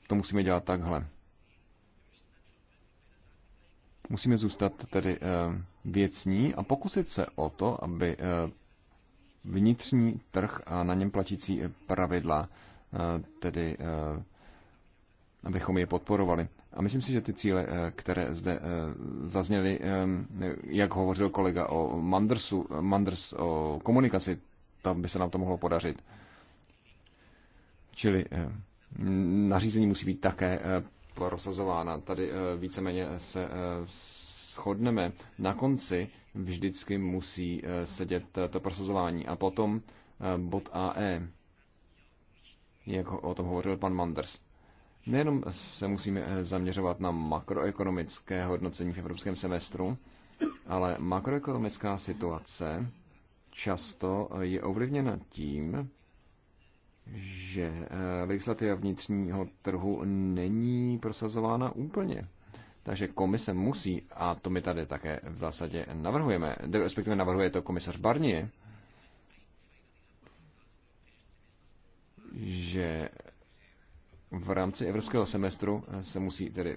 to musíme dělat takhle. Musíme zůstat tedy věcní a pokusit se o to, aby vnitřní trh a na něm platící pravidla tedy abychom je podporovali. A myslím si, že ty cíle, eh, které zde eh, zazněly, eh, jak hovořil kolega o Mandersu, Manders o komunikaci, tam by se nám to mohlo podařit. Čili nařízení musí být také prosazována. Tady víceméně se shodneme. Na konci vždycky musí sedět to prosazování. A potom bod AE, jak o tom hovořil pan Manders Nejenom se musíme eh, zaměřovat na makroekonomické hodnocení v evropském semestru, ale makroekonomická situace často eh, je ovlivněna tím, že eh, legislativa vnitřního trhu není prosazována úplně. Takže komise musí, a to my tady také v zásadě navrhujeme, respektive navrhuje to komisař Barnier, že v rámci evropského semestru eh, se musí tedy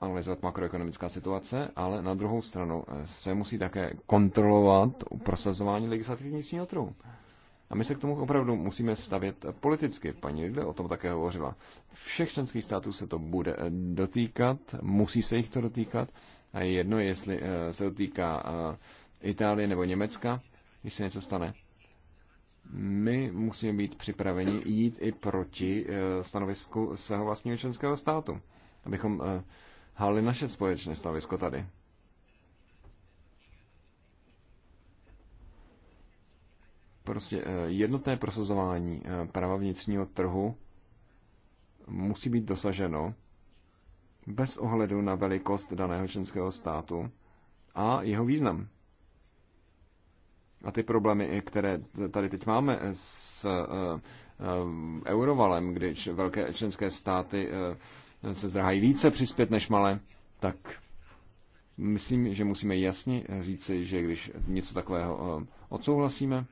analyzovat makroekonomická situace, ale na druhou stranu eh, se musí také kontrolovat prosazování legislativní vnitřního trhu. A my se k tomu opravdu musíme stavět politicky. Paní Lidle o tom také hovořila. Všech členských států se to bude eh, dotýkat, musí se jich to dotýkat. A je jedno, jestli se dotýká Itálie nebo Německa, když se něco stane, my musíme být připraveni jít i proti eh, stanovisku svého vlastního členského státu, abychom eh, hali naše společné stanovisko tady. Prostě eh, jednotné prosazování práva vnitřního trhu musí být dosaženo bez ohledu na velikost daného členského státu a jeho význam. A ty problémy, které tady teď máme s eh, eh, eurovalem, když velké členské státy eh, se zdrahají více přispět než malé, tak myslím, že musíme jasně říci, že když něco takového odsouhlasíme,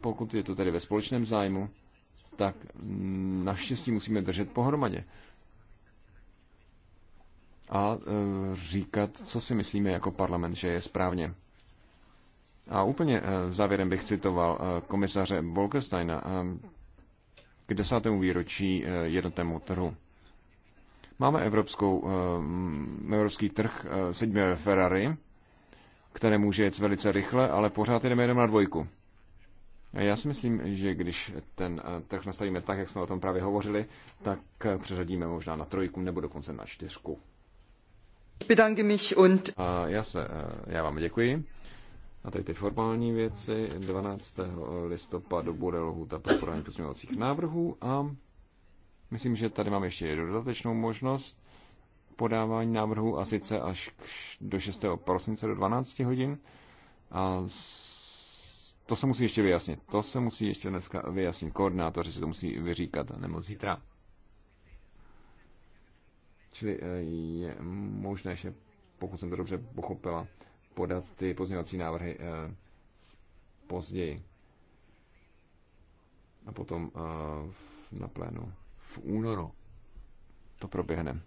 pokud je to tedy ve společném zájmu, tak naštěstí musíme držet pohromadě a e, říkat, co si myslíme jako parlament, že je správně. A úplně e, závěrem bych citoval e, komisaře Bolkesteina k desátému výročí jednotnému trhu. Máme evropskou, evropský trh, sedíme ve Ferrari, které může jet velice rychle, ale pořád jdeme jenom na dvojku. A já si myslím, že když ten trh nastavíme tak, jak jsme o tom právě hovořili, tak přeřadíme možná na trojku nebo dokonce na čtyřku. Bedanke mich und... já, se, eh, já vám děkuji. A tady ty formální věci. 12. listopadu bude lhůta pro podání pozměňovacích návrhů a myslím, že tady mám ještě dodatečnou možnost podávání návrhů a sice až do 6. prosince do 12 hodin. A to se musí ještě vyjasnit. To se musí ještě dneska vyjasnit. Koordinátoři si to musí vyříkat, nebo zítra. Čili eh, je možné, že pokud jsem to dobře pochopila, podat ty pozměňovací návrhy eh, později a potom eh, na plénu v únoru to proběhne.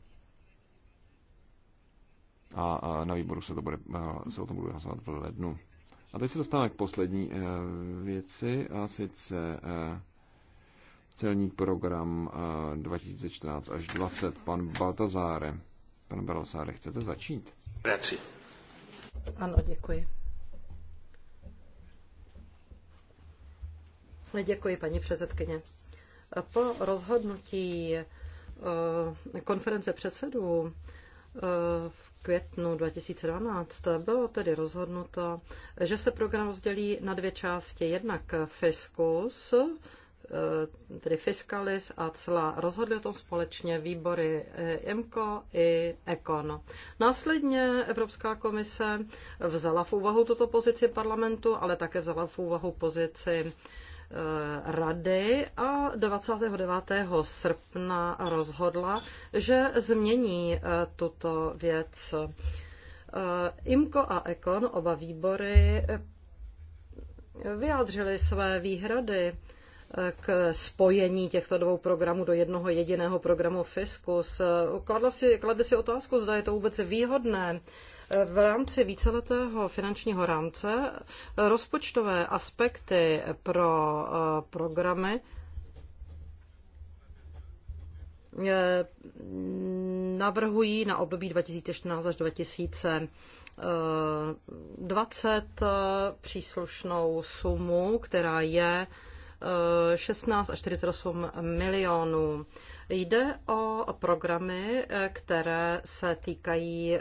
A, a na výboru se, to bude, se o tom bude hlasovat v lednu. A teď se dostáváme k poslední věci, a sice celní program 2014 eh, až 20. Pan Baltazáre, pan Baltazáre, chcete začít? Práci. Ano, děkuji. Děkuji, paní předsedkyně. Po rozhodnutí eh, konference předsedů eh, v květnu 2012 bylo tedy rozhodnuto, že se program rozdělí na dvě části. Jednak fiskus, Eh, tedy Fiskalis a celá rozhodly o tom společně výbory eh, IMCO i ECON. Následně Evropská komise vzala v úvahu tuto pozici parlamentu, ale také vzala v úvahu pozici eh, rady a 29. srpna rozhodla, že změní tuto věc. IMCO a ECON, oba výbory, vyjádřili své výhrady k spojení těchto dvou programů do jednoho jediného programu Fiskus. Kladla si, kladli si otázku, zda je to vůbec výhodné. V rámci víceletého finančního rámce rozpočtové aspekty pro eh, programy eh, navrhují na období 2014 až 2020 eh, příslušnou sumu, která je 16 až 48 milionů. Jde o programy, které se týkají eh,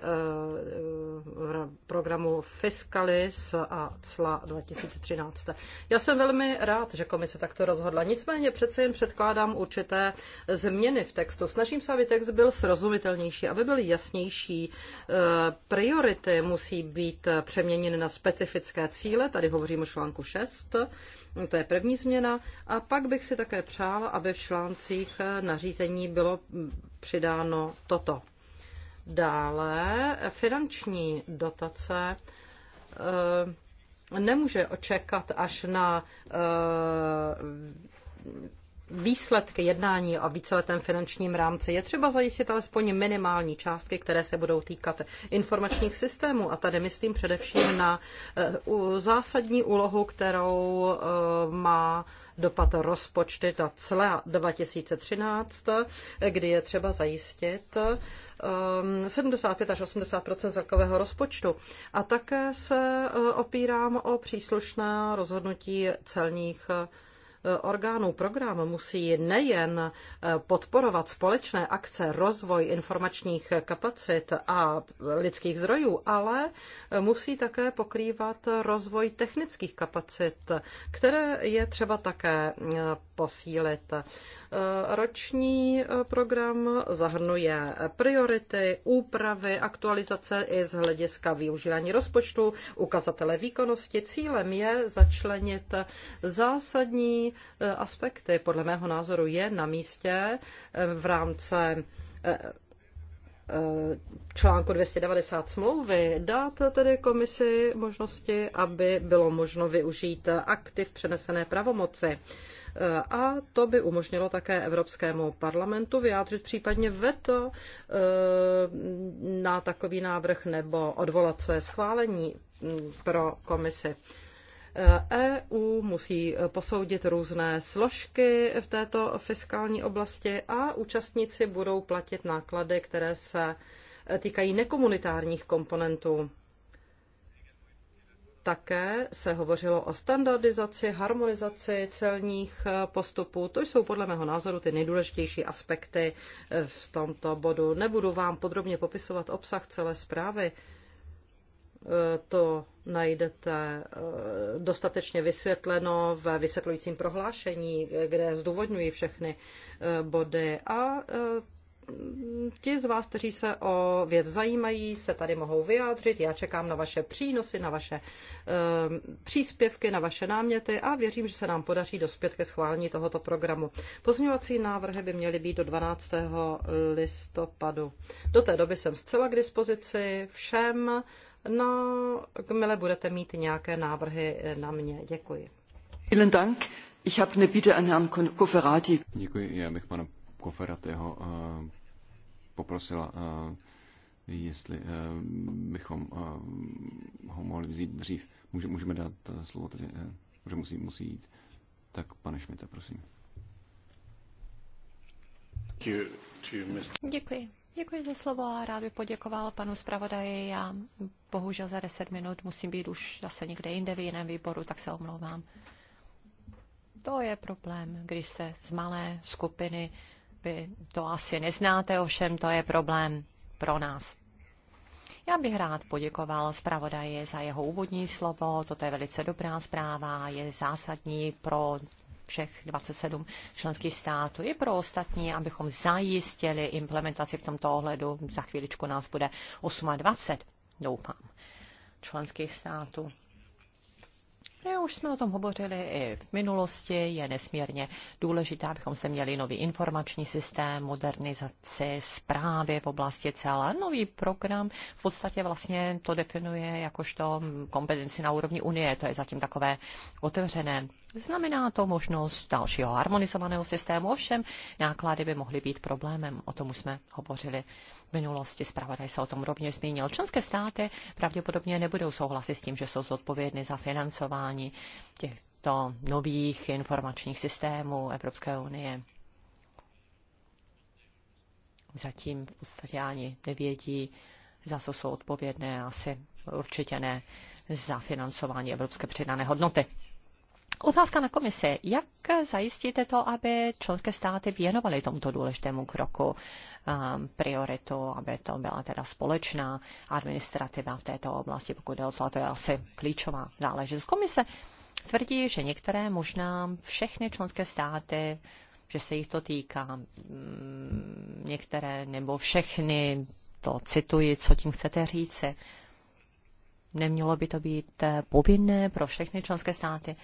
eh, programu Fiscalis a CLA 2013. Já jsem velmi rád, že komise takto rozhodla. Nicméně přece jen předkládám určité změny v textu. Snažím se, aby text byl srozumitelnější, aby byl jasnější. Eh, priority musí být přeměněny na specifické cíle. Tady hovořím o článku 6 No, to je první změna. A pak bych si také přála, aby v článcích eh, nařízení bylo mm, přidáno toto. Dále finanční dotace eh, nemůže očekat až na eh, výsledky jednání o víceletém finančním rámci je třeba zajistit alespoň minimální částky, které se budou týkat informačních systémů. A tady myslím především na eh, zásadní úlohu, kterou eh, má dopad rozpočty na celé 2013, eh, kdy je třeba zajistit 75 až 80 celkového rozpočtu. A také se opírám o příslušná rozhodnutí celních orgánů program musí nejen eh, podporovat společné akce, rozvoj informačních kapacit a lidských zdrojů, ale eh, musí také pokrývat rozvoj technických kapacit, které je třeba také eh, posílit. Eh, roční eh, program zahrnuje priority, úpravy, aktualizace i z hlediska využívání rozpočtu, ukazatele výkonnosti. Cílem je začlenit zásadní eh, aspekty. Podle mého názoru je na místě v rámci článku 290 smlouvy dát tedy komisi možnosti, aby bylo možno využít aktiv přenesené pravomoci. A to by umožnilo také Evropskému parlamentu vyjádřit případně veto eh, na takový návrh nebo odvolat své schválení mm, pro komisi. EU eh, e musí posoudit různé složky v této fiskální oblasti a účastníci budou platit náklady, které se týkají nekomunitárních komponentů. Také se hovořilo o standardizaci, harmonizaci celních eh, postupů. To jsou podle mého názoru ty nejdůležitější aspekty eh, v tomto bodu. Nebudu vám podrobně popisovat obsah celé zprávy. Eh, to najdete dostatečně vysvětleno ve vysvětlujícím prohlášení, kde zdůvodňuji všechny body. A ti z vás, kteří se o věc zajímají, se tady mohou vyjádřit. Já čekám na vaše přínosy, na vaše e, příspěvky, na vaše náměty a věřím, že se nám podaří dospět ke schválení tohoto programu. Pozměňovací návrhy by měly být do 12. listopadu. Do té doby jsem zcela k dispozici všem. No, kmile budete mít nějaké návrhy na mě. Děkuji. Vielen Dank. Ich habe eine Bitte an Herrn Koferati. Děkuji, já bych pana Koferatého eh, poprosila, eh, jestli eh, bychom ho mohli vzít dřív. můžeme dát slovo tedy, že musí, musí jít. Tak pane šmita, prosím. Děkuji. Děkuji za slovo a rád bych poděkoval panu zpravodaji. Já bohužel za 10 minut musím být už zase někde jinde v jiném výboru, tak se omlouvám. To je problém, když jste z malé skupiny vy to asi neznáte, ovšem to je problém pro nás. Já bych rád poděkoval zpravodaji za jeho úvodní slovo. Toto je velice dobrá zpráva, je zásadní pro všech 27 členských států i pro ostatní, abychom zajistili implementaci v tomto ohledu. Za chvíličku nás bude 28, doufám, členských států. My už jsme o tom hovořili i v minulosti, je nesmírně důležité, abychom se měli nový informační systém, modernizaci zprávy v oblasti celé nový program. V podstatě vlastně to definuje jakožto kompetenci na úrovni Unie, to je zatím takové otevřené. Znamená to možnost dalšího harmonizovaného systému, ovšem náklady by mohly být problémem, o tom už jsme hovořili minulosti. Zpravodaj se o tom rovněž zmínil. Členské státy pravděpodobně nebudou souhlasit s tím, že jsou zodpovědny za financování těchto nových informačních systémů Evropské unie. Zatím v podstatě ani nevědí, za co jsou odpovědné, asi určitě ne za financování evropské přidané hodnoty. Otázka na komisi. Jak zajistíte to, aby členské státy věnovaly tomuto důležitému kroku um, prioritu, aby to byla teda společná administrativa v této oblasti, pokud je o to je asi klíčová záležitost. Komise tvrdí, že některé možná všechny členské státy že se jich to týká mm, některé nebo všechny, to cituji, co tím chcete říci. Nemělo by to být povinné pro všechny členské státy.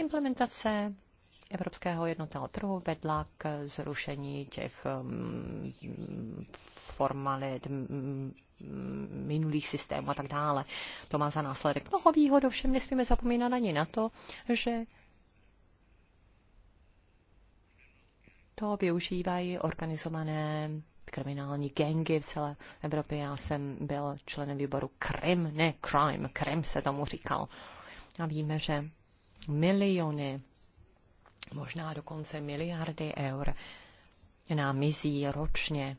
Implementace Evropského jednotného trhu vedla k zrušení těch mm, formalit, mm, minulých systémů a tak dále. To má za následek mnoho výhod, ovšem nesmíme zapomínat ani na to, že to využívají organizované kriminální gengy v celé Evropě. Já jsem byl členem výboru Krim, ne Crime, Krim se tomu říkal. A víme, že miliony, možná dokonce miliardy eur nám mizí ročně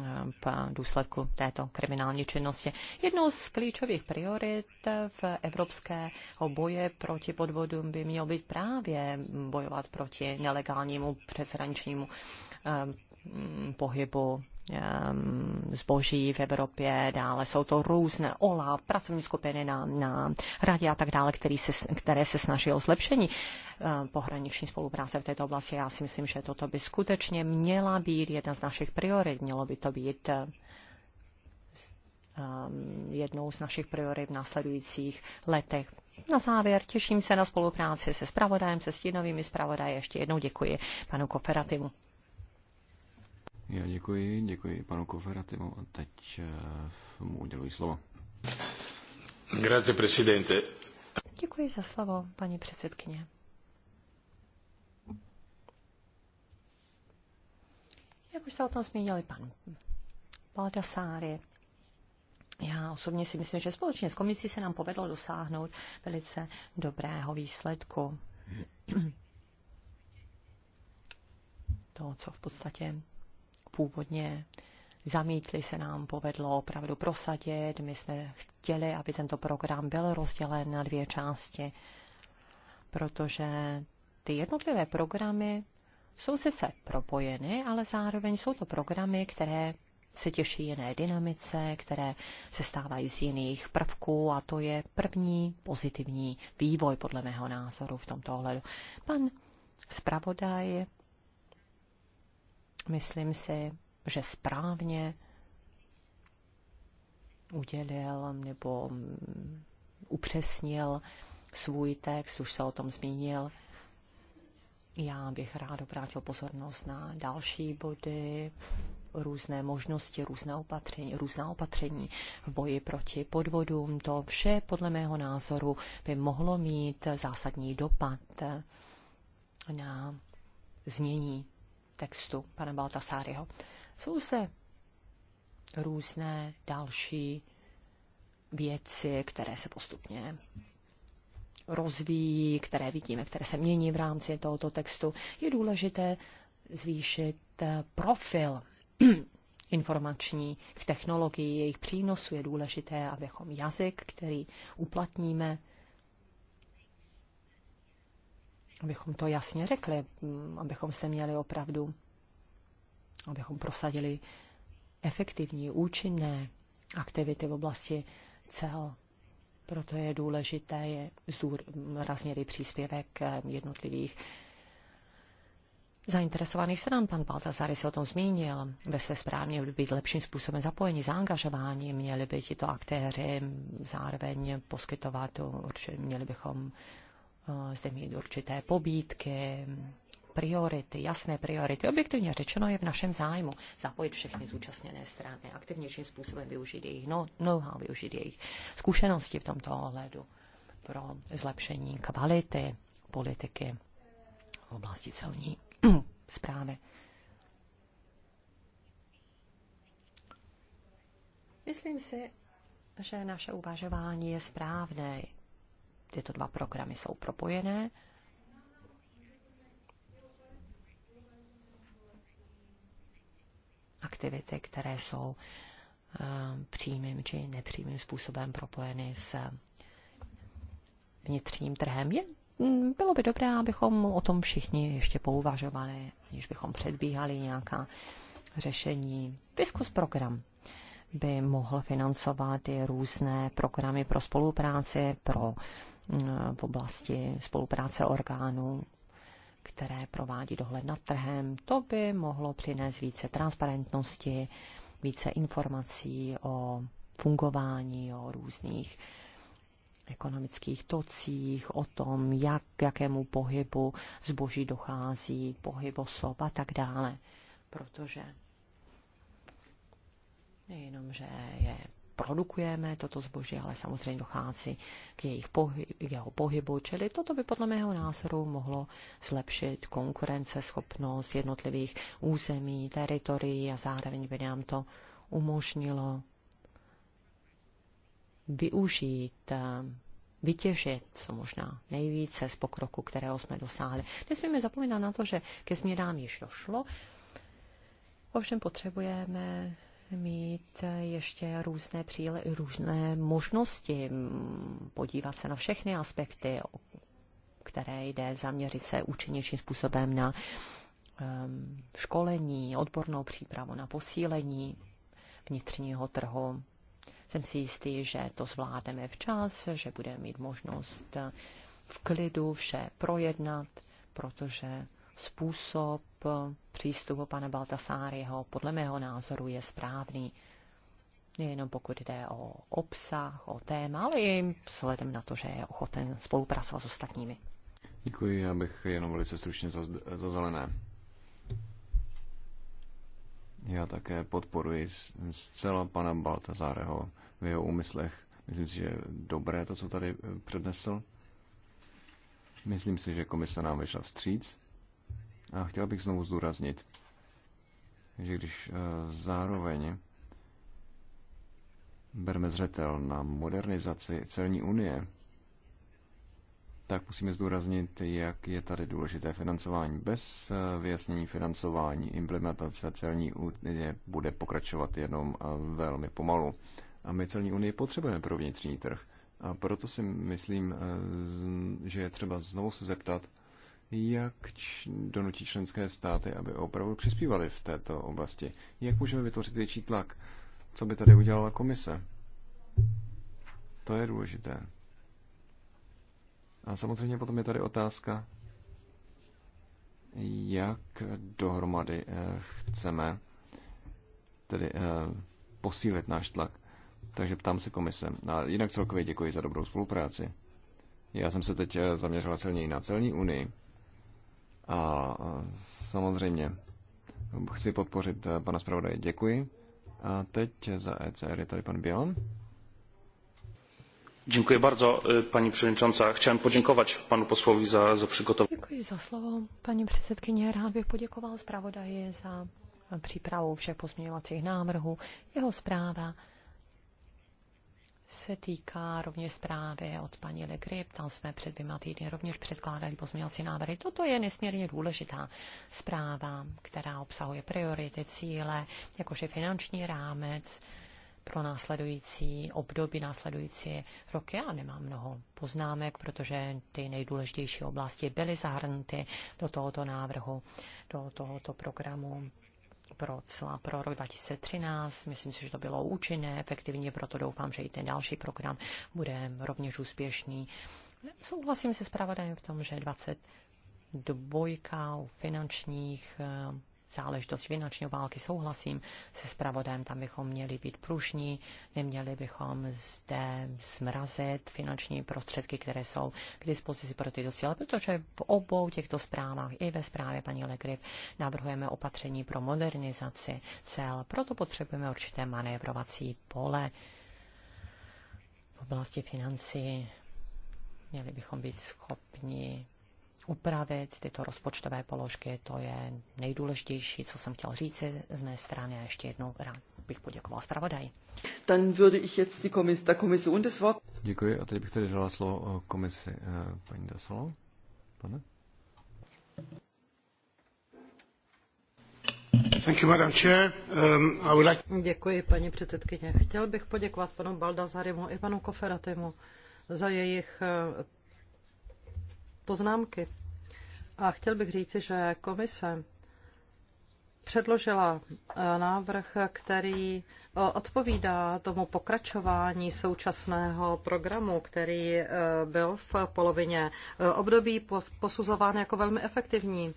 eh, v důsledku této kriminální činnosti. Jednou z klíčových priorit v evropského boje proti podvodům by mělo být právě bojovat proti nelegálnímu přeshraničnímu eh, pohybu zboží v Evropě, dále jsou to různé OLA, pracovní skupiny na, na radě a tak dále, který se, které se snaží o zlepšení eh, pohraniční spolupráce v této oblasti. Já si myslím, že toto by skutečně měla být jedna z našich priorit. Mělo by to být eh, jednou z našich priorit v následujících letech. Na závěr těším se na spolupráci se spravodajem, se stínovými spravodaji. Ještě jednou děkuji panu kooperativu. Já děkuji, děkuji panu Koferatimu a teď eh, mu uděluji slovo. Grazie, presidente. Děkuji za slovo, paní předsedkyně. Jak už se o tom zmínili pan Baldasáry, já osobně si myslím, že společně s komisí se nám povedlo dosáhnout velice dobrého výsledku. To, co v podstatě původně zamítli, se nám povedlo opravdu prosadit. My jsme chtěli, aby tento program byl rozdělen na dvě části, protože ty jednotlivé programy jsou sice propojeny, ale zároveň jsou to programy, které se těší jiné dynamice, které se stávají z jiných prvků a to je první pozitivní vývoj podle mého názoru v tomto ohledu. Pan zpravodaj myslím si, že správně udělil nebo upřesnil svůj text, už se o tom zmínil. Já bych rád obrátil pozornost na další body, různé možnosti, různé opatření, různá opatření v boji proti podvodům. To vše podle mého názoru by mohlo mít zásadní dopad na znění textu pana Baltasáryho. Jsou se různé další věci, které se postupně rozvíjí, které vidíme, které se mění v rámci tohoto textu. Je důležité zvýšit eh, profil informačních technologií, jejich přínosu je důležité, abychom jazyk, který uplatníme, abychom to jasně řekli, mm, abychom se měli opravdu, abychom prosadili efektivní, účinné aktivity v oblasti cel. Proto je důležité je zdůraznit příspěvek eh, jednotlivých zainteresovaných stran. Pan Baltazary se o tom zmínil. Ve své správně by být lepším způsobem zapojení, zaangažování. Měli by tito aktéři zároveň poskytovat, určitě měli bychom zde eh, mít určité pobídky, priority, jasné priority. Objektivně řečeno je v našem zájmu zapojit všechny zúčastněné strany, aktivnějším způsobem využít jejich no, know-how, využít jejich zkušenosti v tomto ohledu pro zlepšení kvality politiky v oblasti celní zprávy. Myslím si, že naše uvažování je správné. Tyto dva programy jsou propojené. Aktivity, které jsou eh, přímým či nepřímým způsobem propojeny s vnitřním trhem. Je, mm, bylo by dobré, abychom o tom všichni ještě pouvažovali, když bychom předbíhali nějaká řešení. Vyskus program by mohl financovat i různé programy pro spolupráci, pro v oblasti spolupráce orgánů, které provádí dohled nad trhem. To by mohlo přinést více transparentnosti, více informací o fungování, o různých ekonomických tocích, o tom, jak, k jakému pohybu zboží dochází, pohyb osob a tak dále. Protože nejenom, že je produkujeme toto zboží, ale samozřejmě dochází k, jejich pohy- k jeho pohybu, čili toto by podle mého názoru mohlo zlepšit konkurenceschopnost jednotlivých území, teritorií a zároveň by nám to umožnilo využít, vytěžit co možná nejvíce z pokroku, kterého jsme dosáhli. Nesmíme zapomínat na to, že ke změnám již došlo, ovšem potřebujeme mít ještě různé příle, různé možnosti podívat se na všechny aspekty, které jde zaměřit se účinnějším způsobem na školení, odbornou přípravu, na posílení vnitřního trhu. Jsem si jistý, že to zvládneme včas, že budeme mít možnost v klidu vše projednat, protože způsob eh, přístupu pana Baltasáryho podle mého názoru je správný. Nejenom pokud jde o obsah, o téma, ale i vzhledem na to, že je ochoten spolupracovat s ostatními. Děkuji, já bych jenom velice stručně za, za zelené. Já také podporuji zcela pana Baltazáreho v jeho úmyslech. Myslím si, že je dobré to, co tady eh, přednesl. Myslím si, že komise nám vyšla vstříc a chtěl bych znovu zdůraznit, že když eh, zároveň berme zřetel na modernizaci celní unie, tak musíme zdůraznit, jak je tady důležité financování. Bez eh, vyjasnění financování implementace celní unie bude pokračovat jenom eh, velmi pomalu. A my celní unii potřebujeme pro vnitřní trh. A proto si myslím, že je třeba znovu se zeptat, jak donutí členské státy, aby opravdu přispívali v této oblasti. Jak můžeme vytvořit větší tlak? Co by tady udělala komise? To je důležité. A samozřejmě potom je tady otázka, jak dohromady eh, chceme tedy eh, posílit náš tlak. Takže ptám se komise. A jinak celkově děkuji za dobrou spolupráci. Já jsem se teď eh, zaměřila silněji na celní unii a samozřejmě chci podpořit eh, pana zpravodaje. Děkuji. A teď za ECR je tady pan Bělan. Dziękuję bardzo e, Pani Przewodnicząca. Chciałem podziękować Panu posłowi za, za przygotowanie. Dziękuję za słowo Pani Předsedkyně. Rád bych poděkoval zpravodaji za přípravu všech pozměňovacích návrhů. Jeho zpráva se týká rovněž zprávy od paní Legrip, tam jsme před dvěma týdny rovněž předkládali pozměňovací návrhy. Toto je nesmírně důležitá zpráva, která obsahuje priority, cíle, jakože finanční rámec pro následující období, následující roky. Já nemám mnoho poznámek, protože ty nejdůležitější oblasti byly zahrnuty do tohoto návrhu, do tohoto programu pro celá pro rok 2013. Myslím si, že to bylo účinné, efektivně, proto doufám, že i ten další program bude rovněž úspěšný. Souhlasím se s v tom, že 22 u finančních eh, záležitost finanční války, souhlasím se zpravodem, tam bychom měli být pružní, neměli bychom zde zmrazit finanční prostředky, které jsou k dispozici pro tyto cíle, protože v obou těchto zprávách i ve zprávě paní Legrip navrhujeme opatření pro modernizaci cel, proto potřebujeme určité manévrovací pole v oblasti financí. Měli bychom být schopni upravit tyto rozpočtové položky. To je nejdůležitější, co jsem chtěl říct z mé strany a ještě jednou rád bych poděkoval zpravodaji. Dann würde ich jetzt die der Kommission das Wort. Děkuji a teď bych tedy dala slovo eh, komisi eh, paní Dasalo. Pane? Um, Děkuji, paní předsedkyně. Chtěl bych poděkovat panu Baldazarimu i panu Koferatimu za jejich eh, poznámky. A chtěl bych říci, že komise předložila eh, návrh, který eh, odpovídá tomu pokračování současného programu, který eh, byl v polovině období posuzován jako velmi efektivní.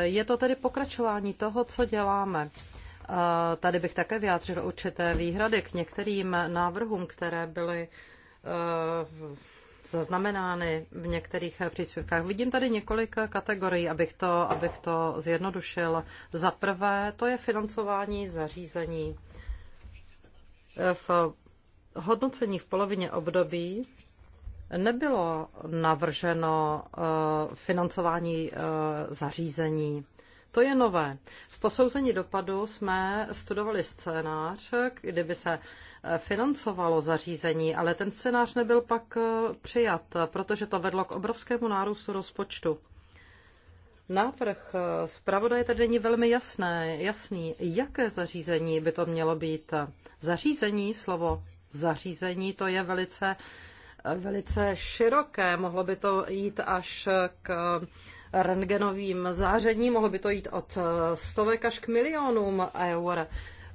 Je to tedy pokračování toho, co děláme. Tady bych také vyjádřil určité výhrady k některým návrhům, které byly zaznamenány v některých příspěvkách. Vidím tady několik kategorií, abych to, abych to zjednodušil. Za prvé, to je financování zařízení. V hodnocení v polovině období nebylo navrženo eh, financování eh, zařízení to je nové. V posouzení dopadu jsme studovali scénář, kdyby se eh, financovalo zařízení, ale ten scénář nebyl pak eh, přijat, protože to vedlo k obrovskému nárůstu rozpočtu. Návrh eh, zpravodaje tady není velmi jasné, jasný, jaké zařízení by to mělo být. Zařízení, slovo zařízení, to je velice, velice široké. Mohlo by to jít až k rentgenovým zářením. Mohlo by to jít od eh, stovek až k milionům eur.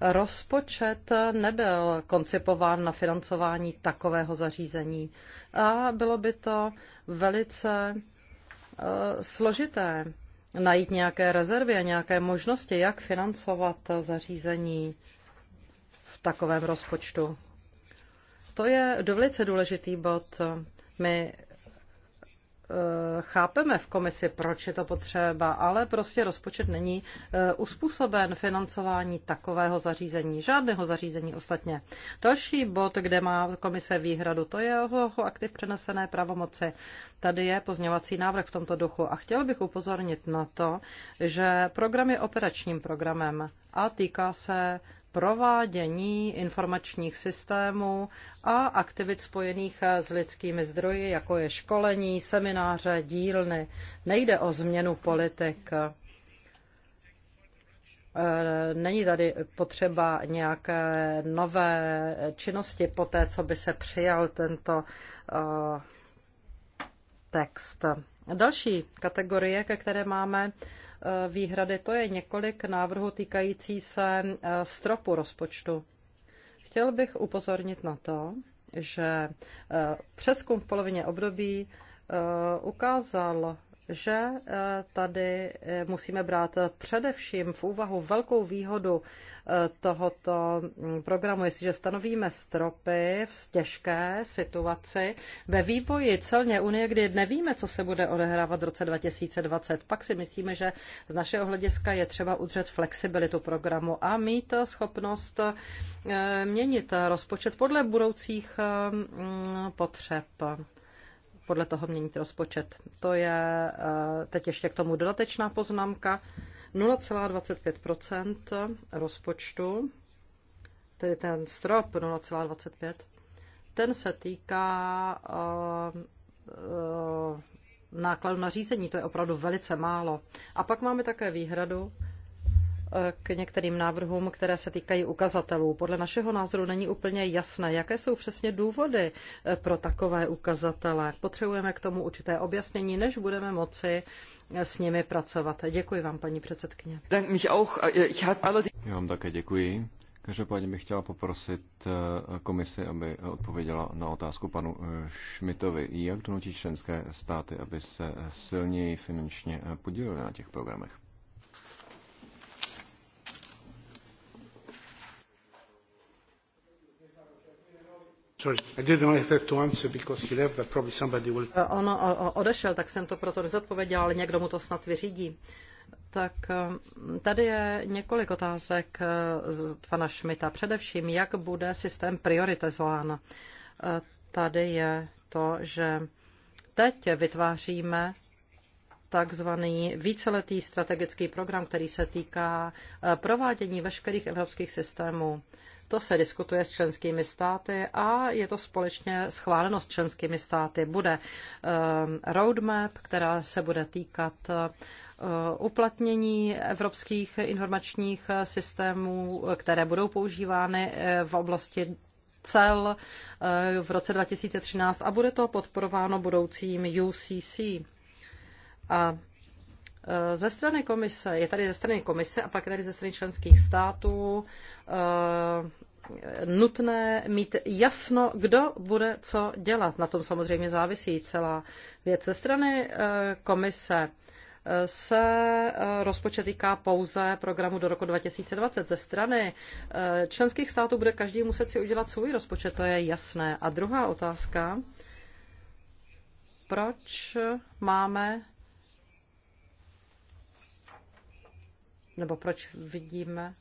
Rozpočet nebyl koncipován na financování takového zařízení a bylo by to velice eh, složité najít nějaké rezervy a nějaké možnosti, jak financovat zařízení v takovém rozpočtu. To je velice důležitý bod. My Eh, chápeme v komisi, proč je to potřeba, ale prostě rozpočet není eh, uspůsoben financování takového zařízení, žádného zařízení ostatně. Další bod, kde má komise výhradu, to je o aktiv přenesené pravomoci. Tady je pozněvací návrh v tomto duchu a chtěl bych upozornit na to, že program je operačním programem a týká se provádění informačních systémů a aktivit spojených s lidskými zdroji, jako je školení, semináře, dílny. Nejde o změnu politik. E, není tady potřeba nějaké nové činnosti po té, co by se přijal tento e, text. Další kategorie, ke které máme eh, výhrady, to je několik návrhů týkající se eh, stropu rozpočtu. Chtěl bych upozornit na to, že eh, přeskum v polovině období ukázal že eh, tady eh, musíme brát především v úvahu velkou výhodu eh, tohoto mm, programu, jestliže stanovíme stropy v těžké situaci ve vývoji celně unie, kdy nevíme, co se bude odehrávat v roce 2020. Pak si myslíme, že z našeho hlediska je třeba udržet flexibilitu programu a mít schopnost měnit rozpočet podle budoucích mm, potřeb podle toho měnit rozpočet. To je eh, teď ještě k tomu dodatečná poznámka. 0,25 rozpočtu, tedy ten strop 0,25, ten se týká eh, eh, nákladu na řízení, to je opravdu velice málo. A pak máme také výhradu k některým návrhům, které se týkají ukazatelů. Podle našeho názoru není úplně jasné, jaké jsou přesně důvody eh, pro takové ukazatele. Potřebujeme k tomu určité objasnění, než budeme moci eh, s nimi pracovat. Děkuji vám, paní předsedkyně. Äh, Já vám také děkuji. Každopádně bych chtěla poprosit eh, komisi, aby odpověděla na otázku panu Schmidtovi, jak donutit členské státy, aby se silněji finančně podílely na těch programech. Eh, On odešel, tak jsem to proto nezodpověděl, ale někdo mu to snad vyřídí. Tak eh, tady je několik otázek eh, z pana Šmita. Především, jak bude systém prioritizován? Tady je to, že teď vytváříme takzvaný víceletý strategický program, který se týká provádění veškerých evropských systémů. To se diskutuje s členskými státy a je to společně schváleno s členskými státy. Bude ehm, roadmap, která se bude týkat eh, uplatnění evropských informačních systémů, které budou používány eh, v oblasti cel eh, v roce 2013 a bude to podporováno budoucím UCC. A Eh, ze strany komise, je tady ze strany komise a pak je tady ze strany členských států eh, nutné mít jasno, kdo bude co dělat. Na tom samozřejmě závisí celá věc. Ze strany eh, komise se rozpočet týká pouze programu do roku 2020. Ze strany členských států bude každý muset si udělat svůj rozpočet, to je jasné. A druhá otázka, proč máme nebo proč vidíme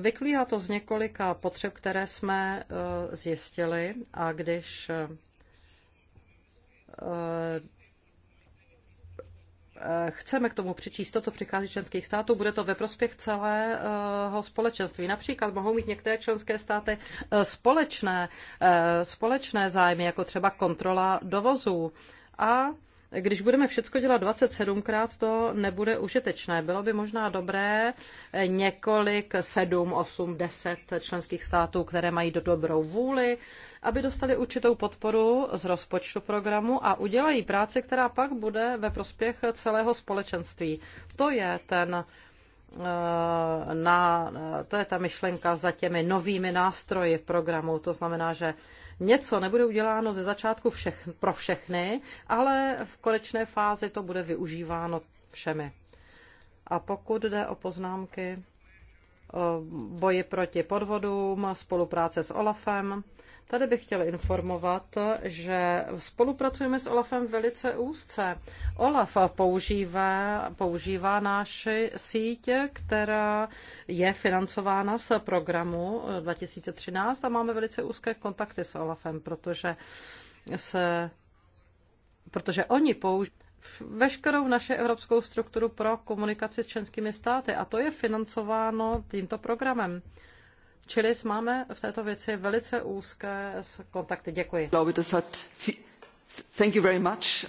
Vyklíhá to z několika potřeb, které jsme eh, zjistili a když eh, Eh, chceme k tomu přičíst toto přichází členských států, bude to ve prospěch celého společenství. Například mohou mít některé členské státy eh, společné, eh, společné zájmy, jako třeba kontrola dovozů. A když budeme všechno dělat 27krát, to nebude užitečné. Bylo by možná dobré eh, několik, 7, 8, 10 členských států, které mají do dobrou vůli, aby dostali určitou podporu z rozpočtu programu a udělají práci, která pak bude ve prospěch celého společenství. To je ten eh, na, to je ta myšlenka za těmi novými nástroji v programu. To znamená, že něco nebude uděláno ze začátku všech, pro všechny, ale v konečné fázi to bude využíváno všemi. A pokud jde o poznámky boji proti podvodům, spolupráce s OLAFem, Tady bych chtěl informovat, že spolupracujeme s OLAFem velice úzce. OLAF používá, používá naši síť, která je financována z programu 2013 a máme velice úzké kontakty s OLAFem, protože se protože oni používají veškerou naše evropskou strukturu pro komunikaci s členskými státy a to je financováno tímto programem. Čili máme v této věci velice úzké kontakty. Děkuji. No, thank you very much.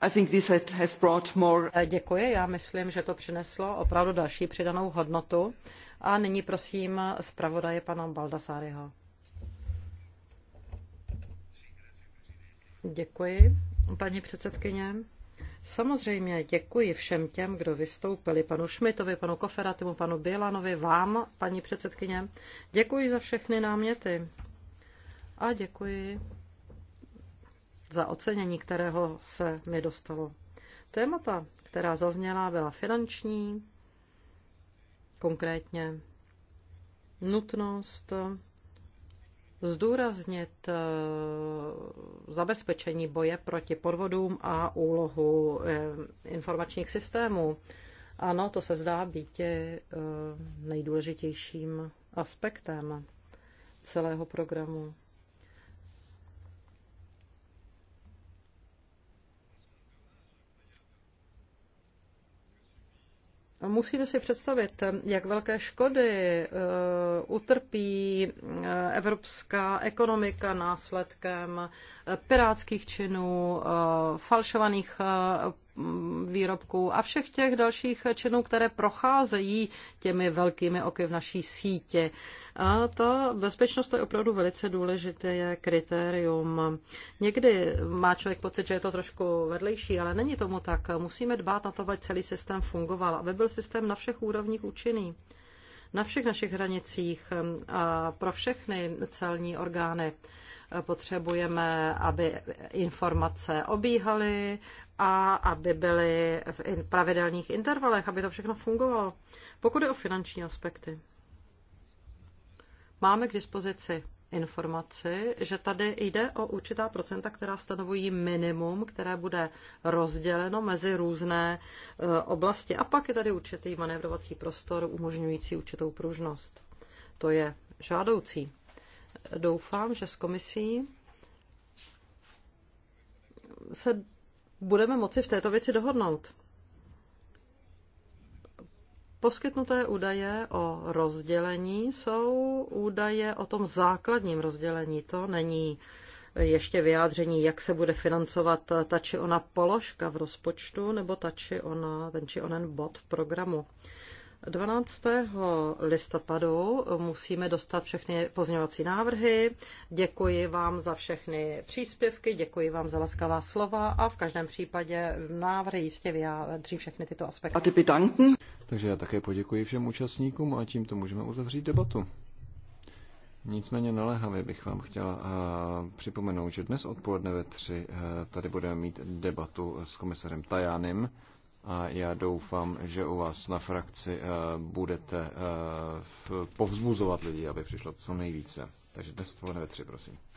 I think this has brought more... Eh, děkuji, já myslím, že to přineslo opravdu další přidanou hodnotu. A nyní prosím zpravodaje pana Baldasáriho. Děkuji, paní předsedkyně. Samozřejmě děkuji všem těm, kdo vystoupili, panu Šmitovi, panu Koferatimu, panu Bělanovi, vám, paní předsedkyně. Děkuji za všechny náměty a děkuji za ocenění, kterého se mi dostalo. Témata, která zazněla, byla finanční, konkrétně nutnost zdůraznit eh, zabezpečení boje proti podvodům a úlohu eh, informačních systémů. Ano, to se zdá být eh, nejdůležitějším aspektem celého programu. Musíme si představit, jak velké škody eh, utrpí eh, evropská ekonomika následkem eh, pirátských činů, falšovaných Mm, výrobků a všech těch dalších činů, které procházejí těmi velkými oky v naší sítě. A ta bezpečnost je opravdu velice důležité je kritérium. Někdy má člověk pocit, že je to trošku vedlejší, ale není tomu tak. Musíme dbát na to, aby celý systém fungoval, aby byl systém na všech úrovních účinný na všech našich hranicích a pro všechny celní orgány potřebujeme, aby informace obíhaly, a aby byly v pravidelných intervalech, aby to všechno fungovalo. Pokud je o finanční aspekty, máme k dispozici informaci, že tady jde o určitá procenta, která stanovují minimum, které bude rozděleno mezi různé e, oblasti. A pak je tady určitý manévrovací prostor umožňující určitou pružnost. To je žádoucí. Doufám, že s komisí se budeme moci v této věci dohodnout. Poskytnuté údaje o rozdělení jsou údaje o tom základním rozdělení. To není ještě vyjádření, jak se bude financovat ta či ona položka v rozpočtu nebo ta či ona, ten či onen bod v programu. 12. listopadu musíme dostat všechny pozměňovací návrhy. Děkuji vám za všechny příspěvky, děkuji vám za laskavá slova a v každém případě návrhy jistě vyjádří všechny tyto aspekty. A ty pitanky? Takže já také poděkuji všem účastníkům a tímto můžeme uzavřít debatu. Nicméně naléhavě bych vám chtěla eh, připomenout, že dnes odpoledne ve tři eh, tady budeme mít debatu s komisarem Tajánem a já doufám, že u vás na frakci eh, budete eh, povzbuzovat lidi, aby přišlo co nejvíce. Takže dnes to ve tři, prosím.